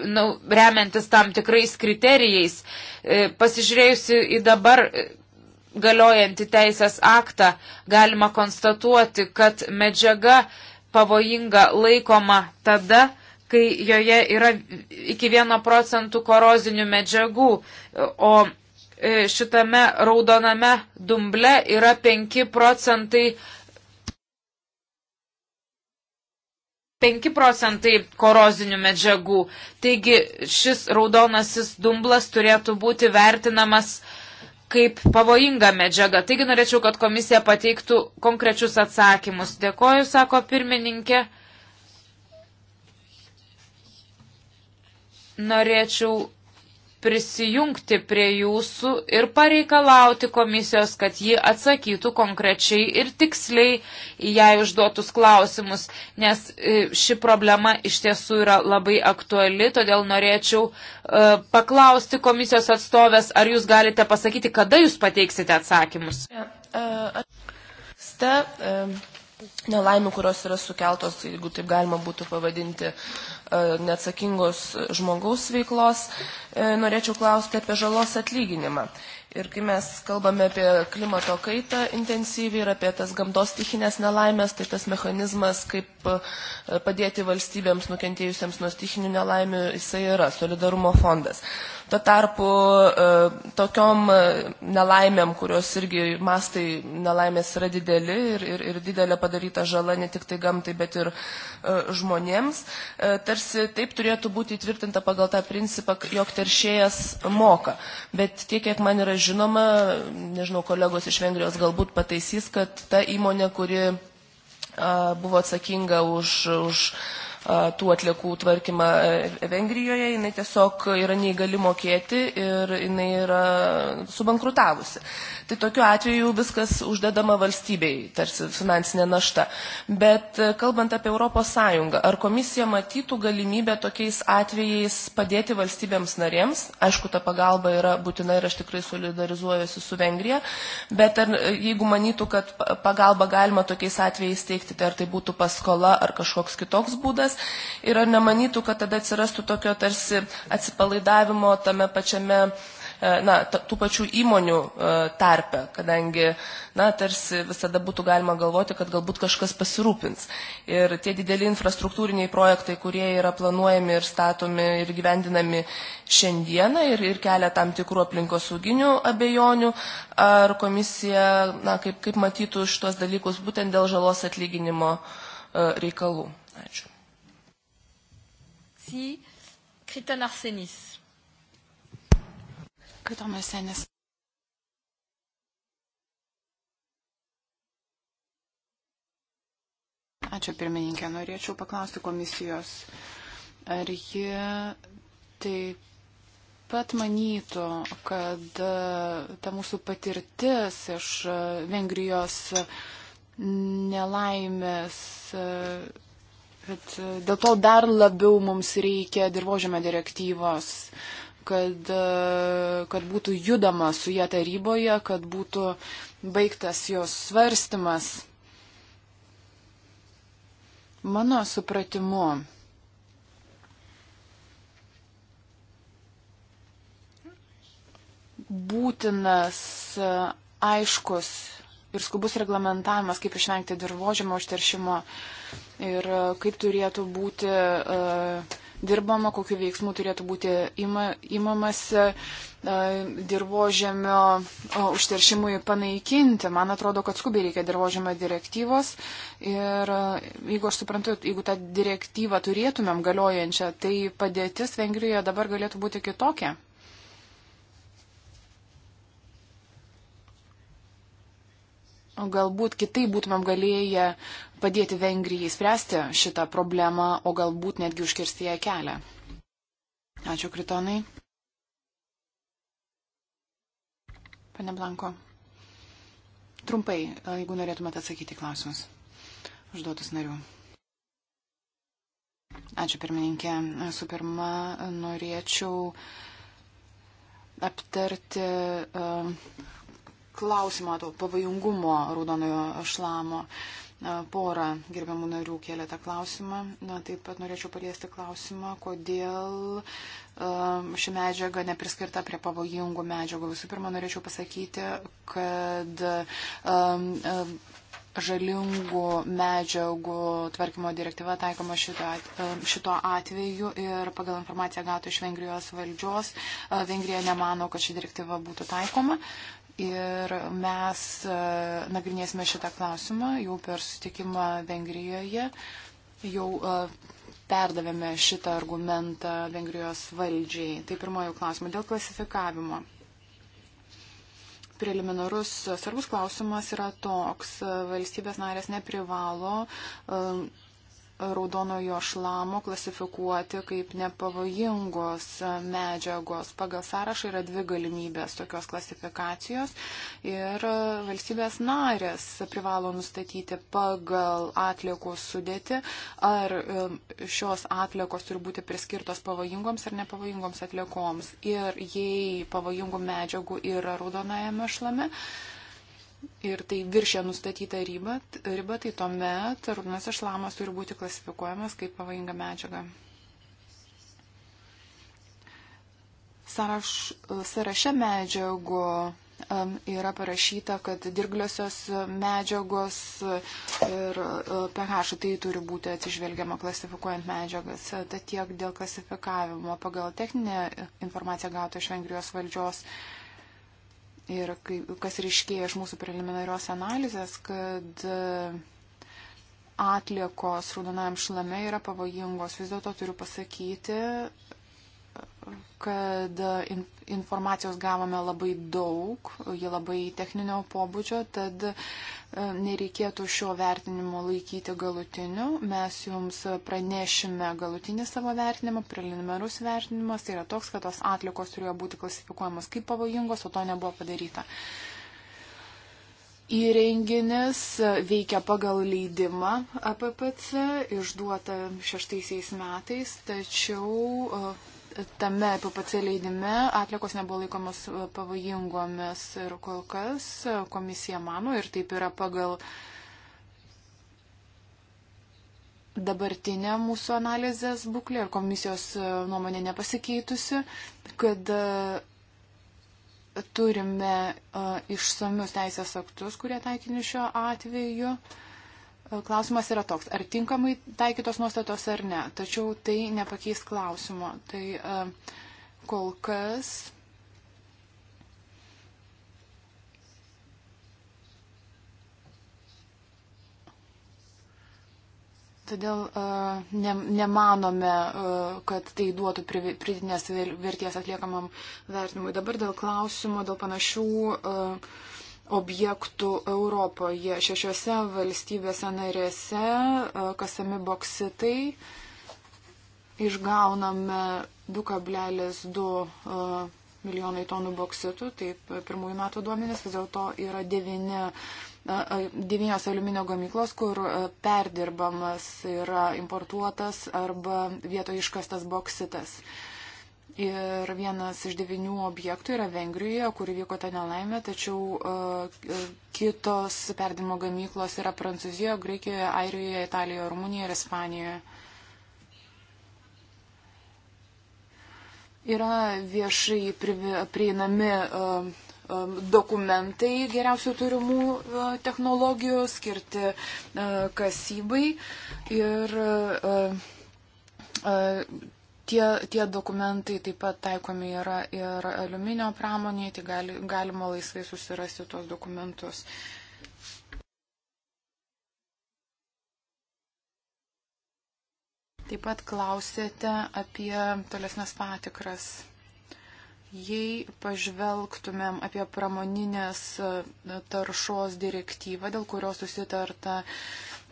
nu, remiantis tam tikrais kriterijais. Pasižiūrėjusi į dabar galiojantį teisės aktą, galima konstatuoti, kad medžiaga pavojinga laikoma tada, kai joje yra iki 1 procentų korozinių medžiagų, o e, šitame raudoname dumble yra 5 procentai 5 procentai korozinių medžiagų. Taigi šis raudonasis dumblas turėtų būti vertinamas kaip pavojinga medžiaga. Taigi norėčiau, kad komisija pateiktų konkrečius atsakymus. Dėkoju, sako pirmininkė. norėčiau prisijungti prie jūsų ir pareikalauti komisijos, kad ji atsakytų konkrečiai ir tiksliai į ją užduotus klausimus, nes e, ši problema iš tiesų yra labai aktuali, todėl norėčiau uh, paklausti komisijos atstovės, ar jūs galite pasakyti, kada jūs pateiksite atsakymus. E, Nelaimė, kurios yra sukeltos, jeigu taip galima būtų pavadinti, uh, E, neatsakingos žmogaus veiklos, e, norėčiau klausti apie žalos atlyginimą. Ir kai mes kalbame apie klimato kaitą intensyviai ir apie tas gamtos stichinės nelaimės, tai tas mechanizmas, kaip e, padėti valstybėms nukentėjusiems nuo stichinių nelaimių, jisai yra solidarumo fondas. Tuo tarpu e, tokiom e, nelaimėm, kurios irgi mastai nelaimės yra dideli ir, ir, ir didelė padaryta žala ne tik tai gamtai, bet ir e, žmonėms, tarsi taip turėtų būti įtvirtinta pagal tą principą, jog teršėjas moka. Bet tiek, kiek man yra žinoma, nežinau, kolegos iš Vengrijos galbūt pataisys, kad ta įmonė, kuri buvo atsakinga už, už tų atliekų tvarkymą e, Vengrijoje, jinai tiesiog yra neįgali mokėti ir jinai yra subankrutavusi tai tokiu atveju viskas uždedama valstybei, tarsi finansinė našta. Bet e, kalbant apie ES, ar komisija matytų galimybę tokiais atvejais padėti valstybėms narėms? Aišku, ta pagalba yra būtina ir aš tikrai solidarizuojuosi su Vengrija, bet ar, e, jeigu manytų, kad pagalba galima tokiais atvejais teikti, tai ar tai būtų paskola ar kažkoks kitoks būdas, ir ar nemanytų, kad tada atsirastų tokio tarsi atsipalaidavimo tame pačiame E, na, tų pačių įmonių e, tarpe, kadangi, na, tarsi visada būtų galima galvoti, kad galbūt kažkas pasirūpins. Ir tie dideli infrastruktūriniai projektai, kurie yra planuojami ir statomi ir gyvendinami šiandieną ir, ir kelia tam tikrų aplinkosauginių abejonių, ar komisija, na, kaip, kaip matytų šitos dalykus būtent dėl žalos atlyginimo e, reikalų. Ačiū. Si, Kritan Arsenis dėkui, Tomas Senis. Ačiū pirmininkė. Norėčiau paklausti komisijos, ar ji taip pat manytų, kad e, ta mūsų patirtis iš e, Vengrijos nelaimės, e, kad dėl to dar labiau mums reikia dirbožėme direktyvos. Uh, kad, e, kad būtų judama su jie taryboje, kad būtų baigtas jos svarstymas. Mano supratimu, būtinas e, aiškus ir skubus reglamentavimas, kaip išvengti dirbožimo užteršimo ir e, kaip turėtų būti uh, dirbama, kokiu veiksmu turėtų būti ima, imamas e, dirbožėmio užteršimui panaikinti. Man atrodo, kad skubiai reikia dirbožėmio direktyvos ir e, jeigu aš suprantu, jeigu tą direktyvą turėtumėm galiojančią, tai padėtis Vengrijoje dabar galėtų būti kitokia. O galbūt kitai būtumėm galėję padėti Vengrijai spręsti šitą problemą, o galbūt netgi užkirsti ją kelią. Ačiū, Kritonai. Pane Blanko. Trumpai, jeigu norėtumėte atsakyti klausimus užduotus narių. Ačiū pirmininkė. Su pirma, norėčiau aptarti klausimą to pavojingumo raudonojo šlamo. Porą gerbiamų narių kėlė tą klausimą. Na, taip pat norėčiau paliesti klausimą, kodėl e, ši medžiaga nepriskirta prie pavojingų medžiagų. Visų pirma, norėčiau pasakyti, kad e, e, žalingų medžiagų tvarkymo direktyva taikoma šito, šito atveju ir pagal informaciją gautą iš Vengrijos valdžios, Vengrija nemano, kad ši direktyva būtų taikoma. Ir mes e, nagrinėsime šitą klausimą jau per sutikimą Vengrijoje. Jau e, perdavėme šitą argumentą Vengrijos valdžiai. Tai pirmojų klausimų dėl klasifikavimo. Preliminarus svarbus klausimas yra toks. Valstybės narės neprivalo uh, raudonojo šlamo klasifikuoti kaip nepavojingos medžiagos. Pagal sąrašą yra dvi galimybės tokios klasifikacijos ir valstybės narės privalo nustatyti pagal atliekos sudėti, ar šios atliekos turi būti priskirtos pavojingoms ar nepavojingoms atliekoms. Ir jei pavojingų medžiagų yra raudonajame šlame, ir tai viršė nustatytą ribą, ribą tai tuomet raudonasis šlamas turi būti klasifikuojamas kaip pavojinga medžiaga. Saraš, sąraše medžiagų yra parašyta, kad dirgliosios medžiagos ir e, pH tai turi būti atsižvelgiama klasifikuojant medžiagas. Tad tiek dėl klasifikavimo pagal techninę informaciją gautą iš Vengrijos valdžios. Uh, Ir kas ryškėja iš mūsų preliminarios analizės, kad e, atliekos raudonajam šlame yra pavojingos. Vis dėlto turiu pasakyti, kad e, informacijos gavome labai daug, ji labai techninio pobūdžio, tad e, nereikėtų šio vertinimo laikyti galutiniu. Mes jums pranešime galutinį savo vertinimą, preliminarus vertinimas, tai yra toks, kad tos atlikos turėjo būti klasifikuojamos kaip pavojingos, o to nebuvo padaryta. Įrenginis veikia pagal leidimą APPC, išduota šeštaisiais metais, tačiau e, tame PPC leidime atlikos nebuvo laikomos e, pavojingomis ir kol kas e, komisija mano ir taip yra pagal dabartinę mūsų analizės būklę ir komisijos e, nuomonė nepasikeitusi, kad turime išsamius teisės aktus, kurie taikini šiuo atveju. Uh, E, klausimas yra toks, ar tinkamai taikytos nuostatos ar ne, tačiau tai nepakeis klausimo. Tai e, kol kas Todėl uh, ne, nemanome, uh, kad tai duotų pridinės vertės atliekamam vertinimui. Dabar dėl klausimo, dėl panašių uh, objektų Europoje. Šešiose valstybėse narėse e, kasami boksitai išgauname 2,2 e, milijonai tonų boksitų, taip pirmųjų metų duomenys vis dėlto yra 9, 9 e, aliuminio gamyklos, kur perdirbamas yra importuotas arba vietoje iškastas boksitas. Uh, Ir vienas iš devinių objektų yra Vengrijoje, kur vyko ta nelaimė, tačiau uh, kitos perdimo gamyklos yra Prancūzijoje, Graikijoje, Airijoje, Italijoje, Rumunijoje ir Ispanijoje. Yra viešai prieinami uh, dokumentai geriausių turimų technologijų skirti uh, kasybai ir Tie, tie dokumentai taip pat taikomi yra ir aliuminio pramonėje, tai gali, galima laisvai susirasti tuos dokumentus. Taip pat klausėte apie tolesnės patikras. Jei pažvelgtumėm apie pramoninės taršos direktyvą, dėl kurios susitarta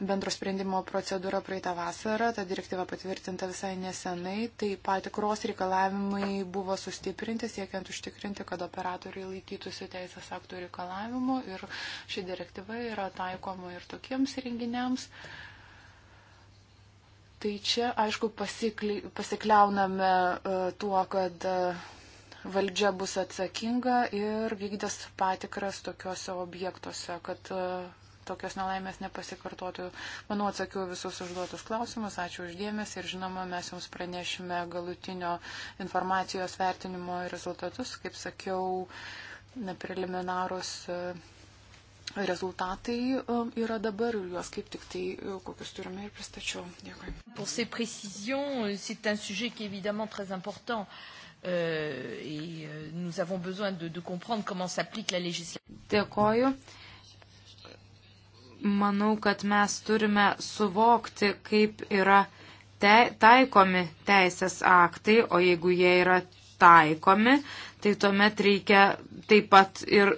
bendro sprendimo procedūra praeitą vasarą, ta direktyva patvirtinta visai nesenai, tai patikros reikalavimai buvo sustiprinti, siekiant užtikrinti, kad operatoriai laikytųsi teisės aktų reikalavimų ir ši direktyva yra taikoma ir tokiems renginiams. Tai čia, aišku, pasikli, pasikliauname uh, tuo, kad uh, valdžia bus atsakinga ir vykdės patikras tokiuose objektuose, kad uh, tokios nelaimės nepasikartotų. Manau, atsakiau visus užduotus klausimus. Ačiū uždėmės ir žinoma, mes jums pranešime galutinio informacijos vertinimo rezultatus. Kaip sakiau, preliminarus e, rezultatai e, yra dabar ir juos kaip tik tai e, kokius turime ir pristačiau. Dėkui. Pour ces précisions, euh, c'est un sujet qui est évidemment très important. Euh, et euh, nous avons besoin de, de comprendre comment s'applique la législation. Dėkoju. Euh, manau, kad mes turime suvokti, kaip yra te, taikomi teisės aktai, o jeigu jie yra taikomi, tai tuomet reikia taip pat ir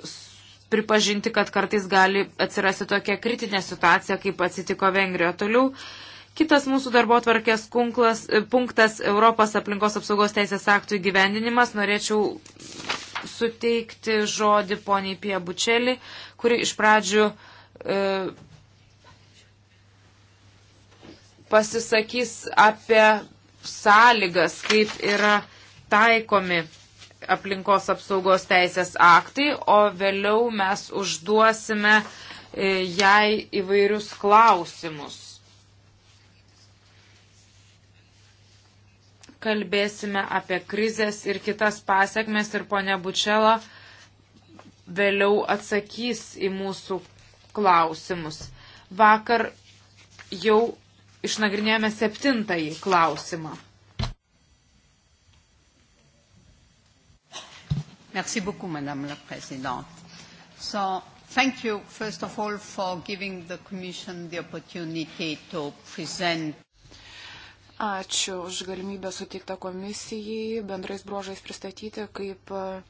pripažinti, kad kartais gali atsirasti tokia kritinė situacija, kaip atsitiko Vengrijoje toliau. Kitas mūsų darbo tvarkės kunklas, e, punktas Europos aplinkos apsaugos teisės aktų įgyvendinimas. Norėčiau suteikti žodį poniai Piebučelį, kuri iš pradžių uh, E, pasisakys apie sąlygas, kaip yra taikomi aplinkos apsaugos teisės aktai, o vėliau mes užduosime e, jai įvairius klausimus. Kalbėsime apie krizės ir kitas pasiekmes ir ponia Bučela vėliau atsakys į mūsų klausimus. Vakar jau išnagrinėjome septintąjį klausimą. Merci beaucoup, Madame la Présidente. So, thank you, first of all, for giving the Commission the opportunity to present. Ačiū už galimybę suteiktą komisijai bendrais bruožais pristatyti, kaip uh,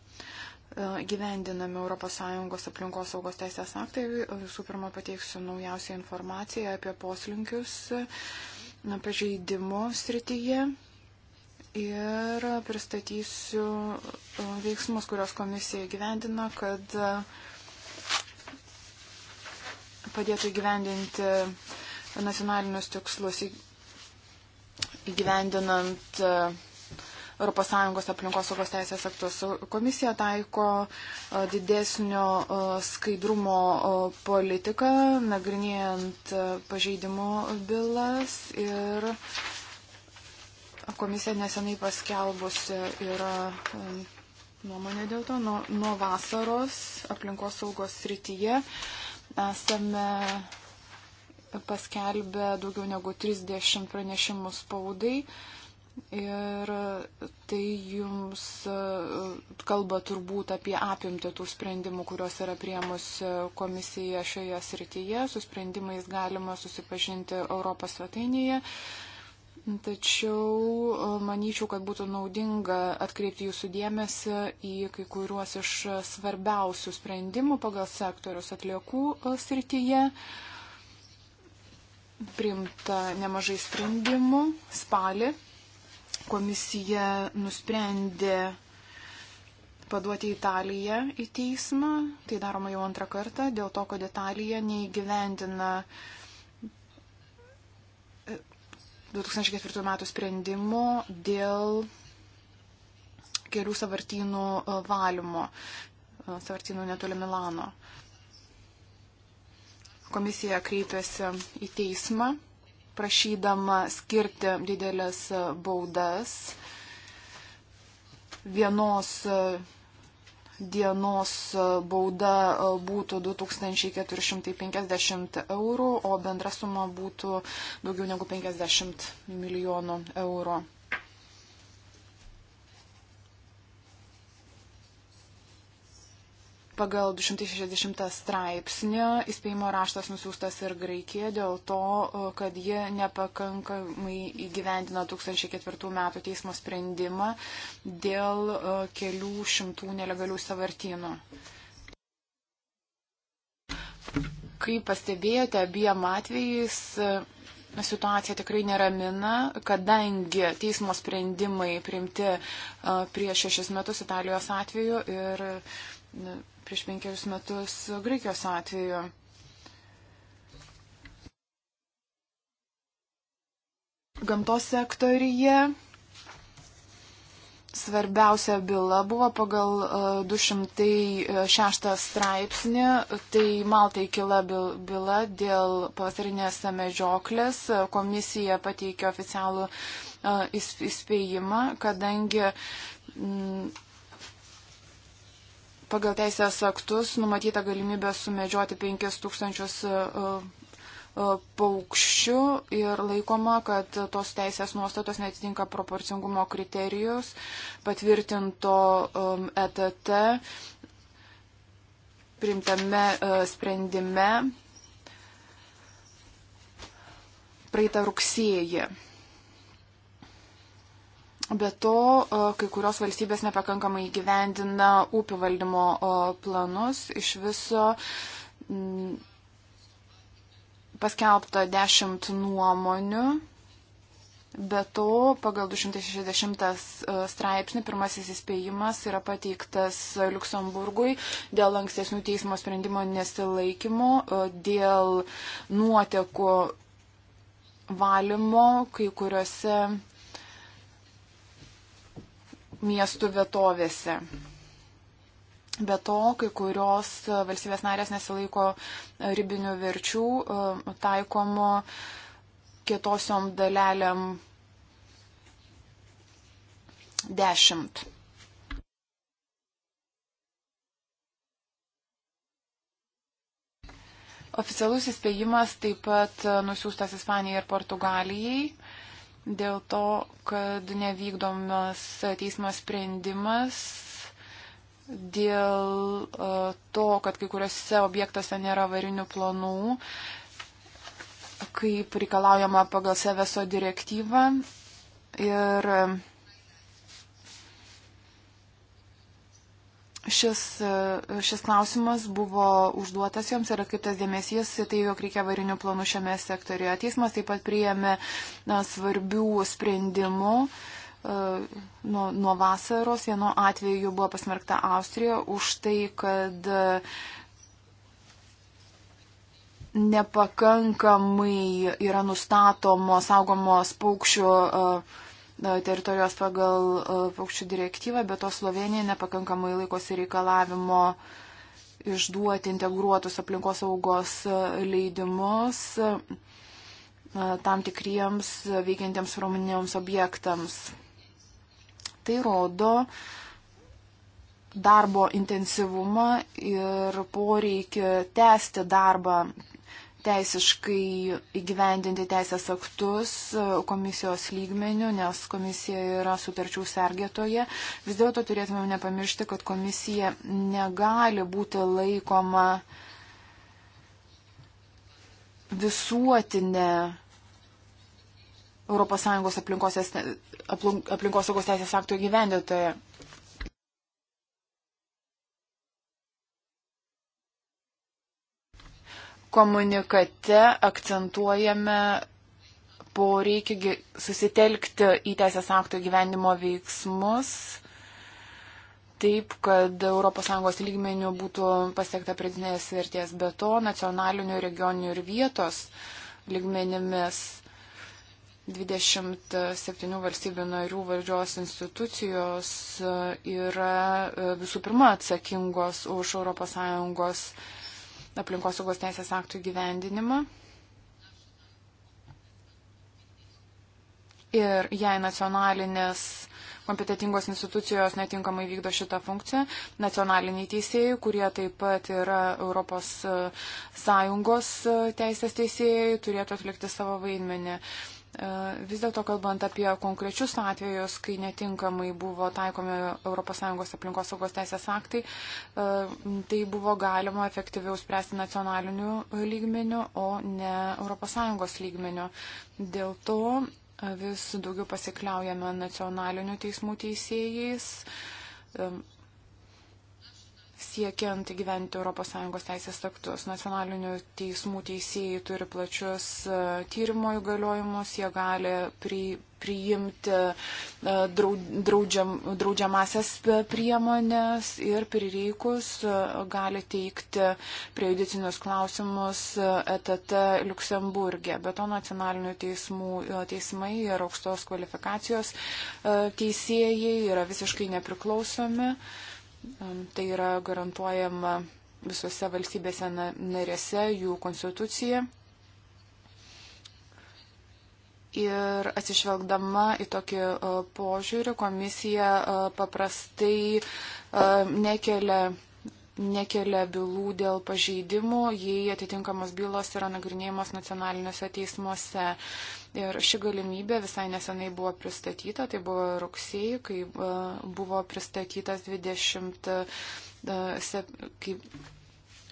E, gyvendinami ES aplinkos saugos teisės aktai. Visų pirma, pateiksiu naujausią informaciją apie poslinkius e, pažeidimo srityje ir pristatysiu e, veiksmus, kurios komisija gyvendina, kad padėtų gyvendinti nacionalinius tikslus įgyvendinant uh, ES aplinkosaugos teisės aktus. Komisija taiko e, didesnio e, skaidrumo e, politiką, nagrinėjant pažeidimo bylas ir komisija nesenai paskelbusi yra nuomonė dėl to. Nuo, nuo vasaros aplinkosaugos srityje esame paskelbę daugiau negu 30 pranešimų spaudai. Uh, Ir tai jums e, kalba turbūt apie apimtį tų sprendimų, kurios yra priemus komisija šioje srityje. Su sprendimais galima susipažinti Europos svetainėje. Tačiau e, manyčiau, kad būtų naudinga atkreipti jūsų dėmesį į kai kuriuos iš svarbiausių sprendimų pagal sektorius atliekų e, srityje. Primta nemažai sprendimų spalį komisija nusprendė paduoti Italiją į teismą. Tai daroma jau antrą kartą dėl to, kad Italija neįgyvendina 2004 e, metų sprendimo dėl kelių savartynų e, valymo, e, savartynų netoli Milano. Komisija kreipėsi į teismą prašydama skirti didelės baudas vienos dienos bauda būtų 2450 eurų, o bendra suma būtų daugiau negu 50 milijonų eurų. Pagal 260 straipsnį įspėjimo raštas nusiųstas ir Graikija dėl to, kad jie nepakankamai įgyvendina 2004 metų teismo sprendimą dėl kelių šimtų nelegalių savartynų. Kaip pastebėjote, abiem atvejais e, situacija tikrai neramina, kadangi teismo sprendimai priimti e, prieš šešis metus Italijos atveju ir prieš penkerius metus Graikijos atveju. Gamtos sektorija svarbiausia byla buvo pagal 206 e, straipsnį, tai Maltai kila byla dėl pavasarinės medžioklės, komisija pateikė oficialų e, įspėjimą, kadangi pagal teisės aktus numatyta galimybė sumedžioti 5000 e, e, paukščių ir laikoma, kad tos teisės nuostatos netitinka proporcingumo kriterijus patvirtinto ETT e primtame sprendime praeitą rugsėjį. Be to, e, kai kurios valstybės nepakankamai gyvendina upių valdymo e, planus. Iš viso mm, paskelbta 10 nuomonių. Be to, pagal 260 e, straipsnį pirmasis įspėjimas yra pateiktas Luksemburgui dėl ankstesnių teismo sprendimo nesilaikymo, dėl nuotekų valymo kai kuriuose miestų vietovėse. Be to, kai kurios valstybės narės nesilaiko ribinių verčių e, taikomo kietosiom dalelėm 10. Oficialus įspėjimas taip pat nusiųstas Ispanijai ir Portugalijai dėl to, kad nevykdomas teismo sprendimas, dėl e, to, kad kai kuriuose objektuose nėra varinių planų, kaip reikalaujama pagal Seveso direktyvą. Ir šis, šis klausimas buvo užduotas joms ir atkreiptas dėmesys į tai, jog reikia varinių planų šiame sektoriuje. Teismas taip pat priėmė na, svarbių sprendimų. E, nuo, nuo vasaros vienu atveju buvo pasmerkta Austrija už tai, kad nepakankamai yra nustatomos saugomos paukščių uh, teritorijos pagal e, paukščių direktyvą, bet to Slovenija nepakankamai laikosi reikalavimo išduoti integruotus aplinkos saugos e, leidimus e, tam tikriems veikiantiems pramoniniams objektams. Tai rodo darbo intensyvumą ir poreikį tęsti darbą teisiškai įgyvendinti teisės aktus e, komisijos lygmenių, nes komisija yra sutarčių sergėtoje. Vis dėlto turėtume nepamiršti, kad komisija negali būti laikoma visuotinė ES aplinkosaugos teisės aktų įgyvendėtoje. komunikate akcentuojame poreikį susitelkti į teisės akto gyvenimo veiksmus taip, kad ES lygmenių būtų pasiekta pridinės vertės, be to nacionalinių, regioninių ir vietos lygmenimis 27 valstybių narių valdžios institucijos e, yra e, visų pirma atsakingos už ES aplinkosaugos teisės aktų gyvendinimą. Ir jei nacionalinės kompetitingos institucijos netinkamai vykdo šitą funkciją, nacionaliniai teisėjai, kurie taip pat yra Europos e, Sąjungos e, teisės teisėjai, turėtų atlikti savo vaidmenį. E, vis dėlto kalbant apie konkrečius atvejus, kai netinkamai buvo taikomi ES aplinkos saugos teisės aktai, e, tai buvo galima efektyviau spręsti nacionaliniu lygmeniu, o ne ES lygmeniu. Dėl to e, vis daugiau pasikliaujame nacionalinių teismų teisėjais siekiant įgyventi ES teisės aktus. Nacionalinių teismų teisėjai turi plačius e, tyrimo įgaliojimus, jie gali pri, priimti e, draudžiam, draudžiamasias e, priemonės ir prireikus gali teikti prejudicinius klausimus ETT Luksemburgė. Be to nacionalinių teismų teismai ir aukštos kvalifikacijos teisėjai yra visiškai nepriklausomi. Uh, Tai yra garantuojama visose valstybėse narėse, jų konstitucija. Ir atsižvelgdama į tokį e, požiūrį, komisija e, paprastai e, nekelia nekelia bylų dėl pažeidimų, jei atitinkamos bylos yra nagrinėjimas nacionaliniuose teismuose. Ir ši galimybė visai nesenai buvo pristatyta, tai buvo rugsėjai, kai e, buvo pristatytas 20, e, kai,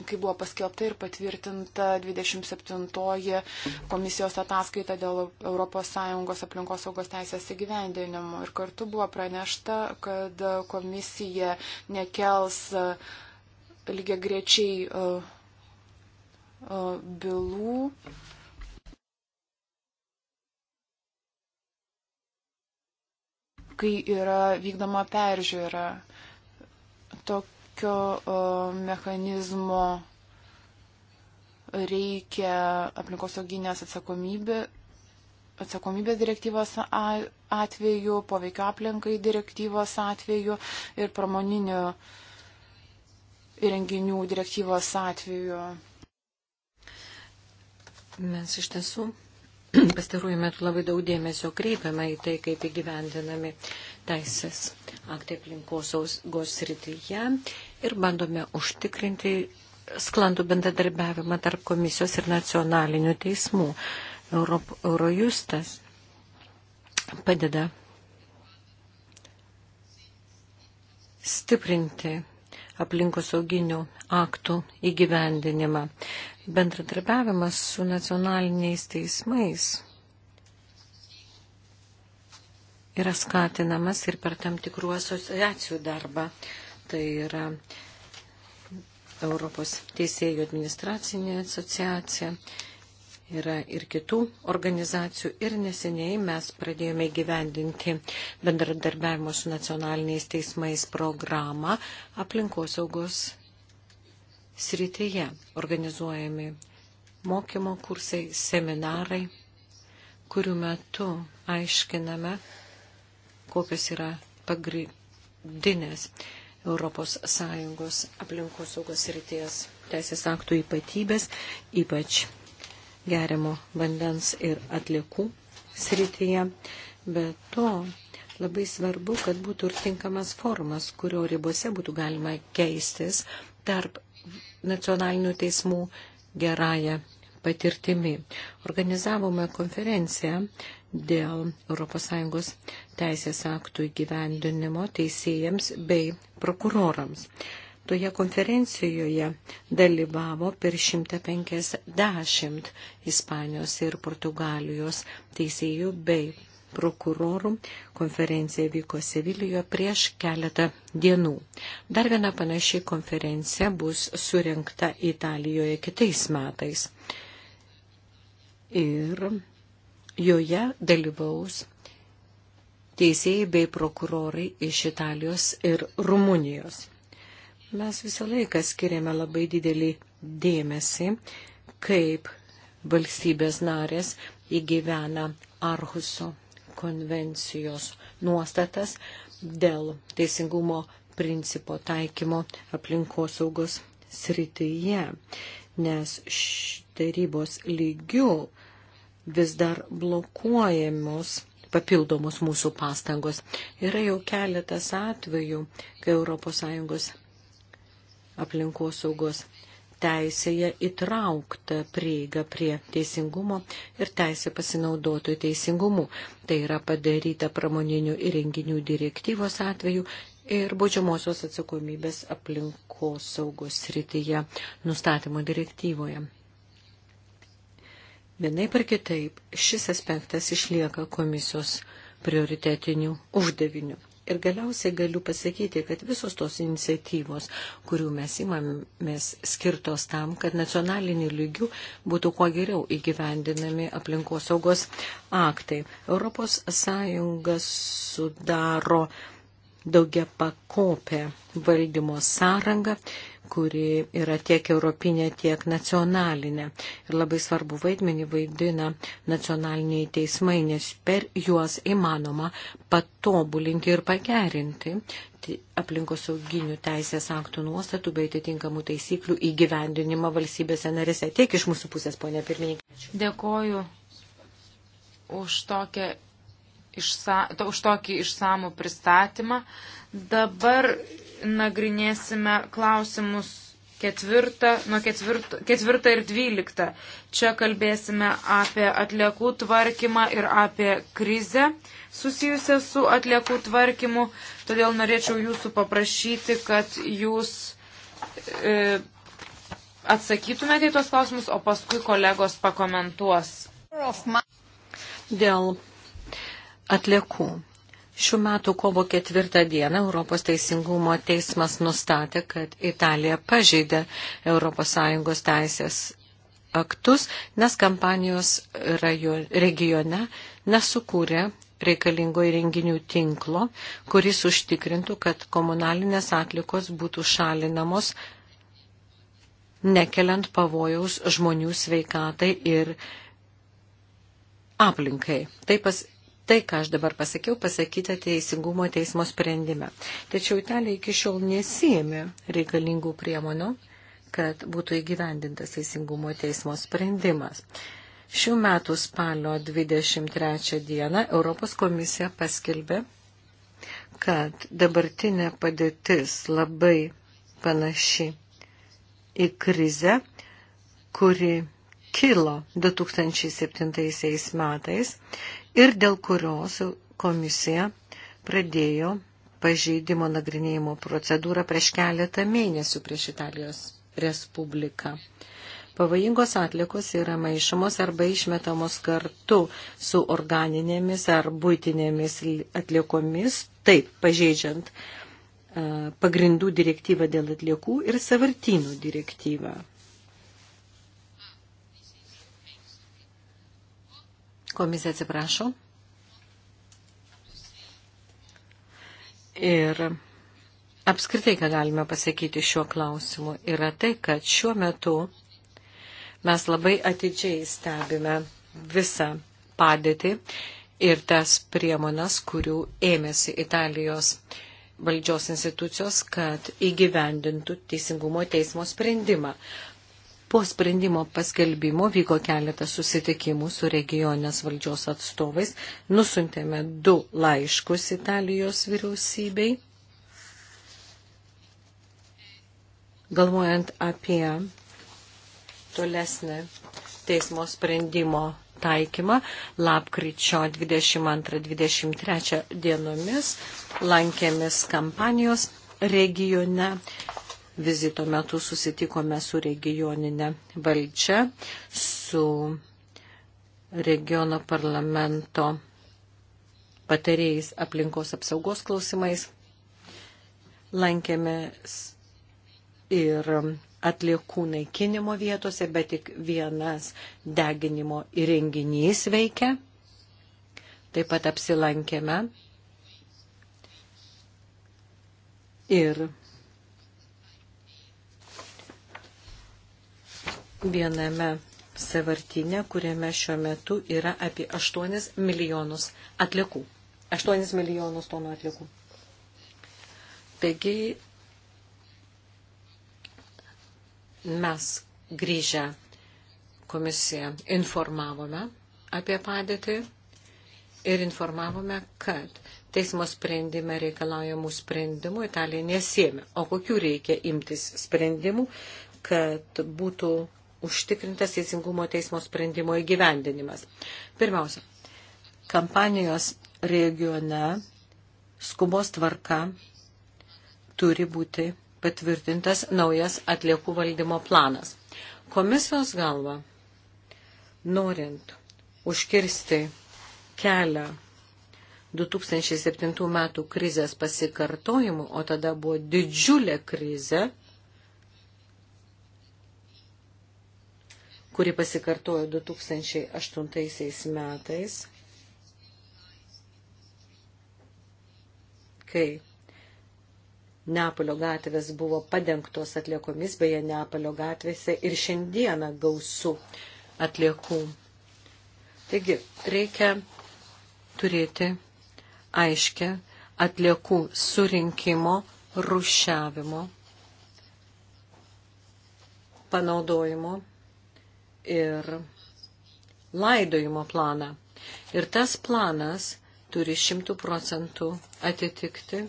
kai buvo paskelbta ir patvirtinta 27 komisijos ataskaita dėl ES aplinkosaugos teisės įgyvendinimo. Ir kartu buvo pranešta, kad komisija nekels e, lygiai grečiai bylų kai yra vykdoma peržiūra. Tokio mechanizmo reikia aplinkosauginės atsakomybė, atsakomybės direktyvos atveju, poveikio aplinkai direktyvos atveju ir pramoninių įrenginių direktyvos atveju. Mes iš tiesų pastarųjų metų labai daug dėmesio kreipiama į tai, kaip įgyvendinami teisės aktai aplinkosaugos srityje ir bandome užtikrinti sklandų bendradarbiavimą tarp komisijos ir nacionalinių teismų. Europ, Eurojustas padeda stiprinti aplinkosauginių aktų įgyvendinimą bendradarbiavimas su nacionaliniais teismais yra skatinamas ir per tam tikrų asociacijų darbą. Tai yra Europos teisėjų administracinė asociacija, yra ir kitų organizacijų ir neseniai mes pradėjome gyvendinti bendradarbiavimo su nacionaliniais teismais programą aplinkosaugos srityje organizuojami mokymo kursai, seminarai, kurių metu aiškiname, kokios yra pagrindinės ES aplinkosaugos ryties teisės aktų ypatybės, ypač geriamo vandens ir atliekų srityje. Be to, labai svarbu, kad būtų ir tinkamas formas, kurio ribose būtų galima keistis tarp nacionalinių teismų gerąją patirtimi. Organizavome konferenciją dėl ES teisės aktų įgyvendinimo teisėjams bei prokurorams. Toje konferencijoje dalyvavo per 150 Ispanijos ir Portugalijos teisėjų bei prokurorų konferencija vyko Sevilijoje prieš keletą dienų. Dar viena panaši konferencija bus surinkta Italijoje kitais metais. Ir joje dalyvaus teisėjai bei prokurorai iš Italijos ir Rumunijos. Mes visą laiką skiriame labai didelį dėmesį, kaip valstybės narės įgyvena Arhuso konvencijos nuostatas dėl teisingumo principo taikymo aplinkosaugos srityje, nes tarybos lygių vis dar blokuojamos papildomos mūsų pastangos. Yra jau keletas atvejų, kai ES aplinkosaugos teisėje įtraukta prieiga prie teisingumo ir teisė pasinaudotojų teisingumu. Tai yra padaryta pramoninių įrenginių direktyvos atveju ir baudžiamosios atsakomybės aplinkos saugos srityje nustatymo direktyvoje. Vienaip ar kitaip, šis aspektas išlieka komisijos prioritetinių uždavinių. Ir galiausiai galiu pasakyti, kad visos tos iniciatyvos, kurių mes imamės skirtos tam, kad nacionaliniu lygiu būtų kuo geriau įgyvendinami aplinkosaugos aktai. Europos Sąjunga sudaro daugia pakopę valdymo sąrangą kuri yra tiek europinė, tiek nacionalinė. Ir labai svarbu vaidmenį vaidina nacionaliniai teismai, nes per juos įmanoma patobulinti ir pagerinti aplinkosauginių teisės aktų nuostatų bei atitinkamų taisyklių įgyvendinimą valstybėse narėse. Tiek iš mūsų pusės, ponė pirmininkė. Dėkoju už, tokią, išsa, to, už tokį išsamų pristatymą. Dabar nagrinėsime klausimus ketvirtą, nuo ketvirtą, ketvirtą ir dvyliktą. Čia kalbėsime apie atliekų tvarkymą ir apie krizę susijusią su atliekų tvarkymu. Todėl norėčiau jūsų paprašyti, kad jūs e, atsakytumėte į tuos klausimus, o paskui kolegos pakomentuos. Dėl atliekų Šių metų kovo ketvirtą dieną Europos teisingumo teismas nustatė, kad Italija pažeidė ES teisės aktus, nes kampanijos rajon, regione nesukūrė reikalingo įrenginių tinklo, kuris užtikrintų, kad komunalinės atlikos būtų šalinamos, nekeliant pavojaus žmonių sveikatai ir aplinkai. Taip pas, Tai, ką aš dabar pasakiau, pasakyta teisingumo teismo sprendime. Tačiau Italija iki šiol nesijėmė reikalingų priemonių, kad būtų įgyvendintas teisingumo teismo sprendimas. Šių metų spalio 23 dieną Europos komisija paskelbė, kad dabartinė padėtis labai panaši į krizę, kuri kilo 2007 metais ir dėl kurios komisija pradėjo pažeidimo nagrinėjimo procedūrą prieš keletą mėnesių prieš Italijos Respubliką. Pavojingos atlikos yra maišomos arba išmetamos kartu su organinėmis ar būtinėmis atliekomis, taip pažeidžiant e, pagrindų direktyvą dėl atliekų ir savartynų direktyvą. Komisija atsiprašo. Ir apskritai, ką galime pasakyti šiuo klausimu, yra tai, kad šiuo metu mes labai atidžiai stebime visą padėtį ir tas priemonas, kurių ėmėsi Italijos valdžios institucijos, kad įgyvendintų teisingumo teismo sprendimą. Po sprendimo paskelbimo vyko keletas susitikimų su regionės valdžios atstovais. Nusuntėme du laiškus Italijos vyriausybei. Galvojant apie tolesnį teismo sprendimo taikymą, lapkričio 22-23 dienomis lankėmis kampanijos regione vizito metu susitikome su regioninė valdžia, su regiono parlamento patarėjais aplinkos apsaugos klausimais. Lankėmės ir atliekų naikinimo vietose, bet tik vienas deginimo įrenginys veikia. Taip pat apsilankėme ir viename savartinė, kuriame šiuo metu yra apie 8 milijonus atliekų. 8 milijonus tonų atliekų. Taigi mes grįžę komisiją informavome apie padėtį ir informavome, kad teismo sprendime reikalaujamų sprendimų Italija nesėmė. O kokių reikia imtis sprendimų, kad būtų užtikrintas teisingumo teismo sprendimo įgyvendinimas. Pirmiausia, kampanijos regione skubos tvarka turi būti patvirtintas naujas atliekų valdymo planas. Komisijos galva, norint užkirsti kelią 2007 metų krizės pasikartojimu, o tada buvo didžiulė krizė, kuri pasikartojo 2008 metais, kai Neapolio gatvės buvo padengtos atliekomis, beje, Neapolio gatvėse ir šiandieną gausu atliekų. Taigi, reikia turėti aiškę atliekų surinkimo, rušiavimo, panaudojimo ir laidojimo planą. Ir tas planas turi šimtų procentų atitikti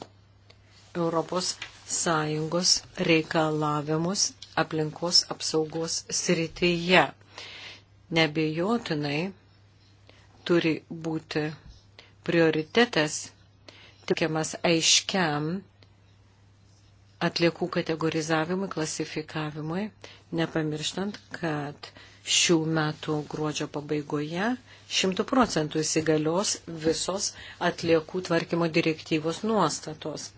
Europos Sąjungos reikalavimus aplinkos apsaugos srityje. Nebejotinai turi būti prioritetas tikiamas aiškiam atliekų kategorizavimui, klasifikavimui, nepamirštant, kad šių metų gruodžio pabaigoje šimtų procentų įsigalios visos atliekų tvarkymo direktyvos nuostatos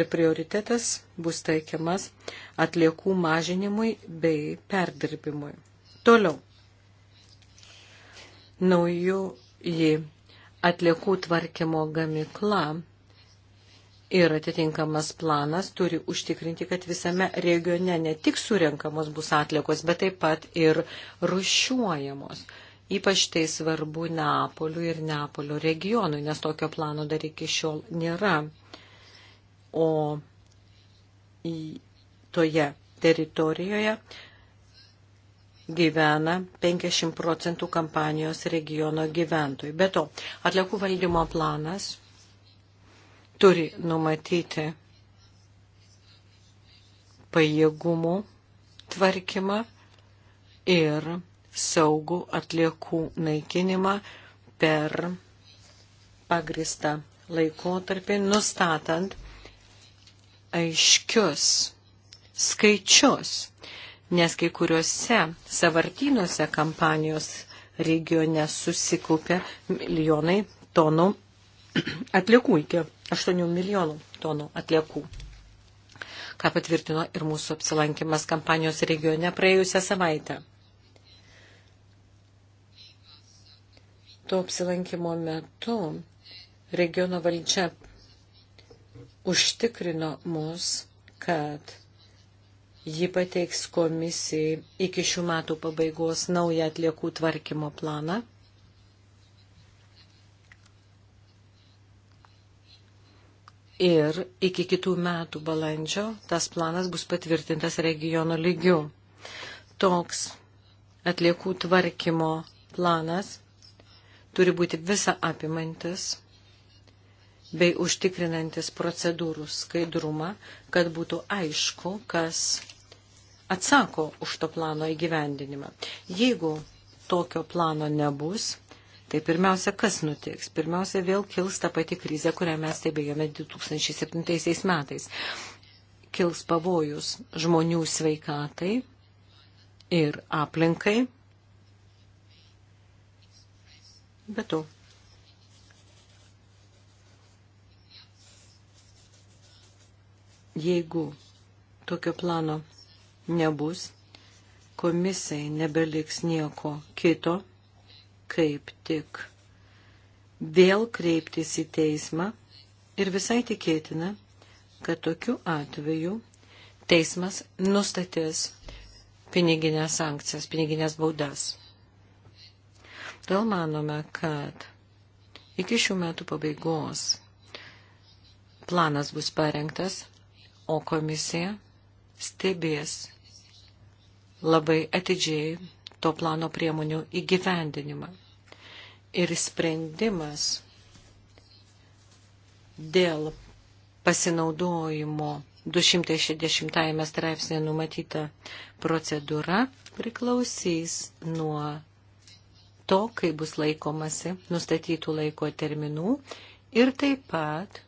ir prioritetas bus teikiamas atliekų mažinimui bei perdirbimui. Toliau. Naujų į atliekų tvarkymo gamikla Ir atitinkamas planas turi užtikrinti, kad visame regione ne tik surenkamos bus atliekos, bet taip pat ir rušiuojamos. Ypač tai svarbu Neapoliu ir Neapolio regionui, nes tokio plano dar iki šiol nėra. O toje teritorijoje gyvena 50 procentų kampanijos regiono gyventojų. Be to, atliekų valdymo planas turi numatyti pajėgumų tvarkymą ir saugų atliekų naikinimą per pagristą laikotarpį, nustatant aiškius skaičius, nes kai kuriuose savartynuose kampanijos regione susikūpė milijonai tonų atliekų iki 8 milijonų tonų atliekų ką patvirtino ir mūsų apsilankimas kampanijos regione praėjusią savaitę. Tuo apsilankimo metu regiono valdžia užtikrino mus, kad ji pateiks komisijai iki šių metų pabaigos naują atliekų tvarkymo planą ir iki kitų metų balandžio tas planas bus patvirtintas regiono lygių. Toks atliekų tvarkymo planas turi būti visa apimantis bei užtikrinantis procedūrų skaidrumą, kad būtų aišku, kas atsako už to plano įgyvendinimą. Jeigu tokio plano nebus, tai pirmiausia, kas nutiks? Pirmiausia, vėl kils ta pati krizė, kurią mes stebėjome 2007 metais. Kils pavojus žmonių sveikatai ir aplinkai. Bet to. Jeigu tokio plano nebus, komisijai nebeliks nieko kito, kaip tik vėl kreiptis į teismą ir visai tikėtina, kad tokiu atveju teismas nustatys piniginės sankcijas, piniginės baudas. Todėl manome, kad iki šių metų pabaigos planas bus parengtas, o komisija stebės labai atidžiai to plano priemonių įgyvendinimą ir sprendimas dėl pasinaudojimo 260 straipsnė numatyta procedūra priklausys nuo to, kai bus laikomasi nustatytų laiko terminų ir taip pat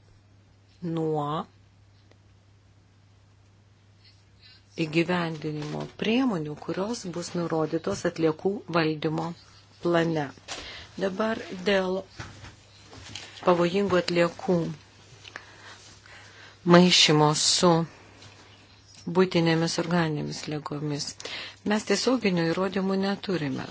nuo įgyvendinimo priemonių, kurios bus nurodytos atliekų valdymo plane. Dabar dėl pavojingų atliekų maišymo su būtinėmis organinėmis lygomis. Mes tiesioginių įrodymų neturime.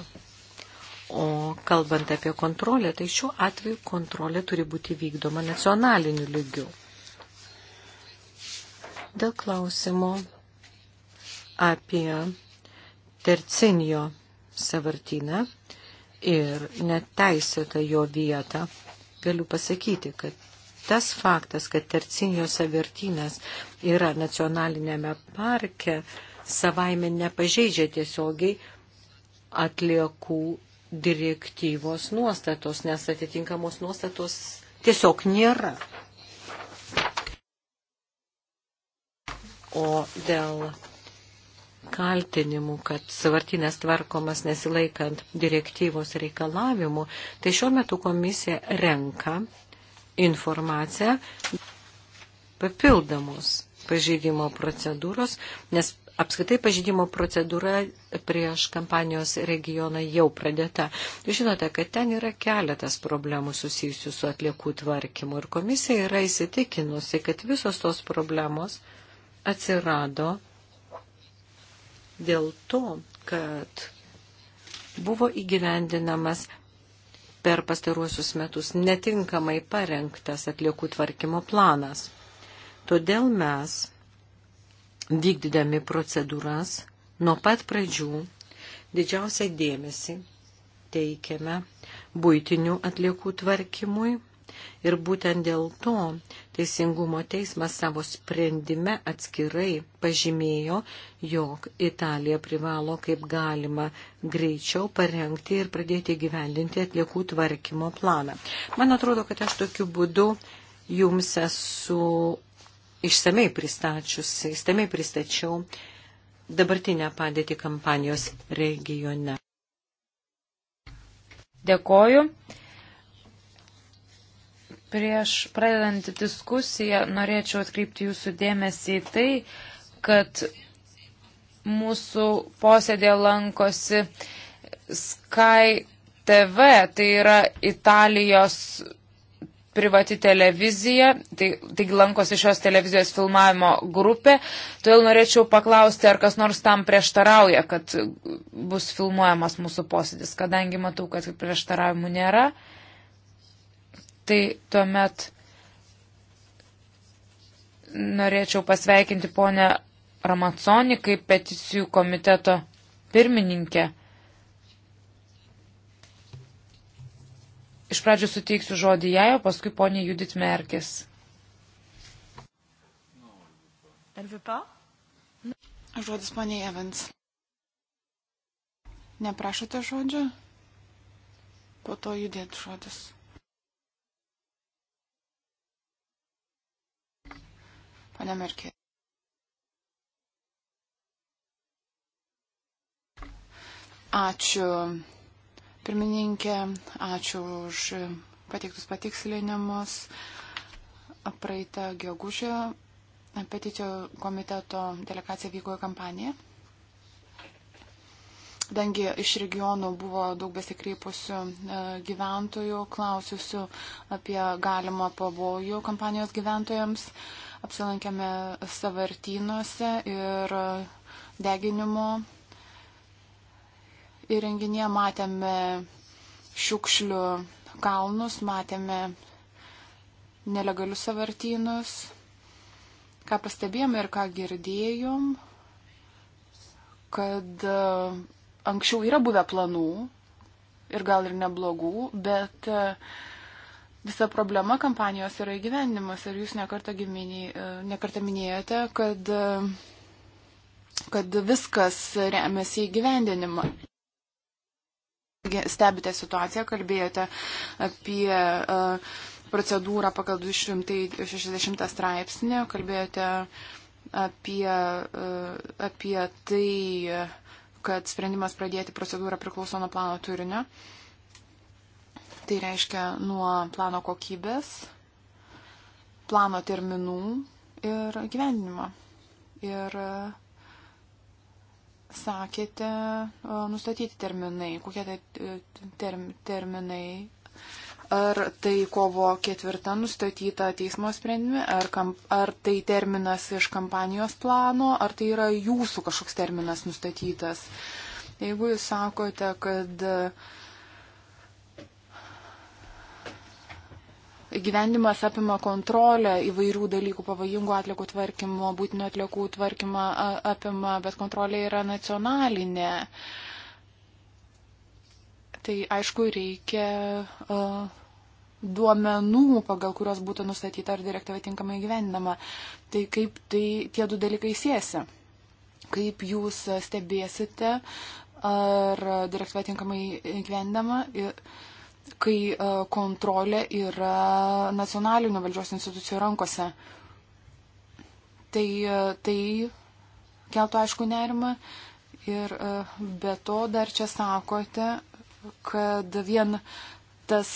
O kalbant apie kontrolę, tai šiuo atveju kontrolė turi būti vykdoma nacionaliniu lygiu. Dėl klausimo apie tercinio savartyną ir neteisėtą jo vietą, galiu pasakyti, kad tas faktas, kad tercinijose vertynas yra nacionalinėme parke, savaime nepažeidžia tiesiogiai atliekų direktyvos nuostatos, nes atitinkamos nuostatos tiesiog nėra. O dėl kaltinimų, kad savartinės tvarkomas nesilaikant direktyvos reikalavimų, tai šiuo metu komisija renka informaciją papildomus pažeidimo procedūros, nes apskaitai pažydimo procedūra prieš kampanijos regioną jau pradėta. Jūs žinote, kad ten yra keletas problemų susijusių su atliekų tvarkymu ir komisija yra įsitikinusi, kad visos tos problemos atsirado dėl to, kad buvo įgyvendinamas per pastaruosius metus netinkamai parengtas atliekų tvarkymo planas. Todėl mes, vykdydami procedūras, nuo pat pradžių didžiausią dėmesį teikiame būtinių atliekų tvarkymui ir būtent dėl to Teisingumo teismas savo sprendime atskirai pažymėjo, jog Italija privalo kaip galima greičiau parengti ir pradėti gyvendinti atliekų tvarkymo planą. Man atrodo, kad aš tokiu būdu jums esu išsamei pristačius, išsamei pristačiau dabartinę padėtį kampanijos regione. Dėkoju. Prieš pradedant diskusiją norėčiau atkreipti jūsų dėmesį į tai, kad mūsų posėdė lankosi Sky TV, tai yra Italijos privati televizija, tai, tai lankosi šios televizijos filmavimo grupė. Todėl norėčiau paklausti, ar kas nors tam prieštarauja, kad bus filmuojamas mūsų posėdis, kadangi matau, kad prieštaravimų nėra. Uh, tai tuomet norėčiau pasveikinti ponę Ramatsonį kaip peticijų komiteto pirmininkę. Iš pradžių suteiksiu žodį jai, o paskui ponė Judit Merkis. Žodis ponė Evans. Neprašote žodžio? Po to judėt žodis. Pane Merkė. Ačiū pirmininkė, ačiū už pateiktus patikslinimus. Praeitą gegužę peticijų komiteto delegacija vyko į kampaniją. Dangi iš regionų buvo daug besikreipusių e, gyventojų, klausiusių apie galimą pavojų kampanijos gyventojams. Uh, apsilankėme savartynuose ir deginimo įrenginėje, matėme šiukšlių kalnus, matėme nelegalius savartynus. Ką pastebėjom ir ką girdėjom, kad e, anksčiau yra buvę planų ir gal ir neblogų, bet uh, Visa problema kampanijos yra įgyvendimas ir jūs nekartą, giminiai, e, nekartą minėjote, kad, e, kad viskas remiasi įgyvendinimą stebite situaciją, kalbėjote apie e, procedūrą pagal 260 straipsnį, kalbėjote apie, apie tai, kad sprendimas pradėti procedūrą priklauso nuo plano turinio. Tai reiškia nuo plano kokybės, plano terminų ir gyvenimo. Ir e, sakėte, e, nustatyti terminai. Kokie tai e, term, terminai? Ar tai kovo ketvirta nustatyta teismo sprendimi, ar, kam, ar tai terminas iš kampanijos plano, ar tai yra jūsų kažkoks terminas nustatytas? Jeigu jūs sakote, kad uh, gyvenimas apima kontrolę įvairių dalykų, pavojingų atliekų tvarkymo, būtinių atliekų tvarkymą apima, bet kontrolė yra nacionalinė. Tai aišku, reikia uh, duomenų, pagal kuriuos būtų nustatyta, ar direktyva tinkamai gyvendama. Tai kaip tai, tie du dalykai siesi? Kaip jūs stebėsite, ar direktyva tinkamai gyvendama? Ir, uh, kai e, kontrolė yra nacionalinių valdžios institucijų rankose. Tai, e, tai keltų aišku nerimą ir e, be to dar čia sakote, kad vien tas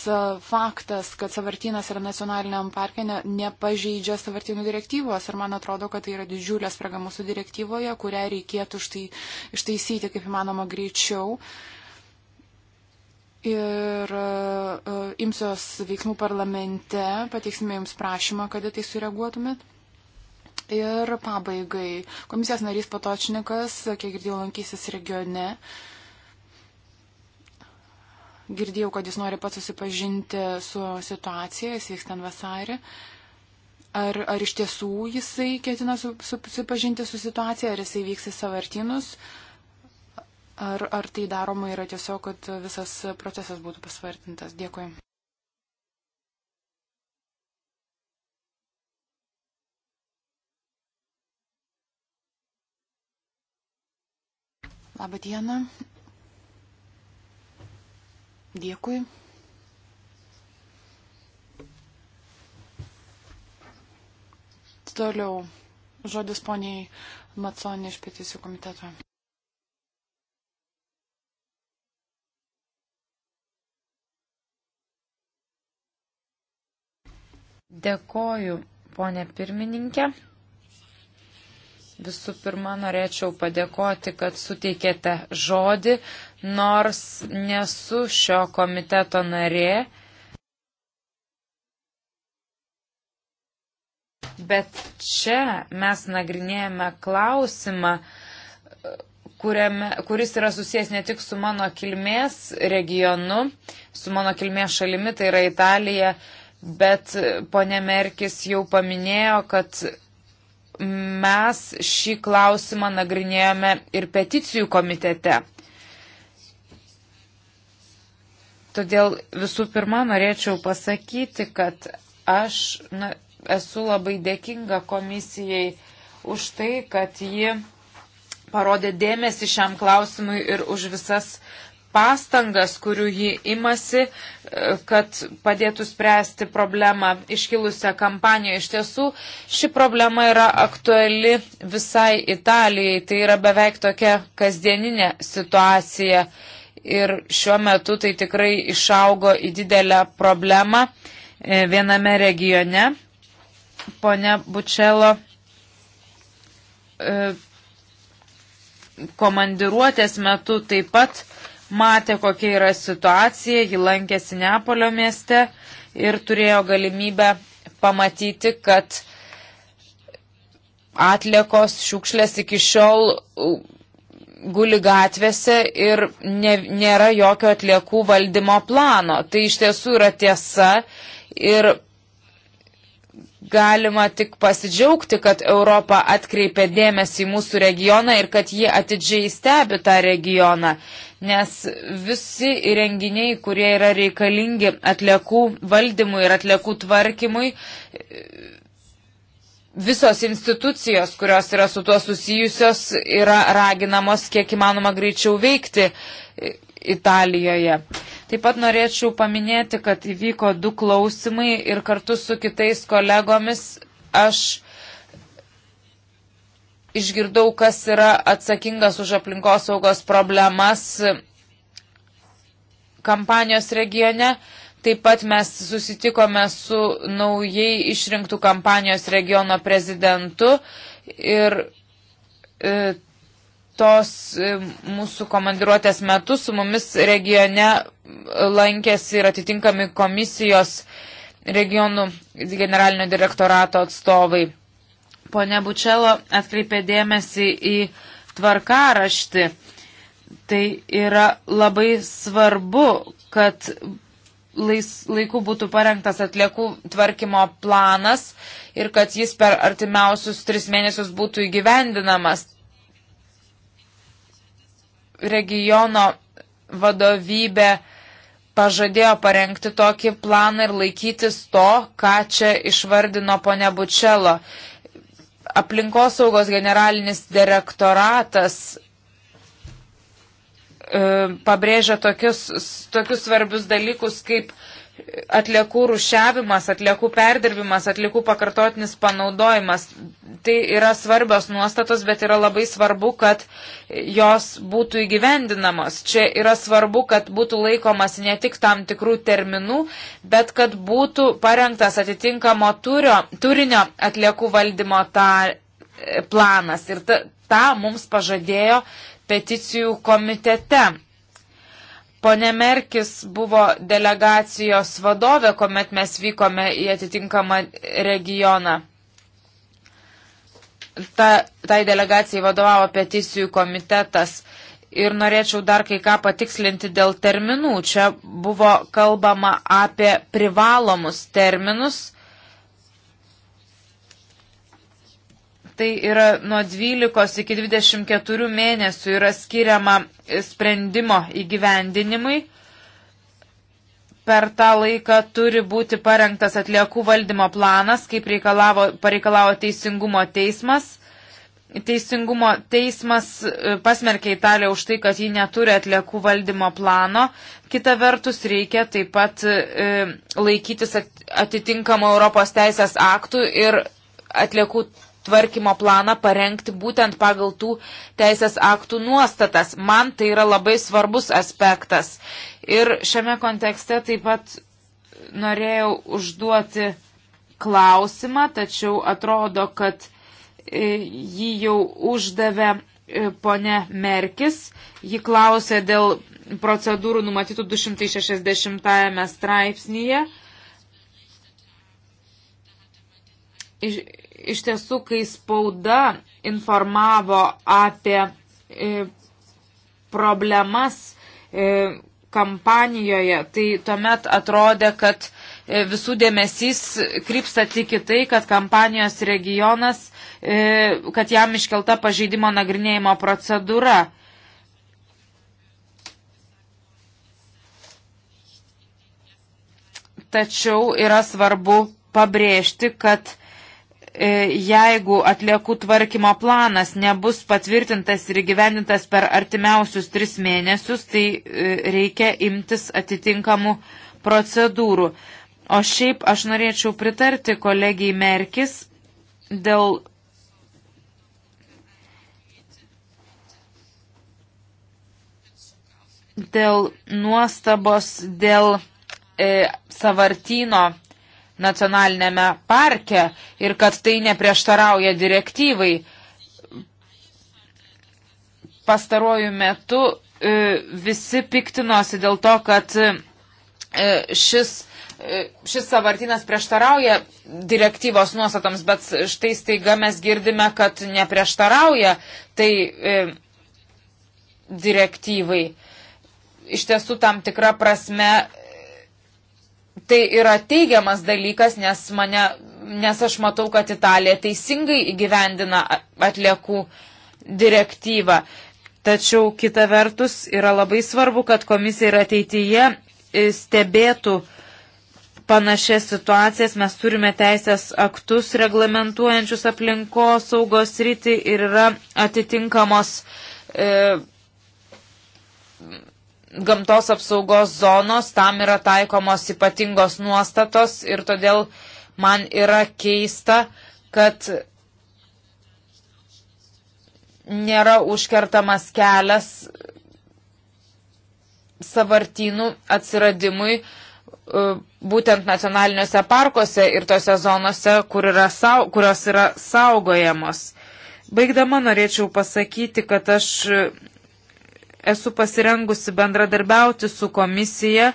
faktas, kad savartynas yra nacionaliniam parke, ne, nepažeidžia savartynų direktyvos. Ir man atrodo, kad tai yra didžiulė spraga mūsų direktyvoje, kurią reikėtų štai, ištaisyti kaip įmanoma greičiau. Uh, ir uh, e, imsios veiksmų parlamente, pateiksime jums prašymą, kada tai sureaguotumėt. Ir pabaigai, komisijos narys Patočnikas, kiek girdėjau, lankysis regione. Girdėjau, kad jis nori pats susipažinti su situacija, jis vyks ten vasarį. Ar, ar iš tiesų jisai ketina susipažinti su situacija, ar jisai vyks į savartinus? Uh, Ar, ar tai daroma yra tiesiog, kad visas procesas būtų pasvartintas? Dėkui. Labą dieną. Dėkui. Toliau žodis poniai Matsonė iš peticijų komiteto. Dėkoju, ponė pirmininkė. Visų pirma, norėčiau padėkoti, kad suteikėte žodį, nors nesu šio komiteto narė. Bet čia mes nagrinėjame klausimą, kuriame, kuris yra susijęs ne tik su mano kilmės regionu, su mano kilmės šalimi, tai yra Italija, bet ponė Merkis jau paminėjo, kad mes šį klausimą nagrinėjome ir peticijų komitete. Todėl visų pirma norėčiau pasakyti, kad aš na, esu labai dėkinga komisijai už tai, kad ji parodė dėmesį šiam klausimui ir už visas pastangas, kurių ji imasi, e, kad padėtų spręsti problemą iškilusią kampaniją. Iš tiesų, ši problema yra aktuali visai Italijai. Tai yra beveik tokia kasdieninė situacija. Ir šiuo metu tai tikrai išaugo į didelę problemą e, viename regione. Pone Bučelo e, komandiruotės metu taip pat matė, kokia yra situacija, ji lankėsi Neapolio mieste ir turėjo galimybę pamatyti, kad atliekos šiukšlės iki šiol guli gatvėse ir ne, nėra jokio atliekų valdymo plano. Tai iš tiesų yra tiesa ir galima tik pasidžiaugti, kad Europa atkreipė dėmesį į mūsų regioną ir kad ji atidžiai stebi tą regioną nes visi įrenginiai, kurie yra reikalingi atliekų valdymui ir atliekų tvarkymui, visos institucijos, kurios yra su tuo susijusios, yra raginamos kiek įmanoma greičiau veikti Italijoje. Taip pat norėčiau paminėti, kad įvyko du klausimai ir kartu su kitais kolegomis aš išgirdau, kas yra atsakingas už aplinkosaugos problemas kampanijos regione. Taip pat mes susitikome su naujai išrinktų kampanijos regiono prezidentu ir e, tos e, mūsų komandiruotės metu su mumis regione lankėsi ir atitinkami komisijos regionų generalinio direktorato atstovai. Pone Bučelo atkreipė dėmesį į tvarkaraštį. Tai yra labai svarbu, kad lais, laiku būtų parengtas atliekų tvarkymo planas ir kad jis per artimiausius tris mėnesius būtų įgyvendinamas. Regiono vadovybė pažadėjo parengti tokį planą ir laikytis to, ką čia išvardino ponia Bučelo aplinkosaugos generalinis direktoratas e, pabrėžia tokius, tokius svarbius dalykus kaip atliekų rušiavimas, atliekų perdirbimas, atliekų pakartotinis panaudojimas. Tai yra svarbios nuostatos, bet yra labai svarbu, kad jos būtų įgyvendinamos. Čia yra svarbu, kad būtų laikomas ne tik tam tikrų terminų, bet kad būtų parengtas atitinkamo turio, turinio atliekų valdymo ta, e, planas. Ir ta, ta mums pažadėjo peticijų komitete. Pone Merkis buvo delegacijos vadovė, kuomet mes vykome į atitinkamą regioną. Ta, tai delegacijai vadovavo peticijų komitetas. Ir norėčiau dar kai ką patikslinti dėl terminų. Čia buvo kalbama apie privalomus terminus tai yra nuo 12 iki 24 mėnesių yra skiriama sprendimo įgyvendinimui. Per tą laiką turi būti parengtas atliekų valdymo planas, kaip reikalavo, pareikalavo teisingumo teismas. Teisingumo teismas e, pasmerkė Italiją už tai, kad ji neturi atliekų valdymo plano. Kita vertus, reikia taip pat e, laikytis atitinkamų Europos teisės aktų ir atliekų tvarkymo planą parengti būtent pagal tų teisės aktų nuostatas. Man tai yra labai svarbus aspektas. Ir šiame kontekste taip pat norėjau užduoti klausimą, tačiau atrodo, kad e, jį jau uždavė e, ponė Merkis. Ji klausė dėl procedūrų numatytų 260 straipsnyje iš tiesų, kai spauda informavo apie e, problemas e, kampanijoje, tai tuomet atrodė, kad e, visų dėmesys krypsta tik į tai, kad kampanijos regionas, kad jam iškelta pažeidimo nagrinėjimo procedūra. Tačiau yra svarbu pabrėžti, kad E, jeigu atliekų tvarkymo planas nebus patvirtintas ir gyvendintas per artimiausius tris mėnesius, tai e, reikia imtis atitinkamų procedūrų. O šiaip aš norėčiau pritarti kolegijai Merkis dėl. Dėl nuostabos, dėl e, savartino nacionalinėme parke ir kad tai neprieštarauja direktyvai. Pastaruoju metu e, visi piktinosi dėl to, kad e, šis e, šis savartinas prieštarauja direktyvos nuostatoms, bet štai staiga mes girdime, kad neprieštarauja tai e, direktyvai. Iš tiesų, tam tikra prasme, tai yra teigiamas dalykas, nes, mane, nes aš matau, kad Italija teisingai įgyvendina atliekų direktyvą. Tačiau kita vertus yra labai svarbu, kad komisija ir ateityje e, stebėtų panašias situacijas. Mes turime teisės aktus reglamentuojančius aplinkos saugos rytį ir yra atitinkamos. E, gamtos apsaugos zonos, tam yra taikomos ypatingos nuostatos ir todėl man yra keista, kad nėra užkertamas kelias savartynų atsiradimui e, būtent nacionaliniuose parkuose ir tose zonose, kur yra sau, kurios yra saugojamos. Baigdama norėčiau pasakyti, kad aš esu pasirengusi bendradarbiauti su komisija,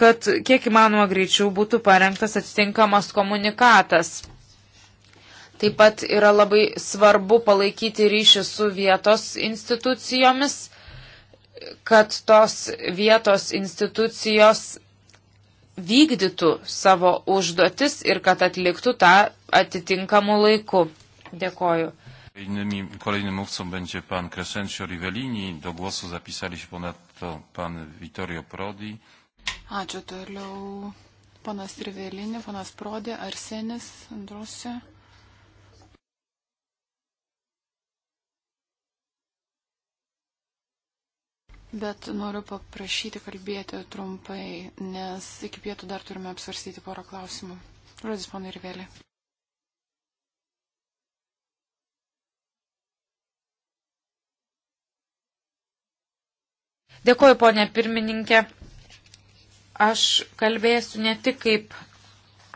kad kiek įmanoma greičiau būtų parengtas atitinkamas komunikatas. Taip pat yra labai svarbu palaikyti ryšį su vietos institucijomis, kad tos vietos institucijos vykdytų savo užduotis ir kad atliktų tą atitinkamų laiku. Dėkoju. Innymi kolejnym mówcą będzie pan Crescencio Rivellini, do głosu zapisali się ponadto pan Vittorio Prodi. Ačiū toliau. Panas Rivelini, panas Prodi, Arsenis, Andrusė. Bet noriu paprašyti kalbėti trumpai, nes iki pietų dar turime apsvarstyti porą klausimų. Rodis, ponai Rivelį. Dėkuoju, ponė pirmininkė. Aš kalbėsiu ne tik kaip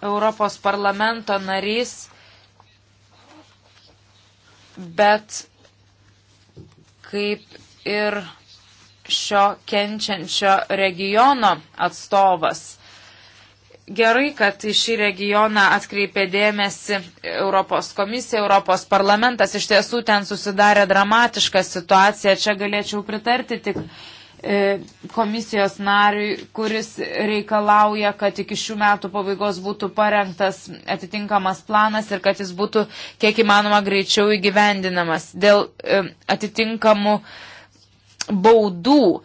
Europos parlamento narys, bet kaip ir šio kenčiančio regiono atstovas. Gerai, kad į šį regioną atkreipė dėmesį Europos komisija, Europos parlamentas. Iš tiesų ten susidarė dramatiška situacija. Čia galėčiau pritarti tik E, komisijos nariui, kuris reikalauja, kad iki šių metų pabaigos būtų parengtas atitinkamas planas ir kad jis būtų kiek įmanoma greičiau įgyvendinamas dėl e, atitinkamų baudų e,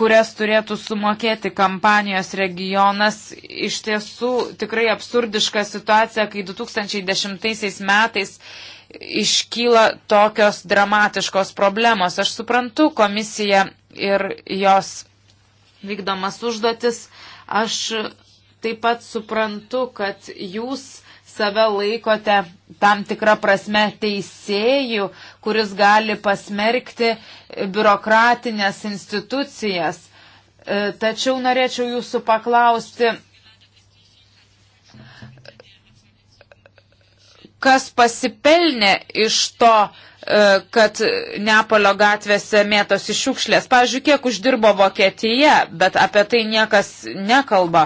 kurias turėtų sumokėti kampanijos regionas. Iš tiesų tikrai absurdiška situacija, kai 2010 metais iškyla tokios dramatiškos problemos. Aš suprantu komisiją ir jos vykdomas užduotis. Aš taip pat suprantu, kad jūs save laikote tam tikrą prasme teisėjų, kuris gali pasmerkti biurokratinės institucijas. E, tačiau norėčiau jūsų paklausti, kas pasipelnė iš to E, kad Neapolio gatvėse mėtosi šiukšlės. Pavyzdžiui, kiek uždirbo Vokietija, bet apie tai niekas nekalba.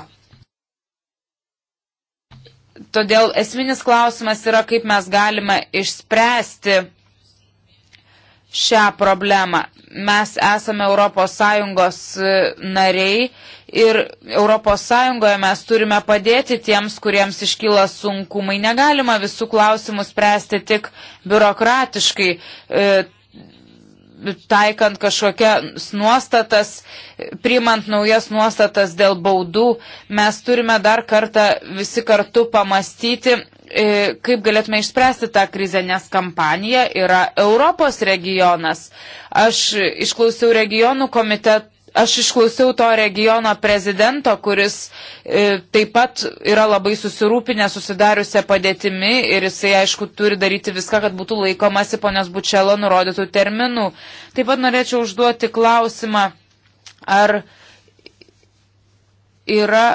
Todėl esminis klausimas yra, kaip mes galime išspręsti šią problemą. Mes esame ES e, nariai ir ES mes turime padėti tiems, kuriems iškyla sunkumai. Negalima visų klausimų spręsti tik biurokratiškai, e, taikant kažkokias nuostatas, primant naujas nuostatas dėl baudų. Mes turime dar kartą visi kartu pamastyti E, kaip galėtume išspręsti tą krizę, nes kampanija yra Europos regionas. Aš išklausiau regionų komitet. Aš išklausiau to regiono prezidento, kuris e, taip pat yra labai susirūpinę susidariusią padėtimi ir jisai, aišku, turi daryti viską, kad būtų laikomasi ponios Bučelo nurodytų terminų. Taip pat norėčiau užduoti klausimą, ar yra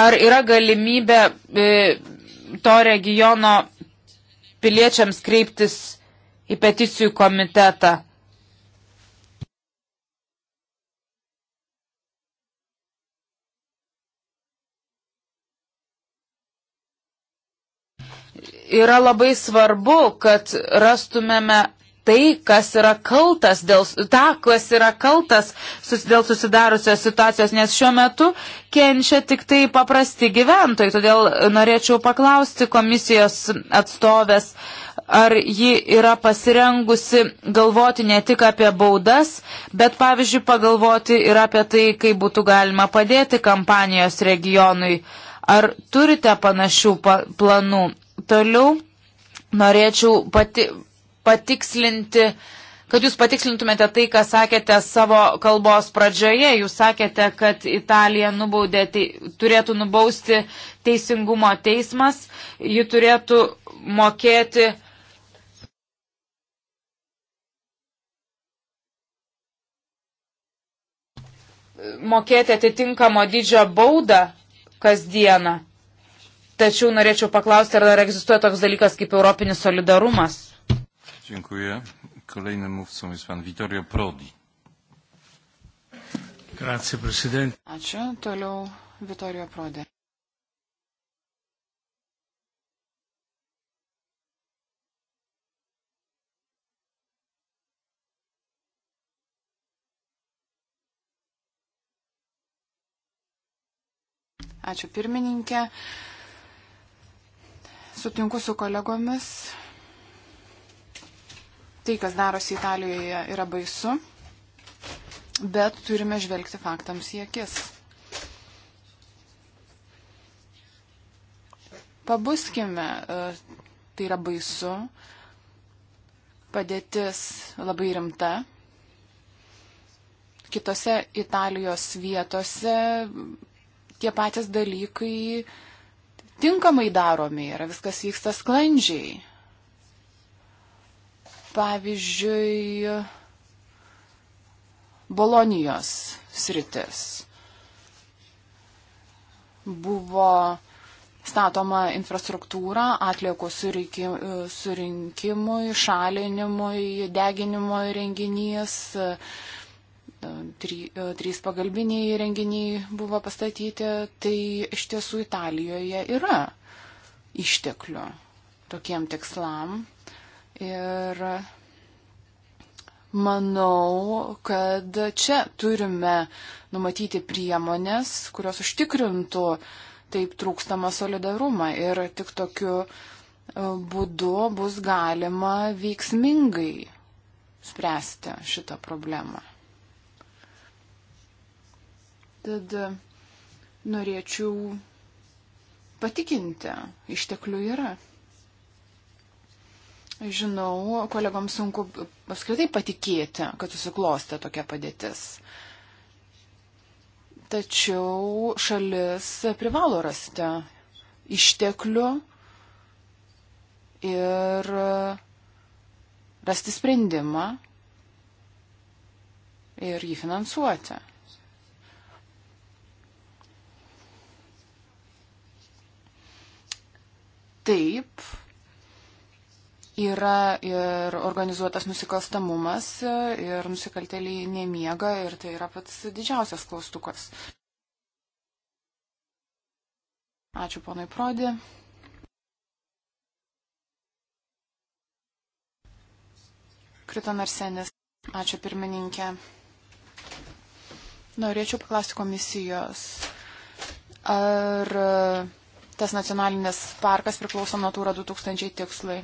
Ar yra galimybė e, to regiono piliečiams kreiptis į peticijų komitetą? Yra labai svarbu, kad rastumėme tai, kas yra kaltas dėl, ta, kas yra kaltas sus, dėl susidariusios situacijos, nes šiuo metu kenčia tik tai paprasti gyventojai. Todėl norėčiau paklausti komisijos atstovės, ar ji yra pasirengusi galvoti ne tik apie baudas, bet pavyzdžiui pagalvoti ir apie tai, kaip būtų galima padėti kampanijos regionui. Ar turite panašių pa planų? Toliau norėčiau pati patikslinti, kad jūs patikslintumėte tai, ką sakėte savo kalbos pradžioje. Jūs sakėte, kad Italija nubaudė, tai, turėtų nubausti teisingumo teismas, ji turėtų mokėti. mokėti atitinkamo dydžio baudą kasdieną. Tačiau norėčiau paklausti, ar dar egzistuoja toks dalykas kaip europinis solidarumas. Dziękuję. Kolejnym mówcą jest pan Vittorio Prodi. Grazie, prezident. Ačiū. Toliau Vittorio Prodi. Ačiū pirmininkė. Sutinku su kolegomis Tai, kas darosi Italijoje, yra baisu, bet turime žvelgti faktams į akis. Pabuskime, e, tai yra baisu, padėtis labai rimta. Kitose Italijos vietose tie patys dalykai tinkamai daromi yra, viskas vyksta sklandžiai pavyzdžiui, Bolonijos sritis. Buvo statoma infrastruktūra atliekų surinkimui, šalinimui, deginimo renginys, trys pagalbiniai renginiai buvo pastatyti, tai iš tiesų Italijoje yra išteklių tokiem tikslam. Ir manau, kad čia turime numatyti priemonės, kurios užtikrintų taip trūkstamą solidarumą. Ir tik tokiu e, būdu bus galima veiksmingai spręsti šitą problemą. Tad e, norėčiau patikinti, išteklių yra. Žinau, kolegoms sunku apskritai patikėti, kad susiklostė tokia padėtis. Tačiau šalis privalo rasti išteklių ir rasti sprendimą ir jį finansuoti. Taip, yra ir organizuotas nusikalstamumas, e, ir nusikalteliai nemiega, ir tai yra pats didžiausias klaustukas. Ačiū ponui Prodi. Krito Narsenis. Ačiū pirmininkė. Norėčiau paklausti komisijos, ar tas nacionalinis parkas priklauso Natūra 2000 tikslai.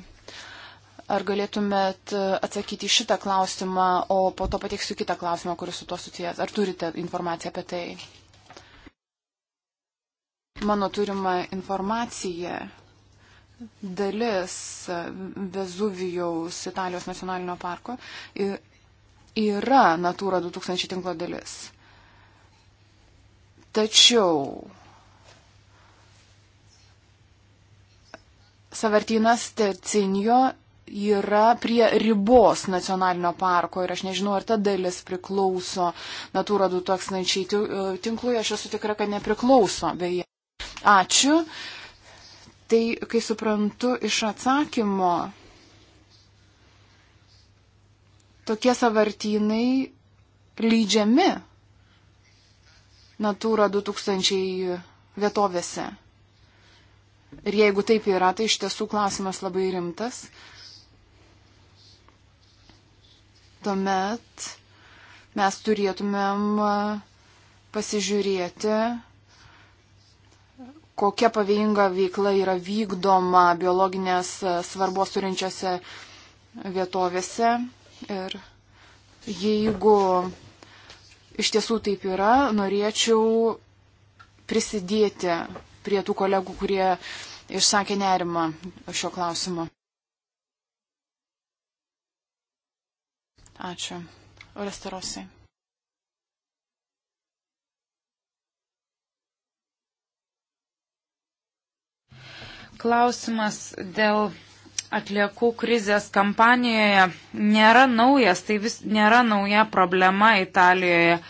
Ar galėtumėt e, atsakyti šitą klausimą, o po to pateiksiu kitą klausimą, kuris su tuo susijęs. Ar turite informaciją apie tai? Mano turima informacija dalis Vezuvijaus Italijos nacionalinio parko yra Natūra 2000 tinklo dalis. Tačiau Savartynas Tercinio yra prie ribos nacionalinio parko ir aš nežinau, ar ta dalis priklauso Natūra 2000 e, tinklui, aš esu tikra, kad nepriklauso. Beje. Ačiū. Tai, kai suprantu iš atsakymo, tokie savartynai leidžiami Natūra 2000 vietovėse. Ir jeigu taip yra, tai iš tiesų klausimas labai rimtas tuomet mes turėtumėm e, pasižiūrėti, kokia pavojinga veikla yra vykdoma biologinės e, svarbos turinčiose vietovėse. Ir jeigu iš tiesų taip yra, norėčiau prisidėti prie tų kolegų, kurie išsakė nerimą šio klausimo. Ačiū. Olesterosai. Klausimas dėl atliekų krizės kampanijoje nėra naujas, tai vis nėra nauja problema Italijoje. Uh,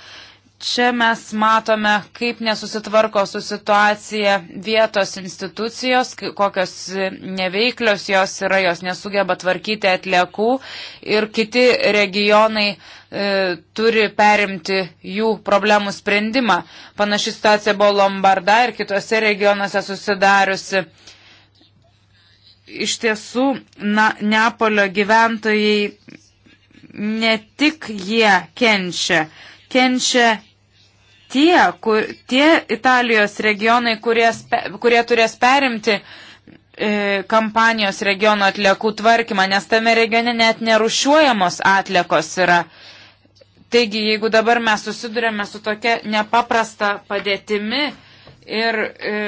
Čia mes matome, kaip nesusitvarko su situacija vietos institucijos, kokios neveiklios jos yra, jos nesugeba tvarkyti atliekų ir kiti regionai e, turi perimti jų problemų sprendimą. Panaši situacija buvo Lombarda ir kitose regionuose susidariusi. Iš tiesų, na, Neapolio gyventojai ne tik jie kenčia, kenčia tie, kur, tie Italijos regionai, kurie, spe, kurie turės perimti e, kampanijos regiono atliekų tvarkymą, nes tame regione net nerušiuojamos atliekos yra. Taigi, jeigu dabar mes susidurėme su tokia nepaprasta padėtimi ir e,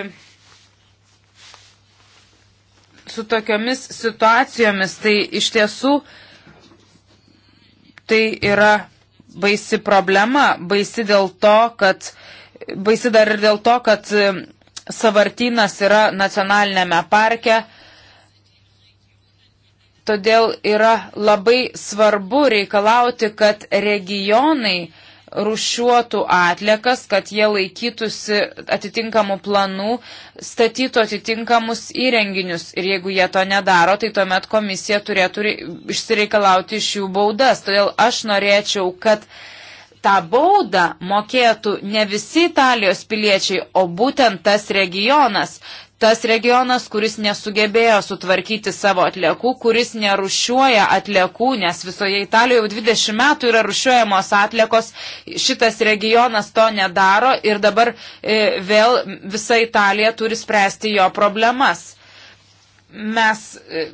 su tokiomis situacijomis, tai iš tiesų tai yra baisi problema, baisi dėl to, kad baisi dar ir dėl to, kad savartynas yra nacionalinėme parke. Todėl yra labai svarbu reikalauti, kad regionai rušiuotų atliekas, kad jie laikytųsi atitinkamų planų, statytų atitinkamus įrenginius. Ir jeigu jie to nedaro, tai tuomet komisija turėtų išsireikalauti iš jų baudas. Todėl aš norėčiau, kad tą baudą mokėtų ne visi Italijos piliečiai, o būtent tas regionas tas regionas, kuris nesugebėjo sutvarkyti savo atliekų, kuris nerušiuoja atliekų, nes visoje Italijoje jau 20 metų yra rušiuojamos atliekos, šitas regionas to nedaro ir dabar e, vėl visa Italija turi spręsti jo problemas. Mes e,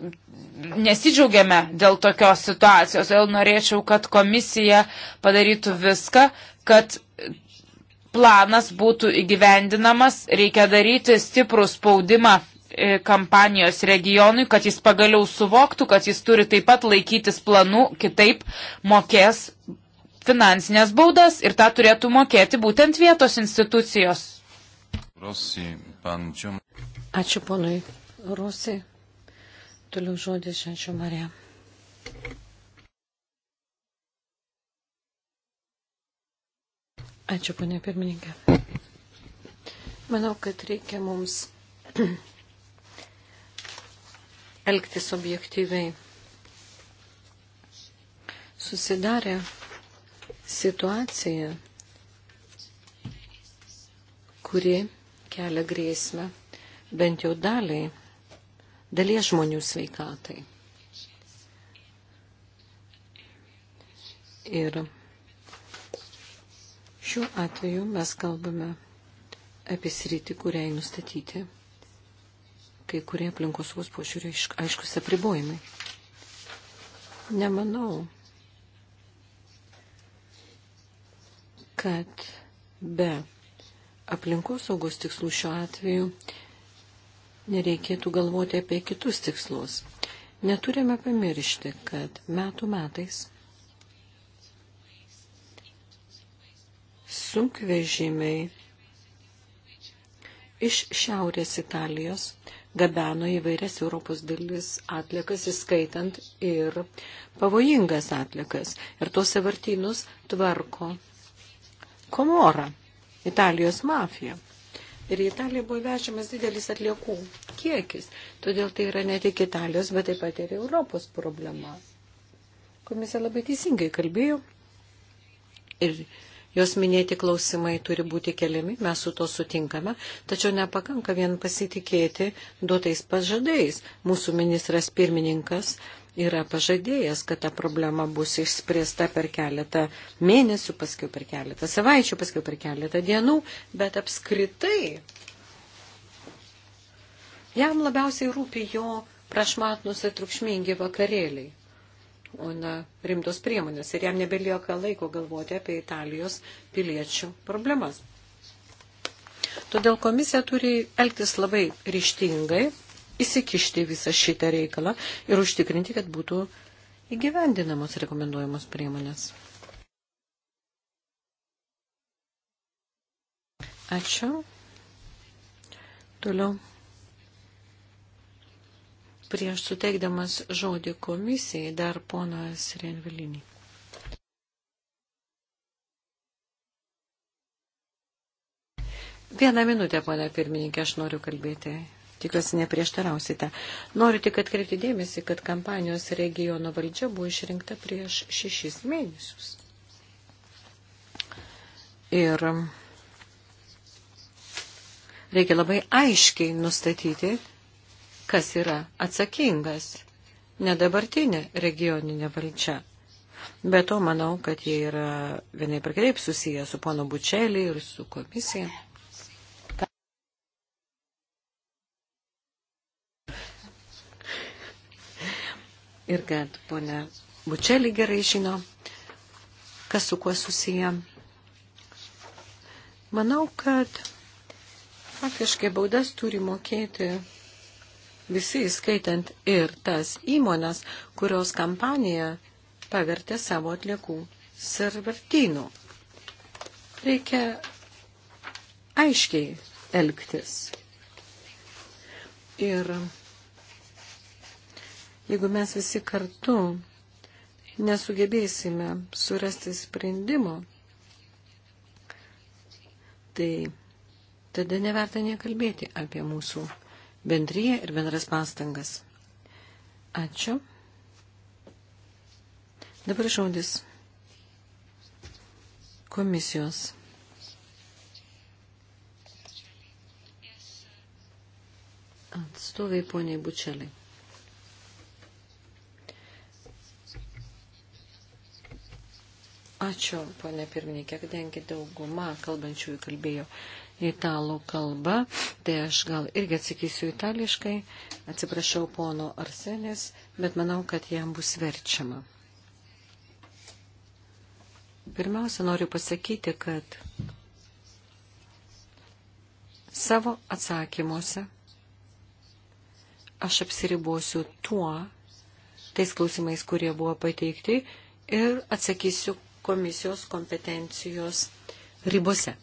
nesidžiaugiame dėl tokios situacijos, jau norėčiau, kad komisija padarytų viską, kad planas būtų įgyvendinamas, reikia daryti stiprų spaudimą e, kampanijos regionui, kad jis pagaliau suvoktų, kad jis turi taip pat laikytis planų, kitaip mokės finansinės baudas ir tą turėtų mokėti būtent vietos institucijos. Ačiū ponui Rusiai. Toliau žodis, ačiū Marija. Ačiū, ponė pirmininkė. Manau, kad reikia mums elgtis objektyviai. Susidarė situacija, kuri kelia grėsmę bent jau daliai, dalies žmonių sveikatai. Ir Šiuo atveju mes kalbame apie sritį, kuriai nustatyti kai kurie aplinkosaugos požiūrių aiškus apribojimai. Nemanau, kad be aplinkosaugos tikslų šiuo atveju nereikėtų galvoti apie kitus tikslus. Neturime pamiršti, kad metų metais sunkvežimiai iš šiaurės Italijos gabeno įvairias Europos dalis atlikas, įskaitant ir pavojingas atlikas. Ir tuos savartynus tvarko komora, Italijos mafija. Ir į Italiją buvo vežamas didelis atliekų kiekis. Todėl tai yra ne tik Italijos, bet taip pat ir Europos problema. Komisija labai teisingai kalbėjo ir jos minėti klausimai turi būti keliami, mes su to sutinkame, tačiau nepakanka vien pasitikėti duotais pažadais. Mūsų ministras pirmininkas yra pažadėjęs, kad ta problema bus išspręsta per keletą mėnesių, paskui per keletą savaičių, paskui per keletą dienų, bet apskritai jam labiausiai rūpi jo prašmatnus ir triukšmingi vakarėliai o ne rimtos priemonės. Ir jam nebelieka laiko galvoti apie Italijos piliečių problemas. Todėl komisija turi elgtis labai ryštingai, įsikišti visą šitą reikalą ir užtikrinti, kad būtų įgyvendinamos rekomenduojamos priemonės. Ačiū. Toliau. Prieš suteikdamas žodį komisijai dar ponas Renvilinį. Vieną minutę, ponia pirmininkė, aš noriu kalbėti. Tikiuosi, neprieštarausite. Noriu tik atkreipti dėmesį, kad kampanijos regiono valdžia buvo išrinkta prieš šešis mėnesius. Ir reikia labai aiškiai nustatyti, kas yra atsakingas, ne dabartinė regioninė valdžia. Be to, manau, kad jie yra vienai per kitaip susiję su pono Bučelį ir su komisija. Ir kad ponia Bučelį gerai žino, kas su kuo susiję. Manau, kad faktiškai baudas turi mokėti visi, skaitant ir tas įmonės, kurios kampaniją pavertė savo atliekų servertynų. Reikia aiškiai elgtis. Ir jeigu mes visi kartu nesugebėsime surasti sprendimo, tai tada neverta nekalbėti apie mūsų bendryje ir bendras pastangas. Ačiū. Dabar žodis komisijos. Atstovai poniai Bučeliai. Ačiū, ponė pirmininkė, kadangi dauguma kalbančiųjų kalbėjo italų kalba, tai aš gal irgi atsakysiu itališkai. Atsiprašau pono Arsenės, bet manau, kad jam bus verčiama. Pirmiausia, noriu pasakyti, kad savo atsakymuose aš apsiribosiu tuo, tais klausimais, kurie buvo pateikti ir atsakysiu komisijos kompetencijos ribose.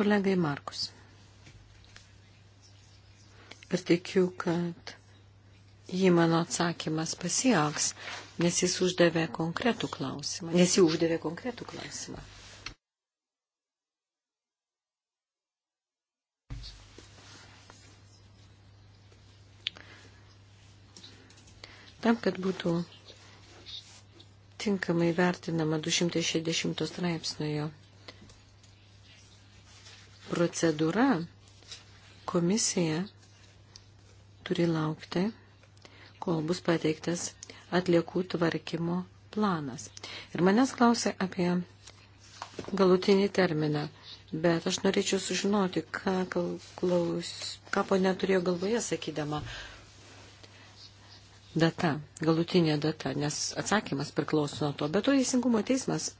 kolegai Markus. Ir tikiu, kad jį mano atsakymas pasieks, nes jis uždavė konkretų klausimą. Nes jį uždavė konkretų klausimą. Tam, kad būtų tinkamai vertinama 260 straipsnio procedūra komisija turi laukti, kol bus pateiktas atliekų tvarkymo planas. Ir manęs klausė apie galutinį terminą, bet aš norėčiau sužinoti, ką, klaus, ką ponė turėjo galvoje sakydama data, galutinė data, nes atsakymas priklauso nuo to. Bet to Teisingumo teismas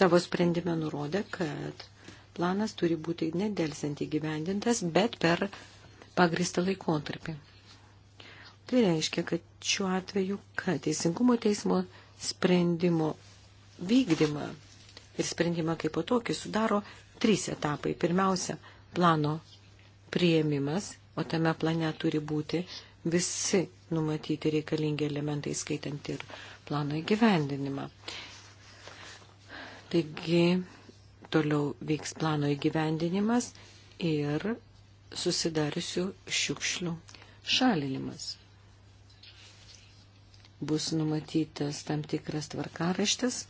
savo sprendime nurodė, kad planas turi būti nedelsiant įgyvendintas, bet per pagristą laikotarpį. Tai reiškia, kad šiuo atveju, kad teisingumo teismo sprendimo vykdymą ir sprendimą kaip po tokį sudaro trys etapai. Pirmiausia, plano prieimimas, o tame plane turi būti visi numatyti reikalingi elementai, skaitant ir plano įgyvendinimą. Taigi, toliau veiks plano įgyvendinimas ir susidariusių šiukšlių šalinimas. Bus numatytas tam tikras tvarkaraštis,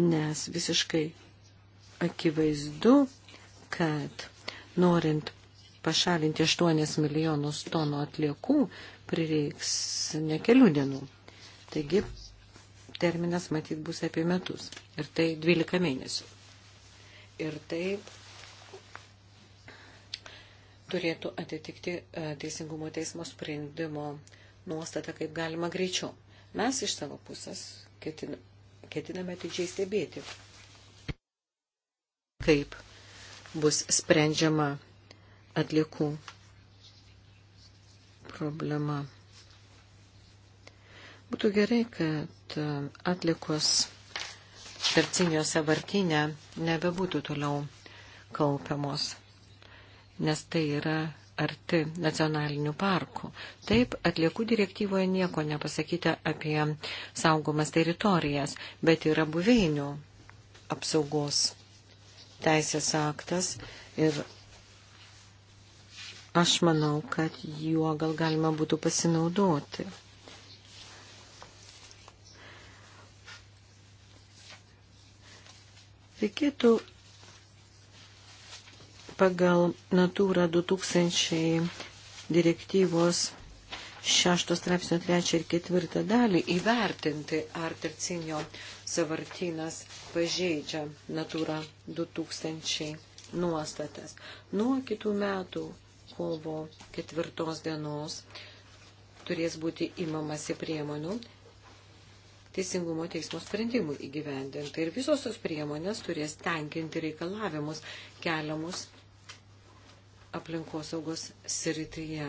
nes visiškai akivaizdu, kad norint pašalinti 8 milijonus tonų atliekų, prireiks ne kelių dienų. Taigi terminas matyt bus apie metus. Ir tai 12 mėnesių. Ir tai turėtų atitikti e, Teisingumo teismo sprendimo nuostatą kaip galima greičiau. Mes iš savo pusės ketiname, ketiname didžiai stebėti, kaip bus sprendžiama atliekų problema. Būtų gerai, kad e, atlikus terciniuose vartinė nebebūtų toliau kaupiamos, nes tai yra arti nacionalinių parkų. Taip, atliekų direktyvoje nieko nepasakyta apie saugomas teritorijas, bet yra buveinių apsaugos teisės aktas ir aš manau, kad juo gal galima būtų pasinaudoti. Reikėtų pagal Natūra 2000 direktyvos 6 straipsnio 3 ir 4 dalį įvertinti, ar tercinio savartynas pažeidžia Natūra 2000 nuostatas. Nuo kitų metų kovo 4 dienos turės būti imamasi priemonių teisingumo teismo sprendimų įgyvendinti. Ir visos tos priemonės turės tenkinti reikalavimus keliamus aplinkosaugos srityje.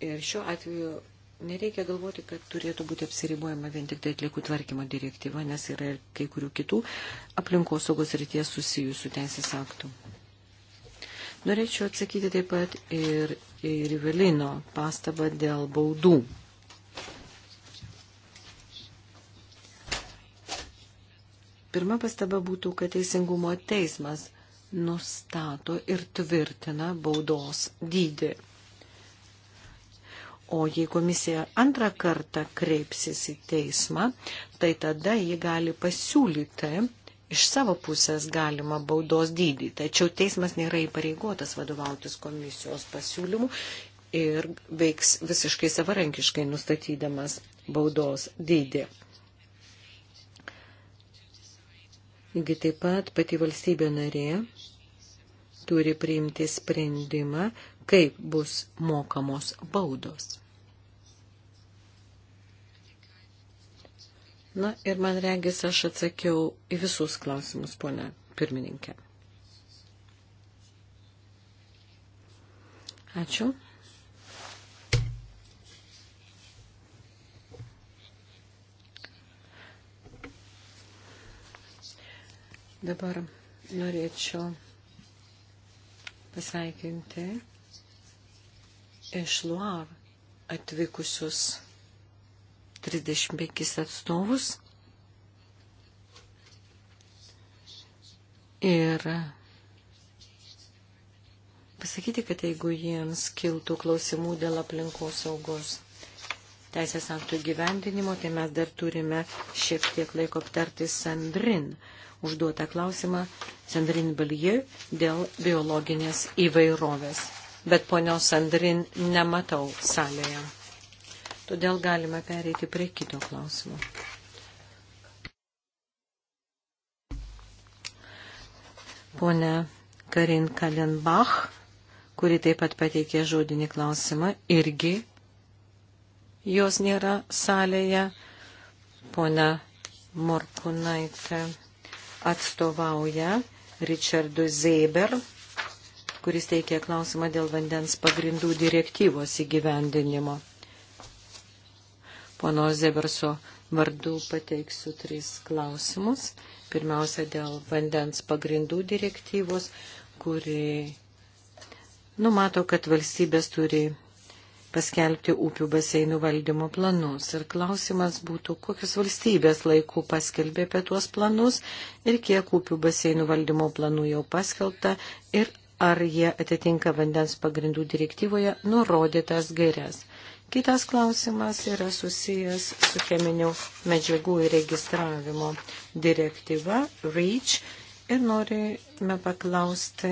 Ir šiuo atveju nereikia galvoti, kad turėtų būti apsiribuojama vien tik tai atliekų tvarkymo direktyva, nes yra ir kai kurių kitų aplinkosaugos ryties susijusių teisės aktų. Norėčiau atsakyti taip pat ir ir Velino pastabą dėl baudų. Pirma pastaba būtų, kad teisingumo teismas nustato ir tvirtina baudos dydį. O jei komisija antrą kartą kreipsis į teismą, tai tada ji gali pasiūlyti iš savo pusės galima baudos dydį, tačiau teismas nėra įpareigotas vadovautis komisijos pasiūlymu ir veiks visiškai savarankiškai nustatydamas baudos dydį. Taigi taip pat pati valstybė narė turi priimti sprendimą, kaip bus mokamos baudos. Na ir man regis, aš atsakiau į visus klausimus, ponia pirmininkė. Ačiū. Dabar norėčiau pasveikinti iš Luar atvykusius 35 atstovus. Ir pasakyti, kad jeigu jiems kiltų klausimų dėl aplinkos saugos teisės aktų gyvendinimo, tai mes dar turime šiek tiek laiko aptarti Sandrin užduotą klausimą Sandrin Baljeu dėl biologinės įvairovės. Bet ponios Sandrin nematau salėje. Todėl galima pereiti prie kito klausimo. Pone Karin Kalenbach, kuri taip pat pateikė žodinį klausimą, irgi jos nėra salėje. Pone Morkunaitė atstovauja Richardui Zeiber, kuris teikė klausimą dėl vandens pagrindų direktyvos įgyvendinimo. Pono Zeverso vardu pateiksiu tris klausimus. Pirmiausia, dėl vandens pagrindų direktyvos, kuri numato, kad valstybės turi paskelbti upių baseinų valdymo planus. Ir klausimas būtų, kokios valstybės laikų paskelbė apie tuos planus ir kiek upių baseinų valdymo planų jau paskelbta ir ar jie atitinka vandens pagrindų direktyvoje nurodytas gairias. Kitas klausimas yra susijęs su cheminių medžiagų įregistravimo direktyva REACH ir norime paklausti,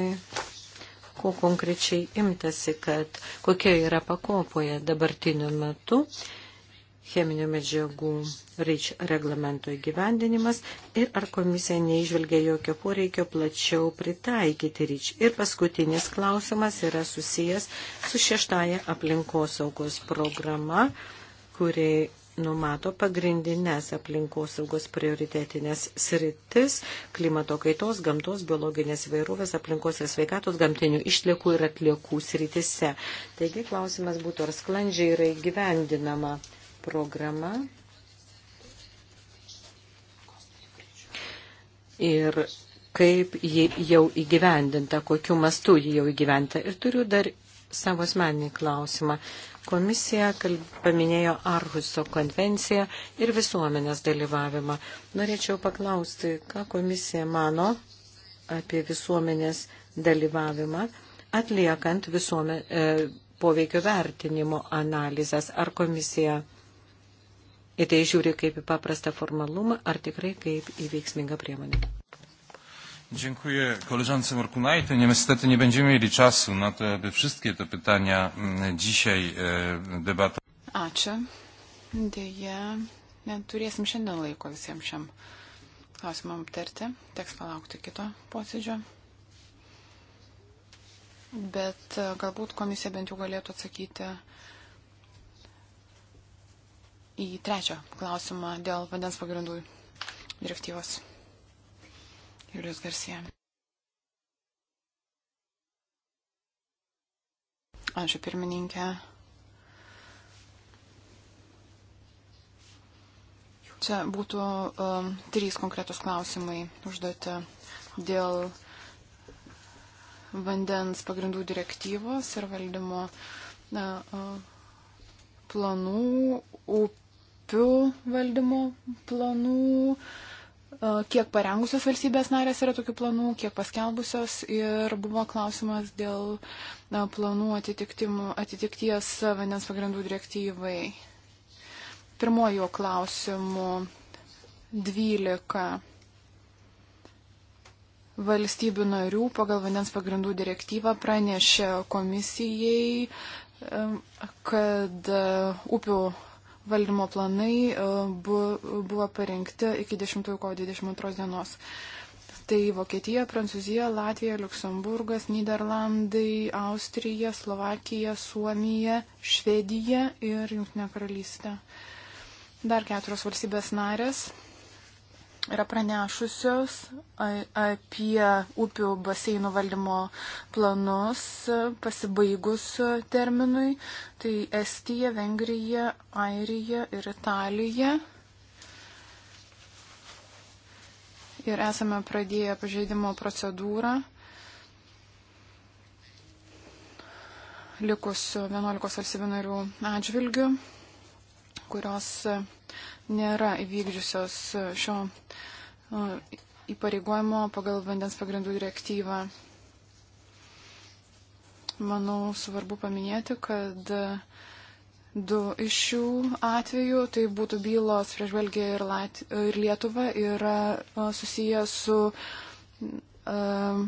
ko konkrečiai imtasi, kad kokia yra pakopoje dabartiniu metu cheminių medžiagų REACH reglamento įgyvendinimas ir ar komisija neižvelgia jokio poreikio plačiau pritaikyti REACH. Ir paskutinis klausimas yra susijęs su šeštaja aplinkosaugos programa, kuri numato pagrindinės aplinkosaugos prioritetinės sritis - klimato kaitos, gamtos, biologinės vairovės, aplinkos ir sveikatos, gamtinių išliekų ir atliekų sritise. Taigi klausimas būtų, ar sklandžiai yra įgyvendinama programa. Ir kaip ji jau įgyvendinta, kokiu mastu ji jau įgyvendinta. Ir turiu dar savo asmeninį klausimą. Komisija kalb, paminėjo Arhuso konvenciją ir visuomenės dalyvavimą. Norėčiau paklausti, ką komisija mano apie visuomenės dalyvavimą, atliekant visuomen, e, poveikio vertinimo analizės. Ar komisija į tai žiūri kaip į paprastą formalumą, ar tikrai kaip į veiksmingą priemonę. Dziękuję koleżance Morkunajte. Niestety nie będziemy mieli czasu na to, aby wszystkie te pytania mm, dzisiaj e, debatować. Ačiū. Deja, neturėsim šiandien laiko visiems šiam klausimam aptarti. Teks palaukti kito posėdžio. Bet e, galbūt komisija bent jau galėtų atsakyti į trečią klausimą dėl vandens pagrindų direktyvos. Julius Garsija. Ačiū pirmininkė. Čia būtų um, trys konkretus klausimai užduoti dėl vandens pagrindų direktyvos ir valdymo na, planų, up, grupių valdymo planų, kiek parengusios valstybės narės yra tokių planų, kiek paskelbusios ir buvo klausimas dėl planų atitikties vandens pagrindų direktyvai. Pirmojo klausimu 12 valstybių narių pagal vandens pagrindų direktyvą pranešė komisijai, kad upių valdymo planai e, buvo parengti iki 10 kovo 22 dienos. Tai Vokietija, Prancūzija, Latvija, Luksemburgas, Niderlandai, Austrija, Slovakija, Suomija, Švedija ir Junktinė karalystė. Dar keturios valstybės narės yra pranešusios apie upių baseinų valdymo planus pasibaigus terminui. Tai Estija, Vengrija, Airija ir Italija. Ir esame pradėję pažeidimo procedūrą. Likus 11 valstybių narių atžvilgių, kurios nėra įvykdžiusios šio e, įpareigojimo pagal vandens pagrindų direktyvą. Manau, svarbu paminėti, kad du iš šių atvejų, tai būtų bylos prieš Belgiją ir, Lat ir Lietuvą, yra e, susiję su um,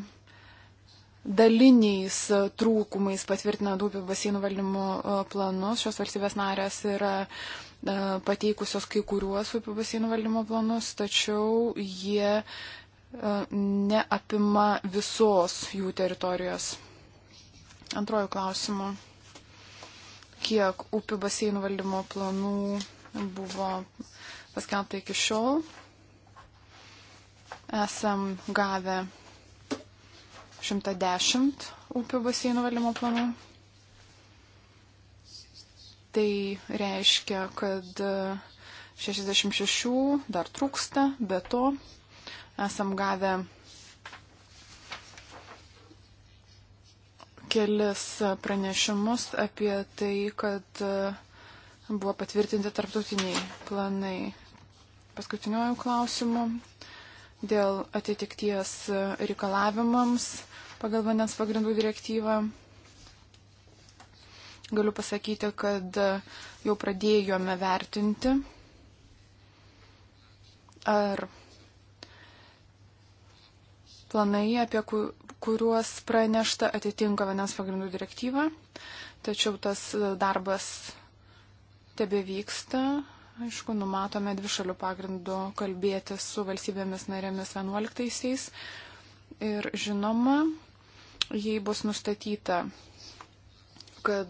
daliniais trūkumais patvirtina Dūpių baseinų valdymo planus. Šios valstybės narės yra uh, E, pateikusios kai kuriuos upių baseinų valdymo planus, tačiau jie e, neapima visos jų teritorijos. Antroju klausimu. Kiek upių baseinų valdymo planų buvo paskelbta iki šiol? Esam gavę 110 upių baseinų valdymo planų. Tai reiškia, kad 66 dar trūksta, be to esam gavę kelis pranešimus apie tai, kad buvo patvirtinti tarptautiniai planai. Paskutiniojų klausimų dėl atitikties reikalavimams pagal vandens pagrindų direktyvą galiu pasakyti, kad jau pradėjome vertinti, ar planai, apie kuriuos pranešta, atitinka vandens pagrindų direktyvą, tačiau tas darbas tebe vyksta. Aišku, numatome dvišalių pagrindų kalbėti su valstybėmis narėmis 11-aisiais. Ir žinoma, jei bus nustatyta kad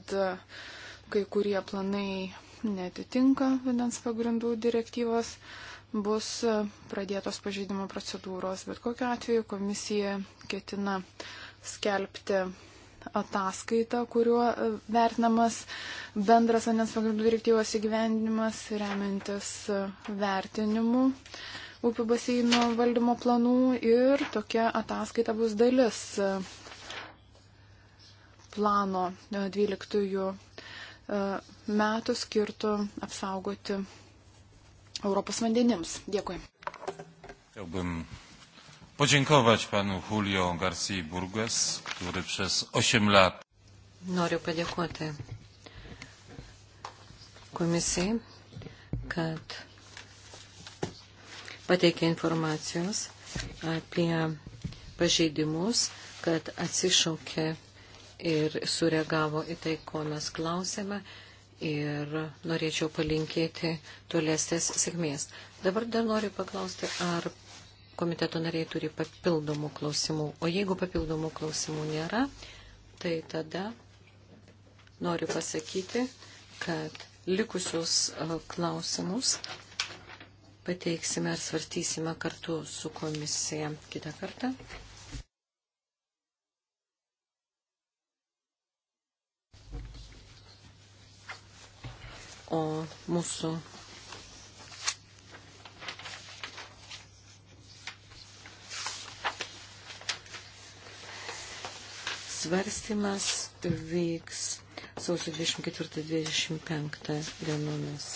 kai kurie planai netitinka vandens pagrindų direktyvos, bus pradėtos pažeidimo procedūros. Bet kokiu atveju komisija ketina skelbti ataskaitą, kuriuo vertinamas bendras vandens pagrindų direktyvos įgyvendinimas, remiantis vertinimu upių baseino valdymo planų ir tokia ataskaita bus dalis plano 12 e, e, metų skirtų apsaugoti Europos vandenims. Dėkui. Chciałbym podziękować panu Julio García Burgues, który przez 8 lat. Noriu padėkoti komisijai, kad pateikė informacijos apie pažeidimus, kad atsišaukė ir sureagavo į tai, ko mes klausėme ir norėčiau palinkėti tolesnės sėkmės. Dabar dar noriu paklausti, ar komiteto nariai turi papildomų klausimų. O jeigu papildomų klausimų nėra, tai tada noriu pasakyti, kad likusius e, klausimus pateiksime ir svarstysime kartu su komisija kitą kartą. o mūsų svarstymas vyks sausio 24-25 dienomis.